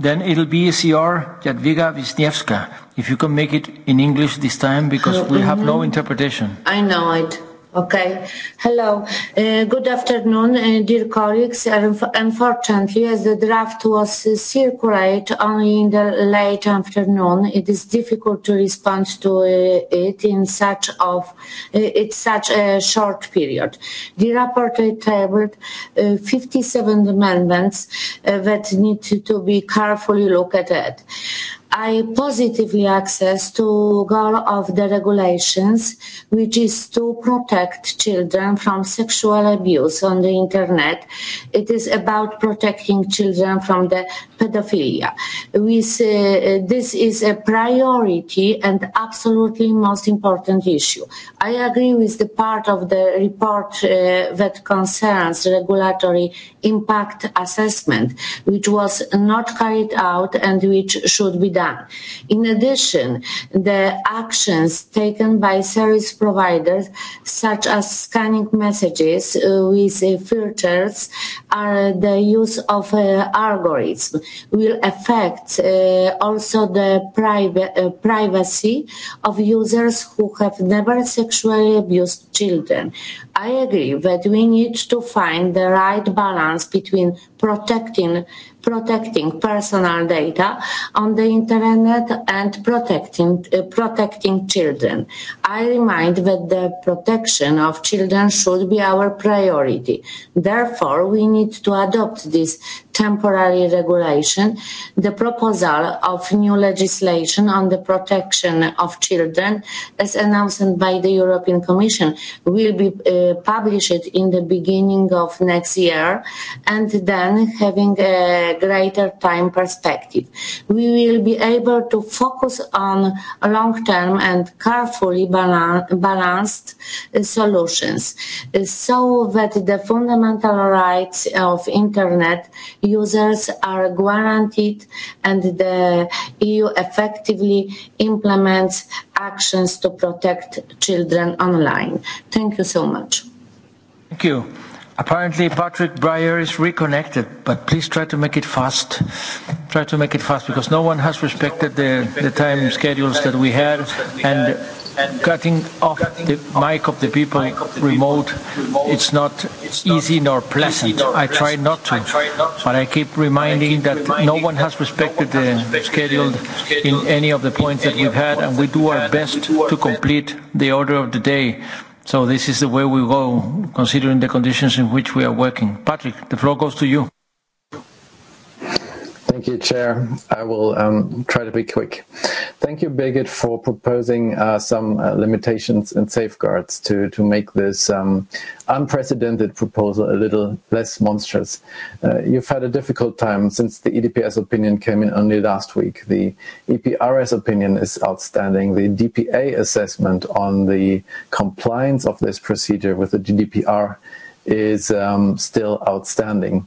Then it'll be ECR Jadwiga Wisniewska. If you can make it in English this time because we have no interpretation. I know it. Okay. Hello. Good afternoon, dear colleagues. Unfortunately, as the draft was circulated only in the late afternoon, it is difficult to respond to it in such of it's such a short period. The report tabled 57 amendments that need to be carefully looked at. I positively access to goal of the regulations, which is to protect children from sexual abuse on the internet. It is about protecting children from the pedophilia. We this is a priority and absolutely most important issue. I agree with the part of the report that concerns regulatory impact assessment, which was not carried out and which should be done In addition, the actions taken by service providers, such as scanning messages with filters or the use of algorithms, will affect also the privacy of users who have never sexually abused children. I agree that we need to find the right balance between protecting protecting personal data on the internet and protecting protecting children. I remind that the protection of children should be our priority. Therefore, we need to adopt this temporary regulation the proposal of new legislation on the protection of children as announced by the European Commission will be published in the beginning of next year and then having a greater time perspective. We will be able to focus on long-term and carefully balanced solutions so that the fundamental rights of Internet users are guaranteed and the EU effectively implements actions to protect children online. Thank you so much. Thank you. Apparently Patrick Breyer is reconnected, but please try to make it fast. Try to make it fast because no one has respected the, the time schedules that we had and cutting off the mic of the people remote, it's not easy nor pleasant. I try not to, but I keep reminding that no one has respected the schedule in any of the points that we've had, and we do our best to complete the order of the day. So this is the way we go, considering the conditions in which we are working. Patrick, the floor goes to you. Thank you, Chair. I will um, try to be quick. Thank you, Birgit, for proposing uh, some uh, limitations and safeguards to, to make this um, unprecedented proposal a little less monstrous. Uh, you've had a difficult time since the EDPS opinion came in only last week. The EPRS opinion is outstanding. The DPA assessment on the compliance of this procedure with the GDPR is um, still outstanding.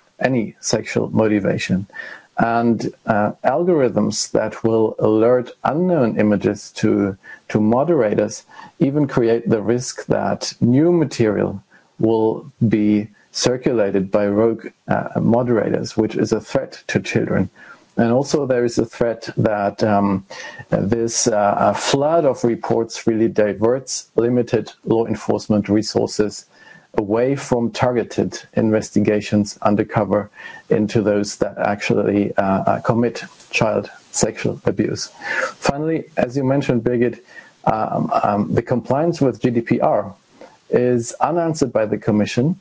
any sexual motivation. And uh, algorithms that will alert unknown images to, to moderators even create the risk that new material will be circulated by rogue uh, moderators, which is a threat to children. And also, there is a threat that um, this uh, flood of reports really diverts limited law enforcement resources away from targeted investigations undercover into those that actually uh, commit child sexual abuse. Finally, as you mentioned, Birgit, um, um, the compliance with GDPR is unanswered by the Commission.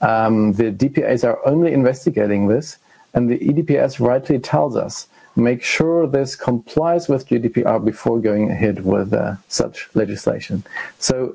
Um, the DPAs are only investigating this, and the EDPS rightly tells us make sure this complies with GDPR before going ahead with such legislation. So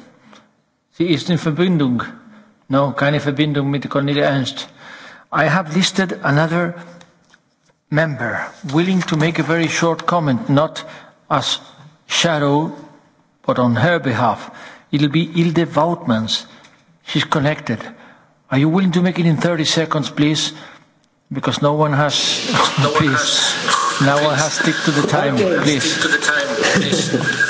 He is in Verbindung. No, keine Verbindung mit Cornelia Ernst. I have listed another member willing to make a very short comment, not as shadow, but on her behalf. It'll be Ilde Woutmans. She's connected. Are you willing to make it in 30 seconds, please? Because no one has. No one has. stick to the time, please. Stick to the time, please.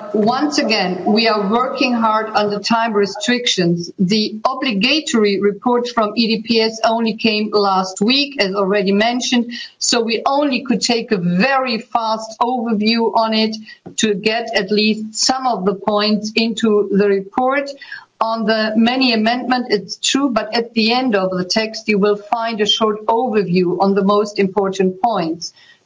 once again, we are working hard on the time restrictions. The obligatory report from EDPS only came last week, as already mentioned, so we only could take a very fast overview on it to get at least some of the points into the report. On the many amendment, it's true, but at the end of the text, you will find a short overview on the most important points.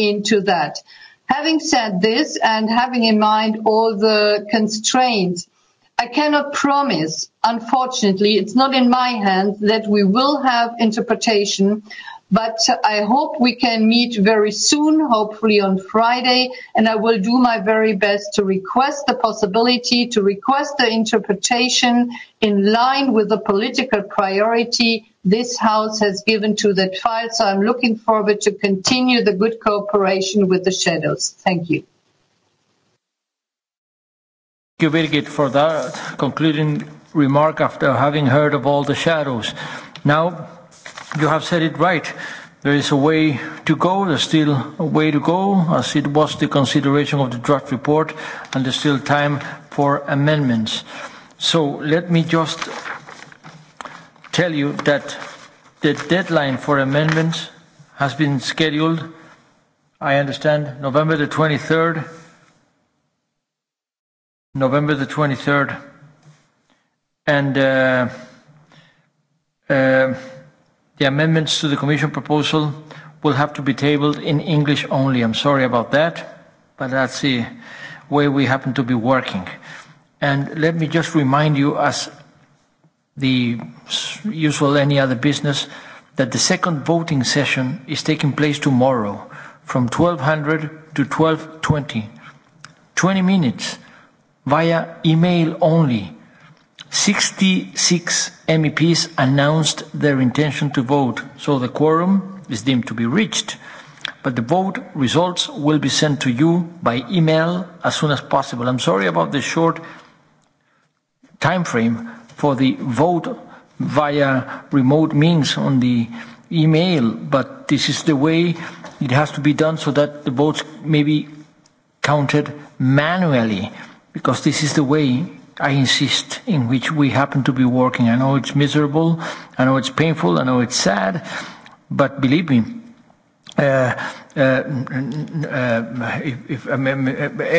into that. Having said this and having in mind all the constraints, I cannot promise, unfortunately, it's not in my hands that we will have interpretation, but I hope we can meet very soon, hopefully on Friday, and I will do my very best to request the possibility to request the interpretation in line with the political priority this House has given to that file, so I'm looking forward to continue the good cooperation with the shadows. Thank you. Thank you, Birgit, for that concluding remark after having heard of all the shadows. Now, you have said it right. There is a way to go, there's still a way to go, as it was the consideration of the draft report, and there's still time for amendments. So let me just tell you that the deadline for amendments has been scheduled, I understand, November the 23rd. November the 23rd. And the amendments to the Commission proposal will have to be tabled in English only. I'm sorry about that, but that's the way we happen to be working. And let me just remind you, as the usual any other business, that the second voting session is taking place tomorrow from 1200 to 1220. 20 minutes via email only. 66 MEPs announced their intention to vote, so the quorum is deemed to be reached, but the vote results will be sent to you by email as soon as possible. I'm sorry about the short timeframe for the vote via remote means on the email, but this is the way it has to be done so that the votes may be counted manually, because this is the way I insist in which we happen to be working. I know it's miserable, I know it's painful, I know it's sad, but believe me,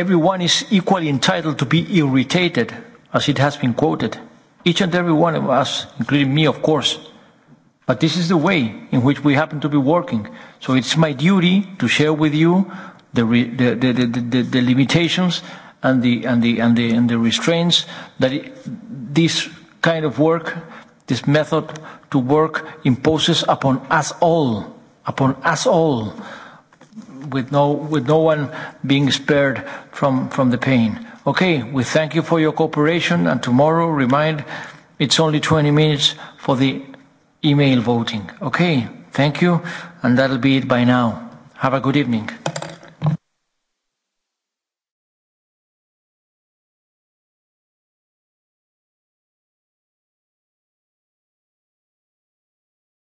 everyone is equally entitled to be irritated, as it has been quoted each and every one of us, including me, of course. But this is the way in which we happen to be working. So it's my duty to share with you the, the, the, the, limitations and the, and, the, and, the, and the restraints that this kind of work, this method to work imposes upon us all, upon us all, with no, with no one being spared from, from the pain. Okay, we thank you for your cooperation and tomorrow, remind, it's only 20 minutes for the email voting. Okay, thank you and that'll be it by now. Have a good evening.